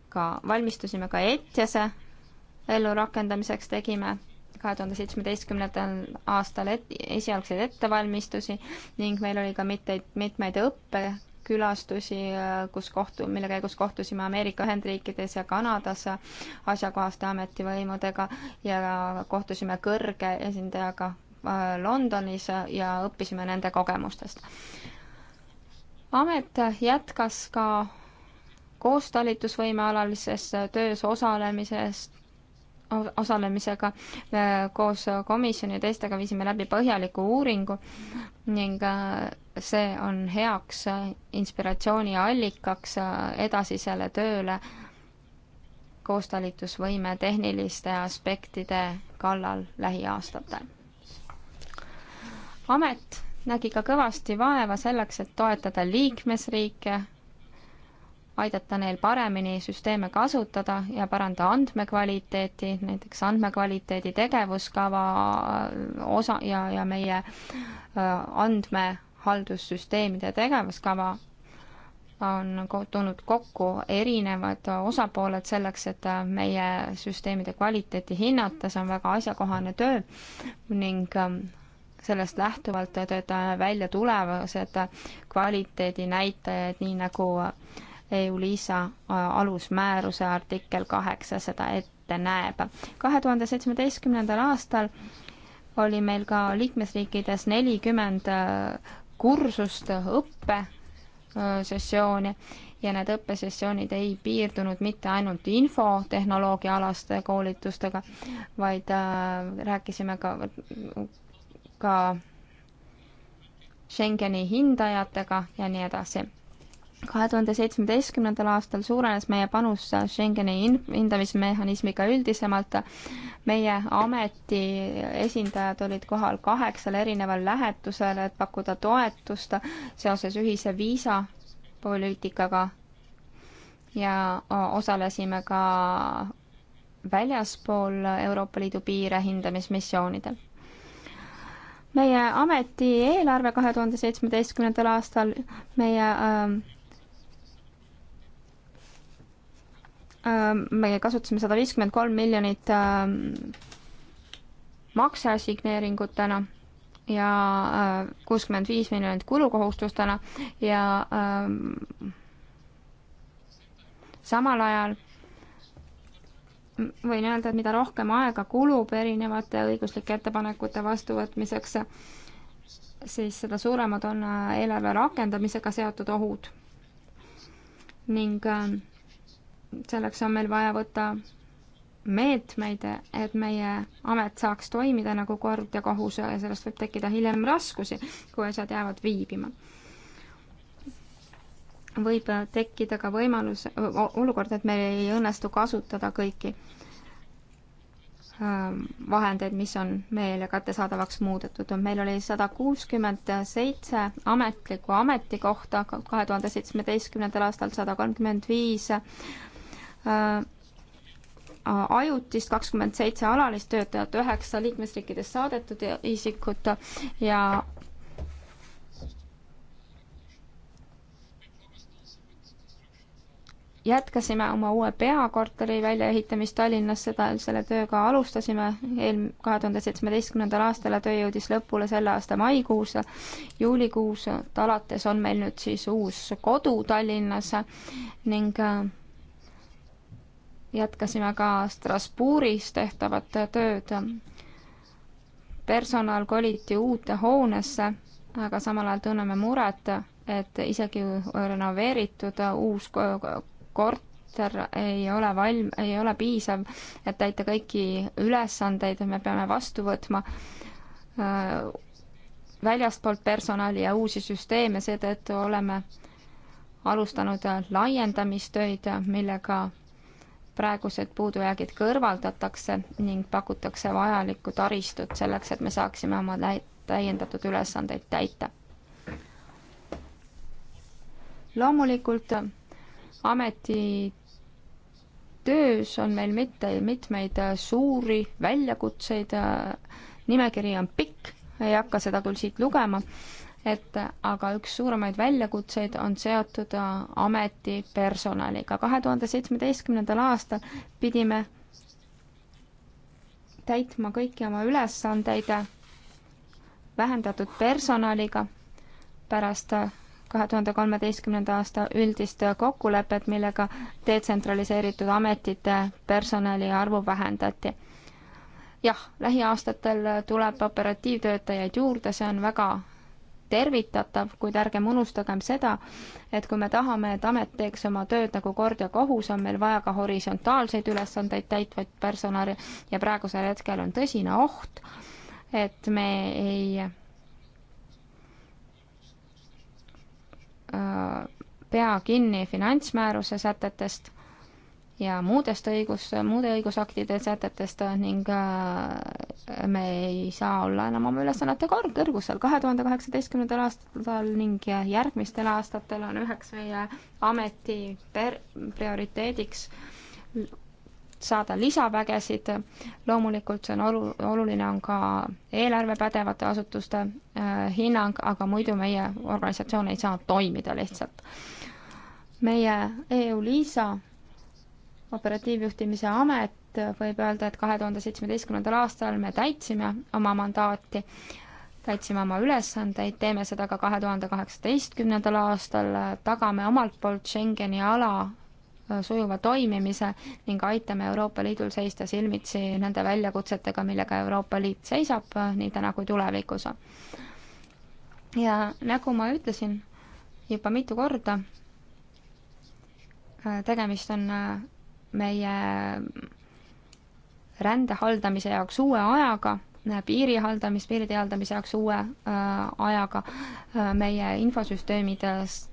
[SPEAKER 2] ka valmistusime ka ETIAS-e ellurakendamiseks, tegime kahe tuhande seitsmeteistkümnendal aastal et, esialgseid ettevalmistusi ning meil oli ka mitmeid, mitmeid õppe külastusi, kus kohtu, mille käigus kohtusime Ameerika Ühendriikides ja Kanadas asjakohaste ametivõimudega ja kohtusime kõrge esindajaga äh, Londonis ja õppisime nende kogemustest. amet jätkas ka koostalitusvõime alalises töös osalemisest osalemisega äh, koos komisjoni ja teistega viisime läbi põhjaliku uuringu ning äh, see on heaks äh, inspiratsiooniallikaks edasisele tööle koostalitusvõime tehniliste aspektide kallal lähiaastatel. amet nägi ka kõvasti vaeva selleks, et toetada liikmesriike aidata neil paremini süsteeme kasutada ja parandada andmekvaliteeti, näiteks andmekvaliteedi tegevuskava äh, osa ja, ja meie äh, andmehaldussüsteemide tegevuskava on tulnud kokku erinevad osapooled selleks, et äh, meie süsteemide kvaliteeti hinnata, see on väga asjakohane töö ning ähm, sellest lähtuvalt töötame välja tulevased kvaliteedinäitajad, nii nagu äh, EU-LISA äh, alusmääruse artikkel kaheksa seda ette näeb. kahe tuhande seitsmeteistkümnendal aastal oli meil ka liikmesriikides nelikümmend äh, kursust, äh, õppesessiooni ja need õppesessioonid ei piirdunud mitte ainult infotehnoloogia alaste koolitustega, vaid äh, rääkisime ka, ka Schengeni hindajatega ja nii edasi kahe tuhande seitsmeteistkümnendal aastal suurenes meie panus Schengeni hindamismehhanismiga üldisemalt. meie ameti esindajad olid kohal kaheksal erineval lähetusel, et pakkuda toetust seoses ühise viisapoliitikaga ja osalesime ka väljaspool Euroopa Liidu piire hindamismissioonidel meie ameti eelarve kahe tuhande seitsmeteistkümnendal aastal, meie äh, Ähm, me kasutasime sada viiskümmend kolm miljonit ähm, makseassigneeringutena ja äh, kuuskümmend viis miljonit kulukohustustena ja ähm, samal ajal võin öelda, et mida rohkem aega kulub erinevate õiguslike ettepanekute vastuvõtmiseks, siis seda suuremad on äh, eelarve rakendamisega seotud ohud. ning äh, selleks on meil vaja võtta meetmeid, et meie amet saaks toimida nagu kord ja kohus ja sellest võib tekkida hiljem raskusi, kui asjad jäävad viibima. võib tekkida ka võimalus, olukord, et meil ei õnnestu kasutada kõiki ähm, vahendeid, mis on meile kättesaadavaks muudetud. meil oli sada kuuskümmend seitse ametlikku ametikohta kahe tuhande seitsmeteistkümnendal aastal, sada kolmkümmend viis Äh, äh, ajutist, kakskümmend seitse alalist töötajat, üheksa liikmesriikidest saadetud isikut ja jätkasime oma uue peakorteri väljaehitamist Tallinnas, seda, selle tööga alustasime eel-, kahe tuhande seitsmeteistkümnendal aastal ja töö jõudis lõpule selle aasta maikuus. juulikuus alates on meil nüüd siis uus kodu Tallinnas ning äh, jätkasime ka Strasbourgis tehtavat tööd. personal koliti uute hoonesse, aga samal ajal tunneme muret, et isegi renoveeritud uus korter ei ole valm-, ei ole piisav, et täita kõiki ülesandeid, me peame vastu võtma äh, väljastpoolt personali ja uusi süsteeme, seetõttu oleme alustanud laiendamistöid, millega praegused puudujäägid kõrvaldatakse ning pakutakse vajalikku taristut selleks, et me saaksime oma täiendatud ülesandeid täita. loomulikult ameti töös on meil mitte mitmeid suuri väljakutseid, nimekiri on pikk, ei hakka seda küll siit lugema et aga üks suuremaid väljakutseid on seotud äh, ameti personaliga. kahe tuhande seitsmeteistkümnendal aastal pidime täitma kõiki oma ülesandeid äh, vähendatud personaliga pärast äh, kahe tuhande kolmeteistkümnenda aasta üldist kokkulepet, millega detsentraliseeritud ametite personali arvu vähendati. jah, lähiaastatel tuleb operatiivtöötajaid juurde, see on väga tervitatav, kuid ärgem unustagem seda, et kui me tahame, et amet teeks oma tööd nagu kord ja kohus, on meil vaja ka horisontaalseid ülesandeid täitvaid personali ja praegusel hetkel on tõsine oht, et me ei äh, pea kinni finantsmääruse sätetest ja muudest õigus, muude õigusaktide sätetest ning äh, me ei saa olla enam oma ülesannete kõrgusel. kahe tuhande kaheksateistkümnendal aastal ning järgmistel aastatel on üheks meie ameti per-, prioriteediks saada lisavägesid. loomulikult see on olu-, oluline on ka eelarvepädevate asutuste äh, hinnang, aga muidu meie organisatsioon ei saa toimida lihtsalt. meie EU-LISA operatiivjuhtimise amet, võib öelda, et kahe tuhande seitsmeteistkümnendal aastal me täitsime oma mandaati, täitsime oma ülesandeid, teeme seda ka kahe tuhande kaheksateistkümnendal aastal, tagame omalt poolt Schengeni ala äh, sujuva toimimise ning aitame Euroopa Liidul seista silmitsi nende väljakutsetega, millega Euroopa Liit seisab äh, nii täna kui tulevikus. ja nagu ma ütlesin juba mitu korda, äh, tegemist on meie rände haldamise jaoks uue ajaga, piiri haldamis, piiride haldamise jaoks uue äh, ajaga. Äh, meie infosüsteemid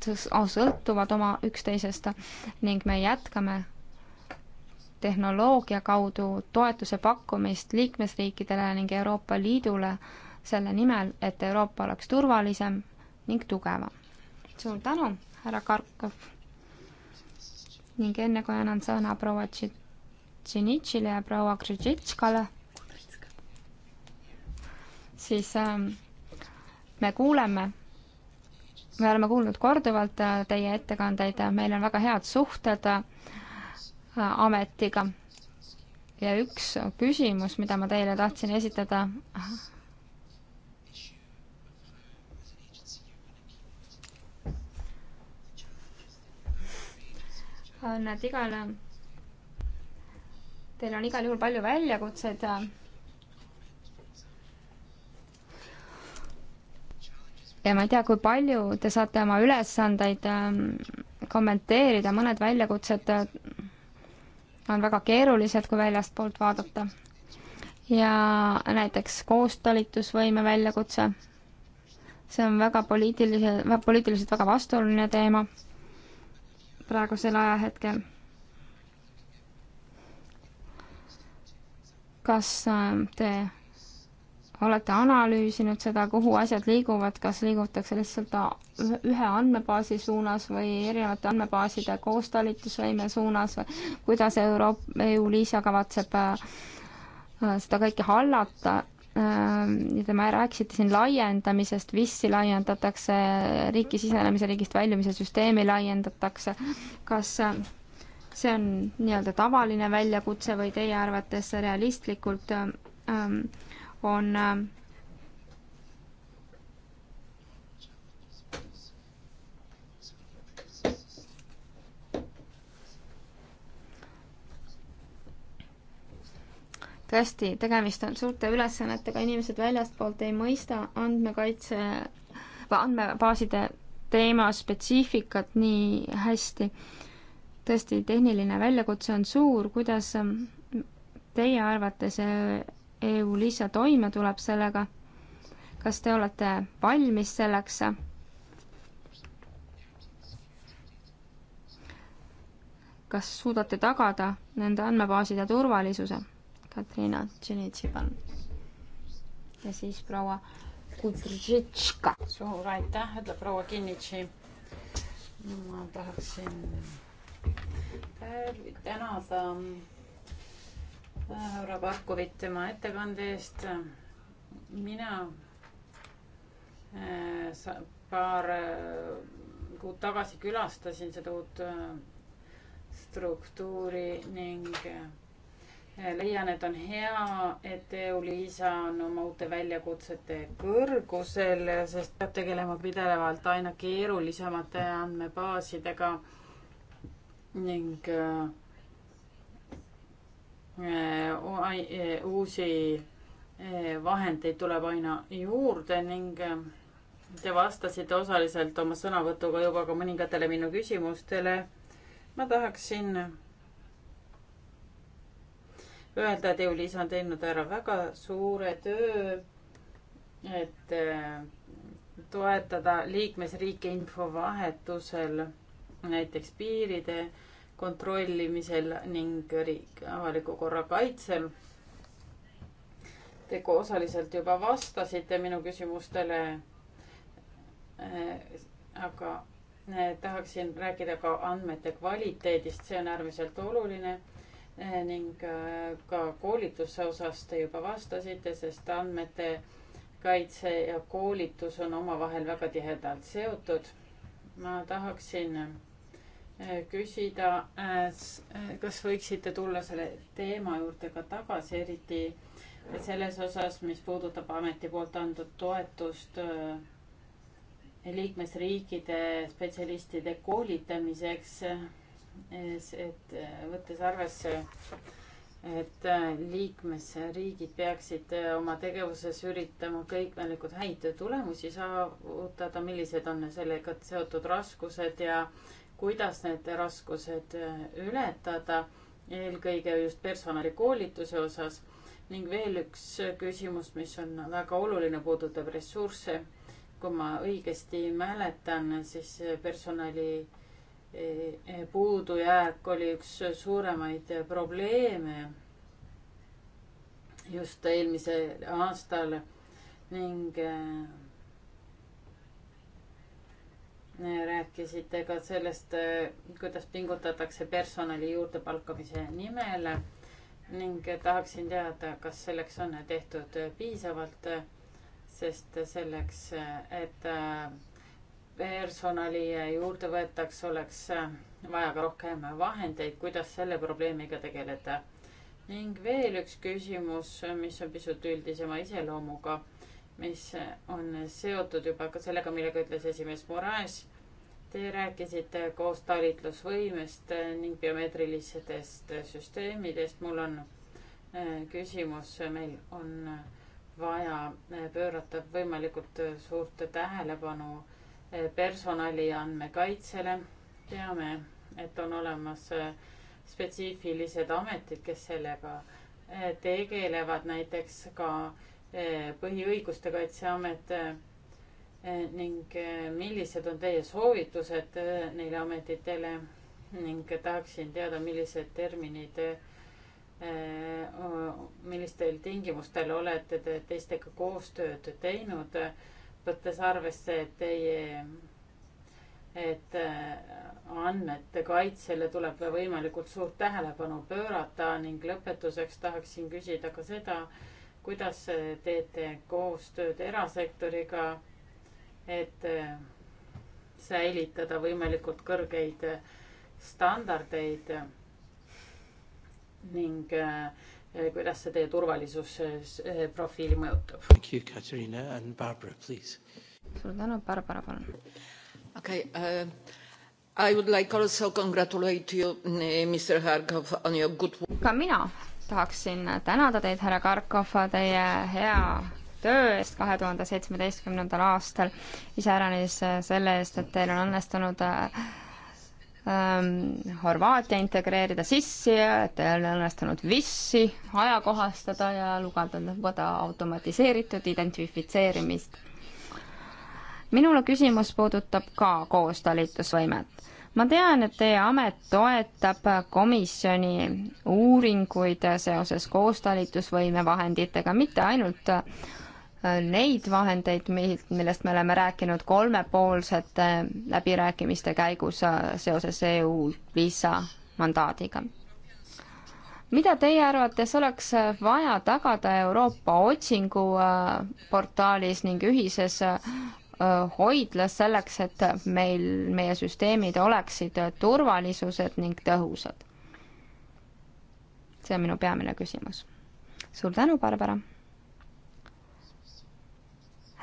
[SPEAKER 2] sõltuvad oma üksteisest ning me jätkame tehnoloogia kaudu toetuse pakkumist liikmesriikidele ning Euroopa Liidule selle nimel, et Euroopa oleks turvalisem ning tugevam. suur tänu, härra Karkov! ning enne kui annan sõna proua Tšinitšile ja proua Kržitškale, siis ähm, me kuuleme, me oleme kuulnud korduvalt äh, teie ettekandeid, äh, meil on väga head suhted äh, ametiga. ja üks küsimus, mida ma teile tahtsin esitada äh,, nad igal, teil on igal juhul palju väljakutseid. ja ma ei tea, kui palju te saate oma ülesandeid ähm, kommenteerida, mõned väljakutsed äh, on väga keerulised, kui väljastpoolt vaadata. ja näiteks koostalitusvõime väljakutse, see on väga poliitilise, poliitiliselt väga vastuoluline teema praegusel ajahetkel. kas ähm, te olete analüüsinud seda, kuhu asjad liiguvad, kas liigutakse lihtsalt ühe andmebaasi suunas või erinevate andmebaaside koostalitusvõime suunas või kuidas Euroopa, EU-Liisa kavatseb äh, seda kõike hallata Äh, ja te rääkisite siin laiendamisest, VIS-i laiendatakse, riiki sisenemise, riigist väljumise süsteemi laiendatakse. kas äh, see on nii-öelda tavaline väljakutse või teie arvates realistlikult äh, on hästi, tegemist on suurte ülesannetega, inimesed väljastpoolt ei mõista andmekaitse, andmebaaside teema spetsiifikat nii hästi. tõesti, tehniline väljakutse on suur, kuidas teie arvates EU lisa toime tuleb sellega? kas te olete valmis selleks? kas suudate tagada nende andmebaaside turvalisuse? Katrina Tšenitsi, palun.
[SPEAKER 3] ja siis proua Kudržitška. suur aitäh, ütleb proua Kinnitši. ma tahaksin tänada äh, härra Parkovit tema ettekande eest. mina äh, paar äh, kuud tagasi külastasin seda uut struktuuri ning Eh, leian, et on hea, et EU-Liisa on oma uute väljakutsete kõrgusel, sest peab tegelema pidevalt aina keerulisemate andmebaasidega ning eh, eh, uusi vahendeid tuleb aina juurde ning te vastasite osaliselt oma sõnavõtuga juba ka mõningatele minu küsimustele. ma tahaksin öelda, et Euliis on teinud ära väga suure töö, et äh, toetada liikmesriike infovahetusel, näiteks piiride kontrollimisel ning riik, avaliku korra kaitsel. Te osaliselt juba vastasite minu küsimustele. Äh, aga äh, tahaksin rääkida ka andmete kvaliteedist, see on äärmiselt oluline Eh, ning eh, ka koolituse osas te juba vastasite, sest andmete kaitse ja koolitus on omavahel väga tihedalt seotud. ma tahaksin eh, küsida, kas võiksite tulla selle teema juurde ka tagasi, eriti selles osas, mis puudutab ameti poolt antud toetust liikmesriikide spetsialistide koolitamiseks et eh, võttes arvesse, et eh, liikmesriigid peaksid eh, oma tegevuses üritama kõikvõimalikult häid tulemusi saavutada, millised on sellega seotud raskused ja kuidas need raskused ületada, eelkõige just personalikoolituse osas ning veel üks küsimus, mis on väga oluline, puudutab ressursse. kui ma õigesti mäletan, siis personali äh, puudujääk oli üks suuremaid probleeme just eelmisel aastal ning äh, rääkisite ka sellest, äh, kuidas pingutatakse personali juurdepalkamise nimel ning tahaksin teada, kas selleks on tehtud piisavalt, sest selleks, et äh, personali juurde võetaks, oleks vaja ka rohkem vahendeid, kuidas selle probleemiga tegeleda. ning veel üks küsimus, mis on pisut üldisema iseloomuga, mis on seotud juba ka sellega, millega ütles esimees Moraes. Te rääkisite koos talitlusvõimest ning biomeetrilistest süsteemidest. mul on äh, küsimus, meil on vaja äh, pöörata võimalikult suurt tähelepanu personali ja andmekaitsele. teame, et on olemas äh, spetsiifilised ametid, kes sellega äh, tegelevad, näiteks ka äh, põhiõiguste kaitseamet ning millised on teie soovitused neile ametitele ning tahaksin teada, millised terminid, millistel tingimustel olete te teistega koostööd teinud võttes arvesse teie, et äh, andmete kaitsele tuleb võimalikult suurt tähelepanu pöörata ning lõpetuseks tahaksin küsida ka seda, kuidas teete koostööd erasektoriga, et äh, säilitada võimalikult kõrgeid äh, standardeid ning äh, Eh, kuidas see teie turvalisusprofiili eh, mõjutab?
[SPEAKER 2] suur tänu, Barbara, palun.
[SPEAKER 3] okei okay, uh.... I would like also
[SPEAKER 2] congratulate
[SPEAKER 4] you, eh, Mr Harkov, on your good work.
[SPEAKER 2] ka mina tahaksin tänada teid, härra Karkov, teie hea töö eest kahe tuhande seitsmeteistkümnendal aastal. iseäranis selle eest, et teil on õnnestunud äh, ähm, Horvaatia integreerida sissi, et on õnnestunud VIS-i ajakohastada ja lugeda automatiseeritud identifitseerimist. minule küsimus puudutab ka koostalitusvõimet ma tean, et teie amet toetab komisjoni uuringuid seoses koostalitusvõime vahenditega, mitte ainult Äh, neid vahendeid, millest me oleme rääkinud kolmepoolsete äh, läbirääkimiste käigus äh, seoses EU viisa mandaadiga. mida teie arvates oleks vaja tagada Euroopa otsinguportaalis ning ühises hoidlas selleks, et meil, meie süsteemid oleksid turvalisused ning tõhusad? see on minu peamine küsimus. suur tänu, Barbara!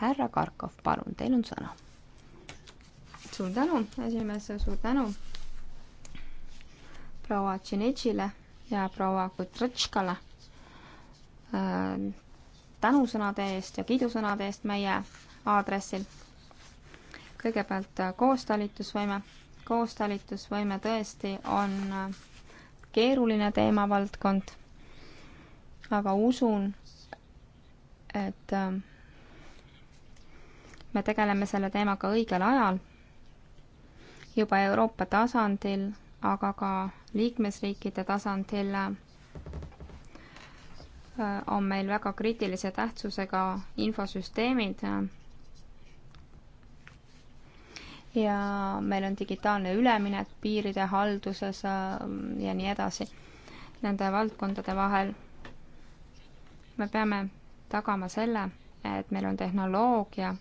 [SPEAKER 2] härra Karkov, palun, teil on sõna. suur tänu, esimees, suur tänu proua Tšinetšile ja proua Kutretškale äh, tänusõnade eest ja kiidusõnade eest meie aadressil. kõigepealt äh, koostalitusvõime. koostalitusvõime tõesti on äh, keeruline teemavaldkond, aga usun, et äh, me tegeleme selle teemaga õigel ajal, juba Euroopa tasandil, aga ka liikmesriikide tasandil äh, on meil väga kriitilise tähtsusega infosüsteemid. ja meil on digitaalne üleminek piiride halduses äh, ja nii edasi nende valdkondade vahel. me peame tagama selle, et meil on tehnoloogia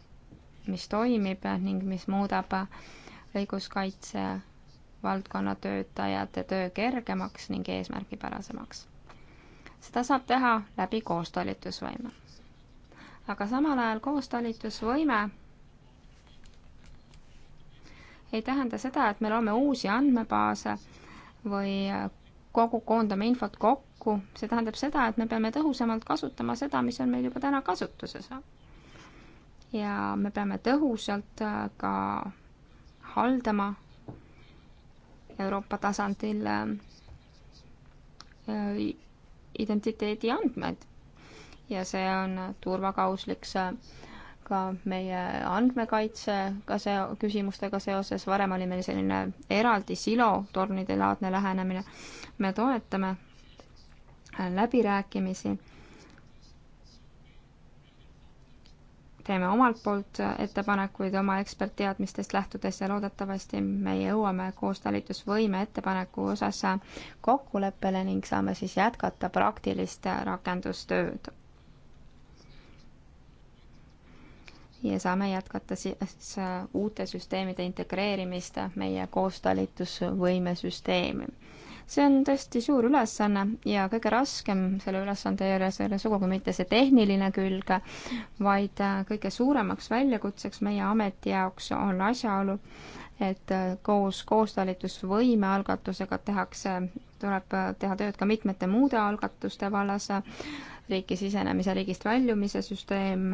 [SPEAKER 2] mis toimib ning mis muudab õiguskaitse valdkonna töötajate töö kergemaks ning eesmärgipärasemaks. seda saab teha läbi koostalitusvõime. aga samal ajal koostalitusvõime ei tähenda seda, et me loome uusi andmebaase või kogu, koondame infot kokku, see tähendab seda, et me peame tõhusamalt kasutama seda, mis on meil juba täna kasutuses ja me peame tõhusalt äh, ka haldama Euroopa tasandil äh, äh, identiteedi andmeid. ja see on turvakausliks ka meie andmekaitsega see, küsimustega seoses, varem oli meil selline eraldi silo, tornidelaadne lähenemine. me toetame läbirääkimisi teeme omalt poolt ettepanekuid oma ekspertteadmistest lähtudes ja loodetavasti me jõuame koos talitusvõime ettepaneku osas kokkuleppele ning saame siis jätkata praktilist rakendustööd. ja saame jätkata siis uute süsteemide integreerimist meie koostalitusvõime süsteemi see on tõesti suur ülesanne ja kõige raskem selle ülesande juures ei ole sugugi mitte see tehniline külg, vaid äh, kõige suuremaks väljakutseks meie ameti jaoks on asjaolu, et äh, koos koostalitusvõime algatusega tehakse, tuleb äh, teha tööd ka mitmete muude algatuste vallas, riiki sisenemise, riigist väljumise süsteem,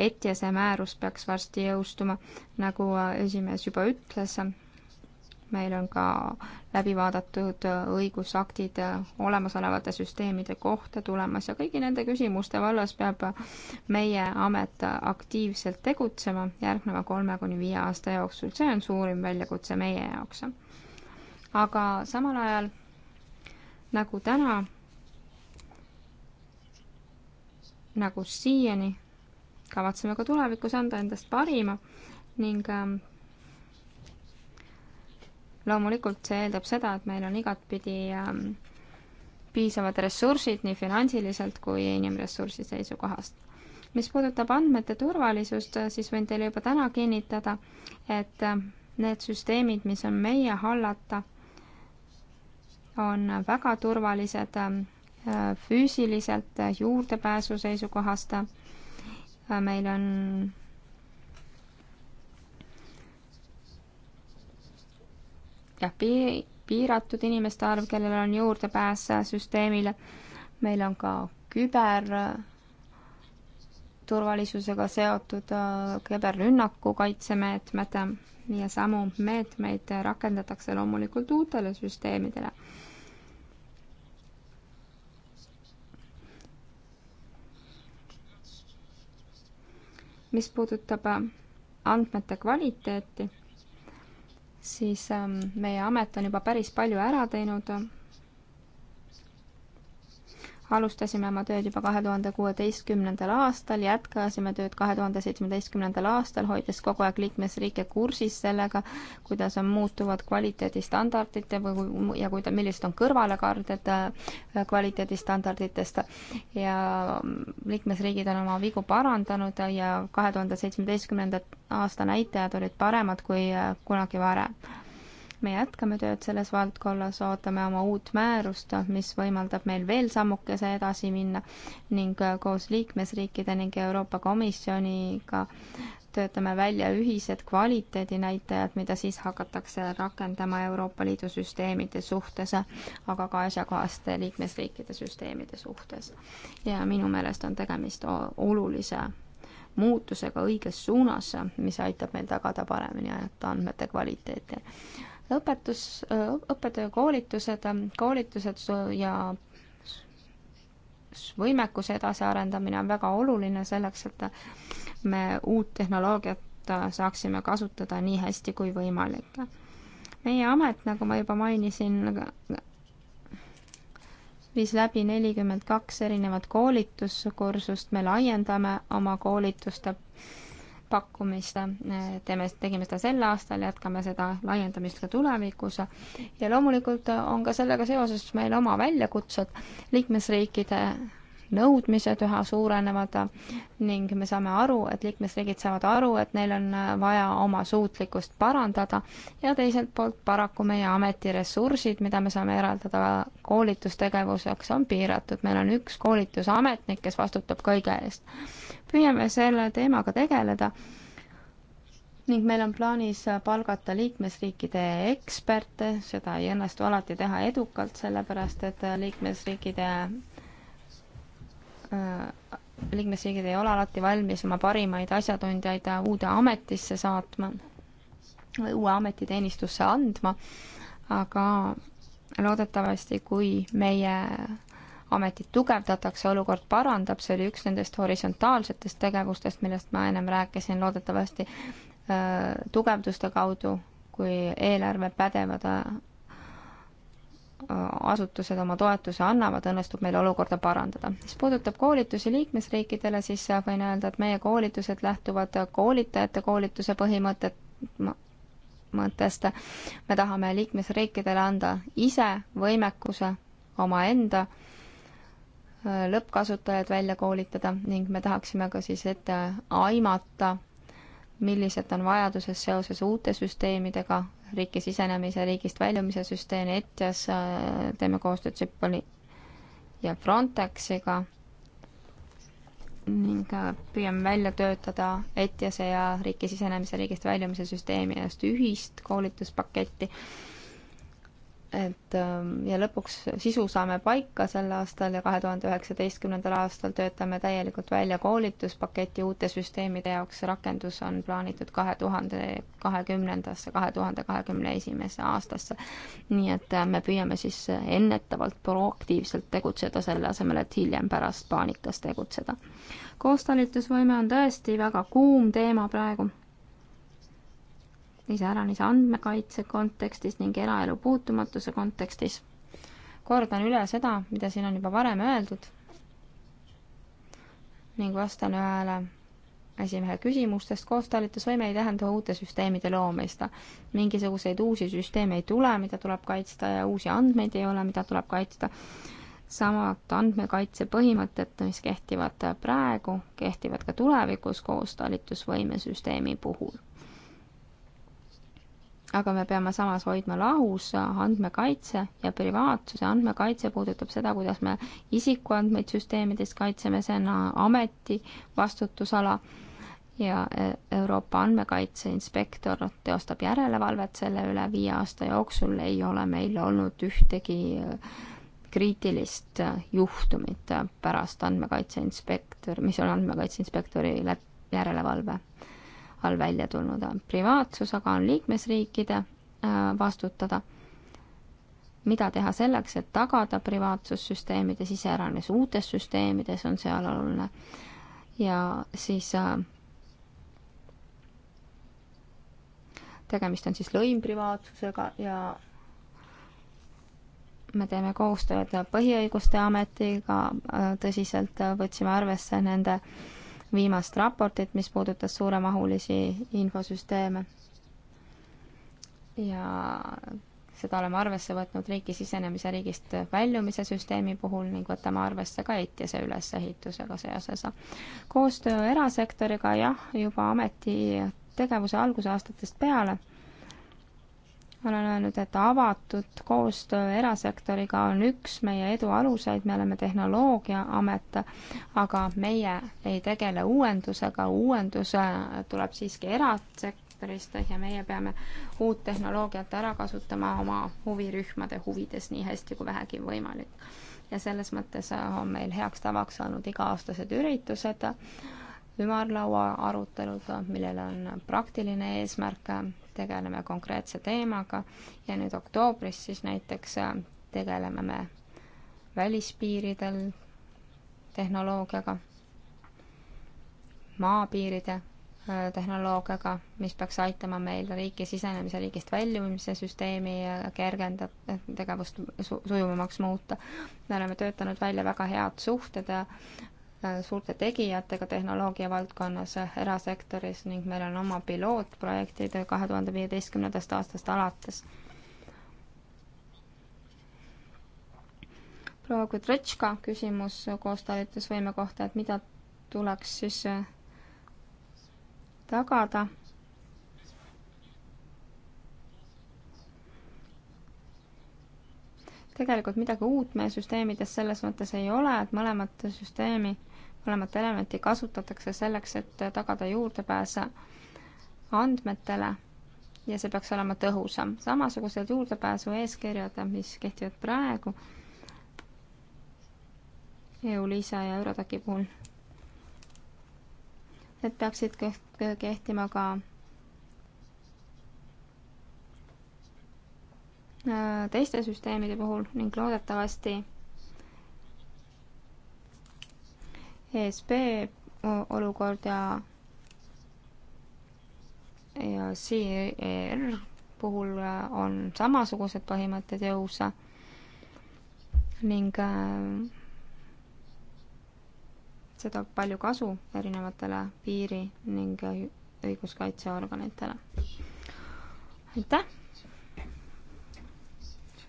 [SPEAKER 2] ETIAS-e määrus peaks varsti jõustuma, nagu esimees juba ütles meil on ka läbi vaadatud äh, õigusaktid äh, olemasolevate süsteemide kohta tulemas ja kõigi nende küsimuste vallas peab meie amet äh, aktiivselt tegutsema järgneva kolme kuni viie aasta jooksul, see on suurim väljakutse meie jaoks. aga samal ajal nagu täna, nagu siiani, kavatseme ka tulevikus anda endast parima ning ähm, loomulikult see eeldab seda, et meil on igatpidi ähm, piisavad ressursid nii finantsiliselt kui inimressursi seisukohast. mis puudutab andmete turvalisust, äh, siis võin teile juba täna kinnitada, et äh, need süsteemid, mis on meie hallata, on väga turvalised ähm, äh, füüsiliselt juurdepääsu seisukohast. meil on jah, piiri, piiratud inimeste arv, kellel on juurdepääs süsteemile. meil on ka küberturvalisusega seotud äh, küberrünnaku kaitsemeetmed äh, ja samu meetmeid rakendatakse loomulikult uutele süsteemidele. mis puudutab äh, andmete kvaliteeti siis ähm, meie amet on juba päris palju ära teinud alustasime oma tööd juba kahe tuhande kuueteistkümnendal aastal, jätkasime tööd kahe tuhande seitsmeteistkümnendal aastal, hoides kogu aeg liikmesriike kursis sellega, kuidas on muutuvad kvaliteedistandardid ja, ja kuida-, millised on kõrvalekalded äh, kvaliteedistandarditest. ja mm, liikmesriigid on oma vigu parandanud ja kahe tuhande seitsmeteistkümnenda aasta näitajad olid paremad kui äh, kunagi varem me jätkame tööd selles valdkonnas, ootame oma uut määrust, mis võimaldab meil veel sammukese edasi minna ning äh, koos liikmesriikide ning Euroopa Komisjoniga töötame välja ühised kvaliteedinäitajad, mida siis hakatakse rakendama Euroopa Liidu süsteemide suhtes, aga ka asjakohaste liikmesriikide süsteemide suhtes. ja minu meelest on tegemist olulise muutusega õiges suunas, mis aitab meil tagada paremini ainult andmete kvaliteeti õpetus, õppetöökoolitused, koolitused ja võimekuse edasiarendamine on väga oluline selleks, et me uut tehnoloogiat saaksime kasutada nii hästi kui võimalik. meie amet, nagu ma juba mainisin, viis läbi nelikümmend kaks erinevat koolituskursust, me laiendame oma koolituste pakkumist, äh, teeme, tegime seda sel aastal, jätkame seda laiendamist ka tulevikus ja loomulikult on ka sellega seoses meil oma väljakutsed, liikmesriikide nõudmised üha suurenevad ning me saame aru, et liikmesriigid saavad aru, et neil on vaja oma suutlikkust parandada ja teiselt poolt paraku meie ametiressursid, mida me saame eraldada koolitustegevuseks, on piiratud. meil on üks koolitusametnik, kes vastutab kõige eest püüame selle teemaga tegeleda ning meil on plaanis palgata liikmesriikide eksperte, seda ei õnnestu alati teha edukalt, sellepärast et liikmesriikide äh, liikmesriigid ei ole alati valmis oma parimaid asjatundjaid uude ametisse saatma või uue ametiteenistusse andma, aga loodetavasti, kui meie ametit tugevdatakse, olukord parandab, see oli üks nendest horisontaalsetest tegevustest, millest ma ennem rääkisin, loodetavasti äh, tugevduste kaudu, kui eelarve pädevad äh, asutused oma toetuse annavad, õnnestub meil olukorda parandada. mis puudutab koolitusi liikmesriikidele, siis äh, võin öelda, et meie koolitused lähtuvad koolitajate koolituse põhimõtet, mõttest. me tahame liikmesriikidele anda ise võimekuse omaenda äh, lõppkasutajad välja koolitada ning me tahaksime ka siis ette aimata, millised on vajadused seoses uute süsteemidega, riiki sisenemise, riigist väljumise süsteem, ETIAS, teeme koostööd Sipoli ja Frontexiga ning äh, püüame välja töötada ETIAS-e ja riiki sisenemise, riigist väljumise süsteemi just ühist koolituspaketti et ähm, ja lõpuks sisu saame paika sel aastal ja kahe tuhande üheksateistkümnendal aastal töötame täielikult välja koolituspaketi uute süsteemide jaoks, rakendus on plaanitud kahe tuhande kahekümnendasse, kahe tuhande kahekümne esimesse aastasse. nii et äh, me püüame siis ennetavalt, proaktiivselt tegutseda, selle asemel, et hiljem pärast paanikas tegutseda. koostalitusvõime on tõesti väga kuum teema praegu iseäranise andmekaitse kontekstis ning eraelu puutumatuse kontekstis. kordan üle seda, mida siin on juba varem öeldud ning vastan ühele esimehe küsimustest, koostalitusvõime ei tähenda uute süsteemide loomist. mingisuguseid uusi süsteeme ei tule, mida tuleb kaitsta ja uusi andmeid ei ole, mida tuleb kaitsta. samad andmekaitse põhimõtted, mis kehtivad praegu, kehtivad ka tulevikus koostalitusvõime süsteemi puhul aga me peame samas hoidma lahus andmekaitse ja privaatsuse. andmekaitse puudutab seda, kuidas me isikuandmeid süsteemides kaitseme, see on ameti vastutusala ja e-, Euroopa Andmekaitse Inspektor teostab järelevalvet selle üle. viie aasta jooksul ei ole meil olnud ühtegi e, kriitilist juhtumit pärast andmekaitse inspektor, mis on andmekaitse inspektori järelevalve all välja tulnud. privaatsus aga on liikmesriikide äh, vastutada. mida teha selleks, et tagada privaatsussüsteemides, iseäranis uutes süsteemides on seal oluline. ja siis äh, tegemist on siis lõimprivaatsusega ja me teeme koostööd Põhiõiguste Ametiga, äh, tõsiselt võtsime arvesse nende äh, viimast raportit, mis puudutas suuremahulisi infosüsteeme. ja seda oleme arvesse võtnud riigi sisenemise riigist väljumise süsteemi puhul ning võtame arvesse ka EITIASe ülesehitusega seoses. koostöö erasektoriga jah, juba ameti tegevuse algusaastatest peale olen öelnud, et avatud koostöö erasektoriga on üks meie edu aluseid, me oleme tehnoloogiaamet, aga meie ei tegele uuendusega, uuendus tuleb siiski erasektorist ja meie peame uut tehnoloogiat ära kasutama oma huvirühmade huvides nii hästi kui vähegi võimalik. ja selles mõttes on meil heaks tavaks olnud iga-aastased üritused, ümarlaua arutelud, millel on praktiline eesmärk tegeleme konkreetse teemaga ja nüüd oktoobris siis näiteks äh, tegeleme me välispiiridel tehnoloogiaga, maapiiride äh, tehnoloogiaga, mis peaks aitama meil riiki sisenemise, riigist väljumise süsteemi äh, kergendab, tegevust sujuvamaks muuta. me oleme töötanud välja väga head suhted Äh, suurte tegijatega tehnoloogia valdkonnas, äh, erasektoris ning meil on oma pilootprojektid äh, kahe tuhande viieteistkümnendast aastast alates. proua Kudrõtška küsimus koostalitusvõime kohta, et mida tuleks siis tagada tegelikult midagi uut meie süsteemides selles mõttes ei ole, et mõlemat süsteemi, mõlemat elementi kasutatakse selleks, et tagada juurdepääs andmetele ja see peaks olema tõhusam. samasugused juurdepääsu eeskirjad, mis kehtivad praegu EU-LISA ja Eurodaki puhul, need peaksid kehtima ka Äh, teiste süsteemide puhul ning loodetavasti ESP olukord ja ja CR e puhul äh, on samasugused põhimõtted jõus ning äh, seda palju kasu erinevatele piiri- ning õiguskaitseorganitele. aitäh!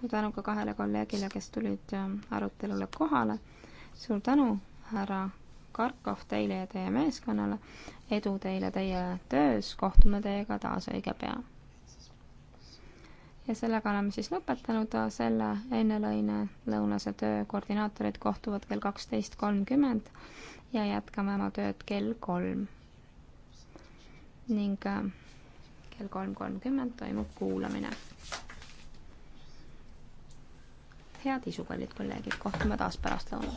[SPEAKER 2] suur tänu ka kahele kolleegile, kes tulid äh, arutelule kohale. suur tänu, härra Karkov, teile ja teie meeskonnale. edu teile teie töös, kohtume teiega taas õige pea. ja sellega oleme siis lõpetanud selle ennelõine lõunase töö. koordinaatorid kohtuvad kell kaksteist kolmkümmend ja jätkame oma tööd kell kolm. ning äh, kell kolm kolmkümmend toimub kuulamine head isu, kallid kolleegid, kohtume taas pärastlõunal.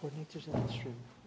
[SPEAKER 1] coordinators in this room.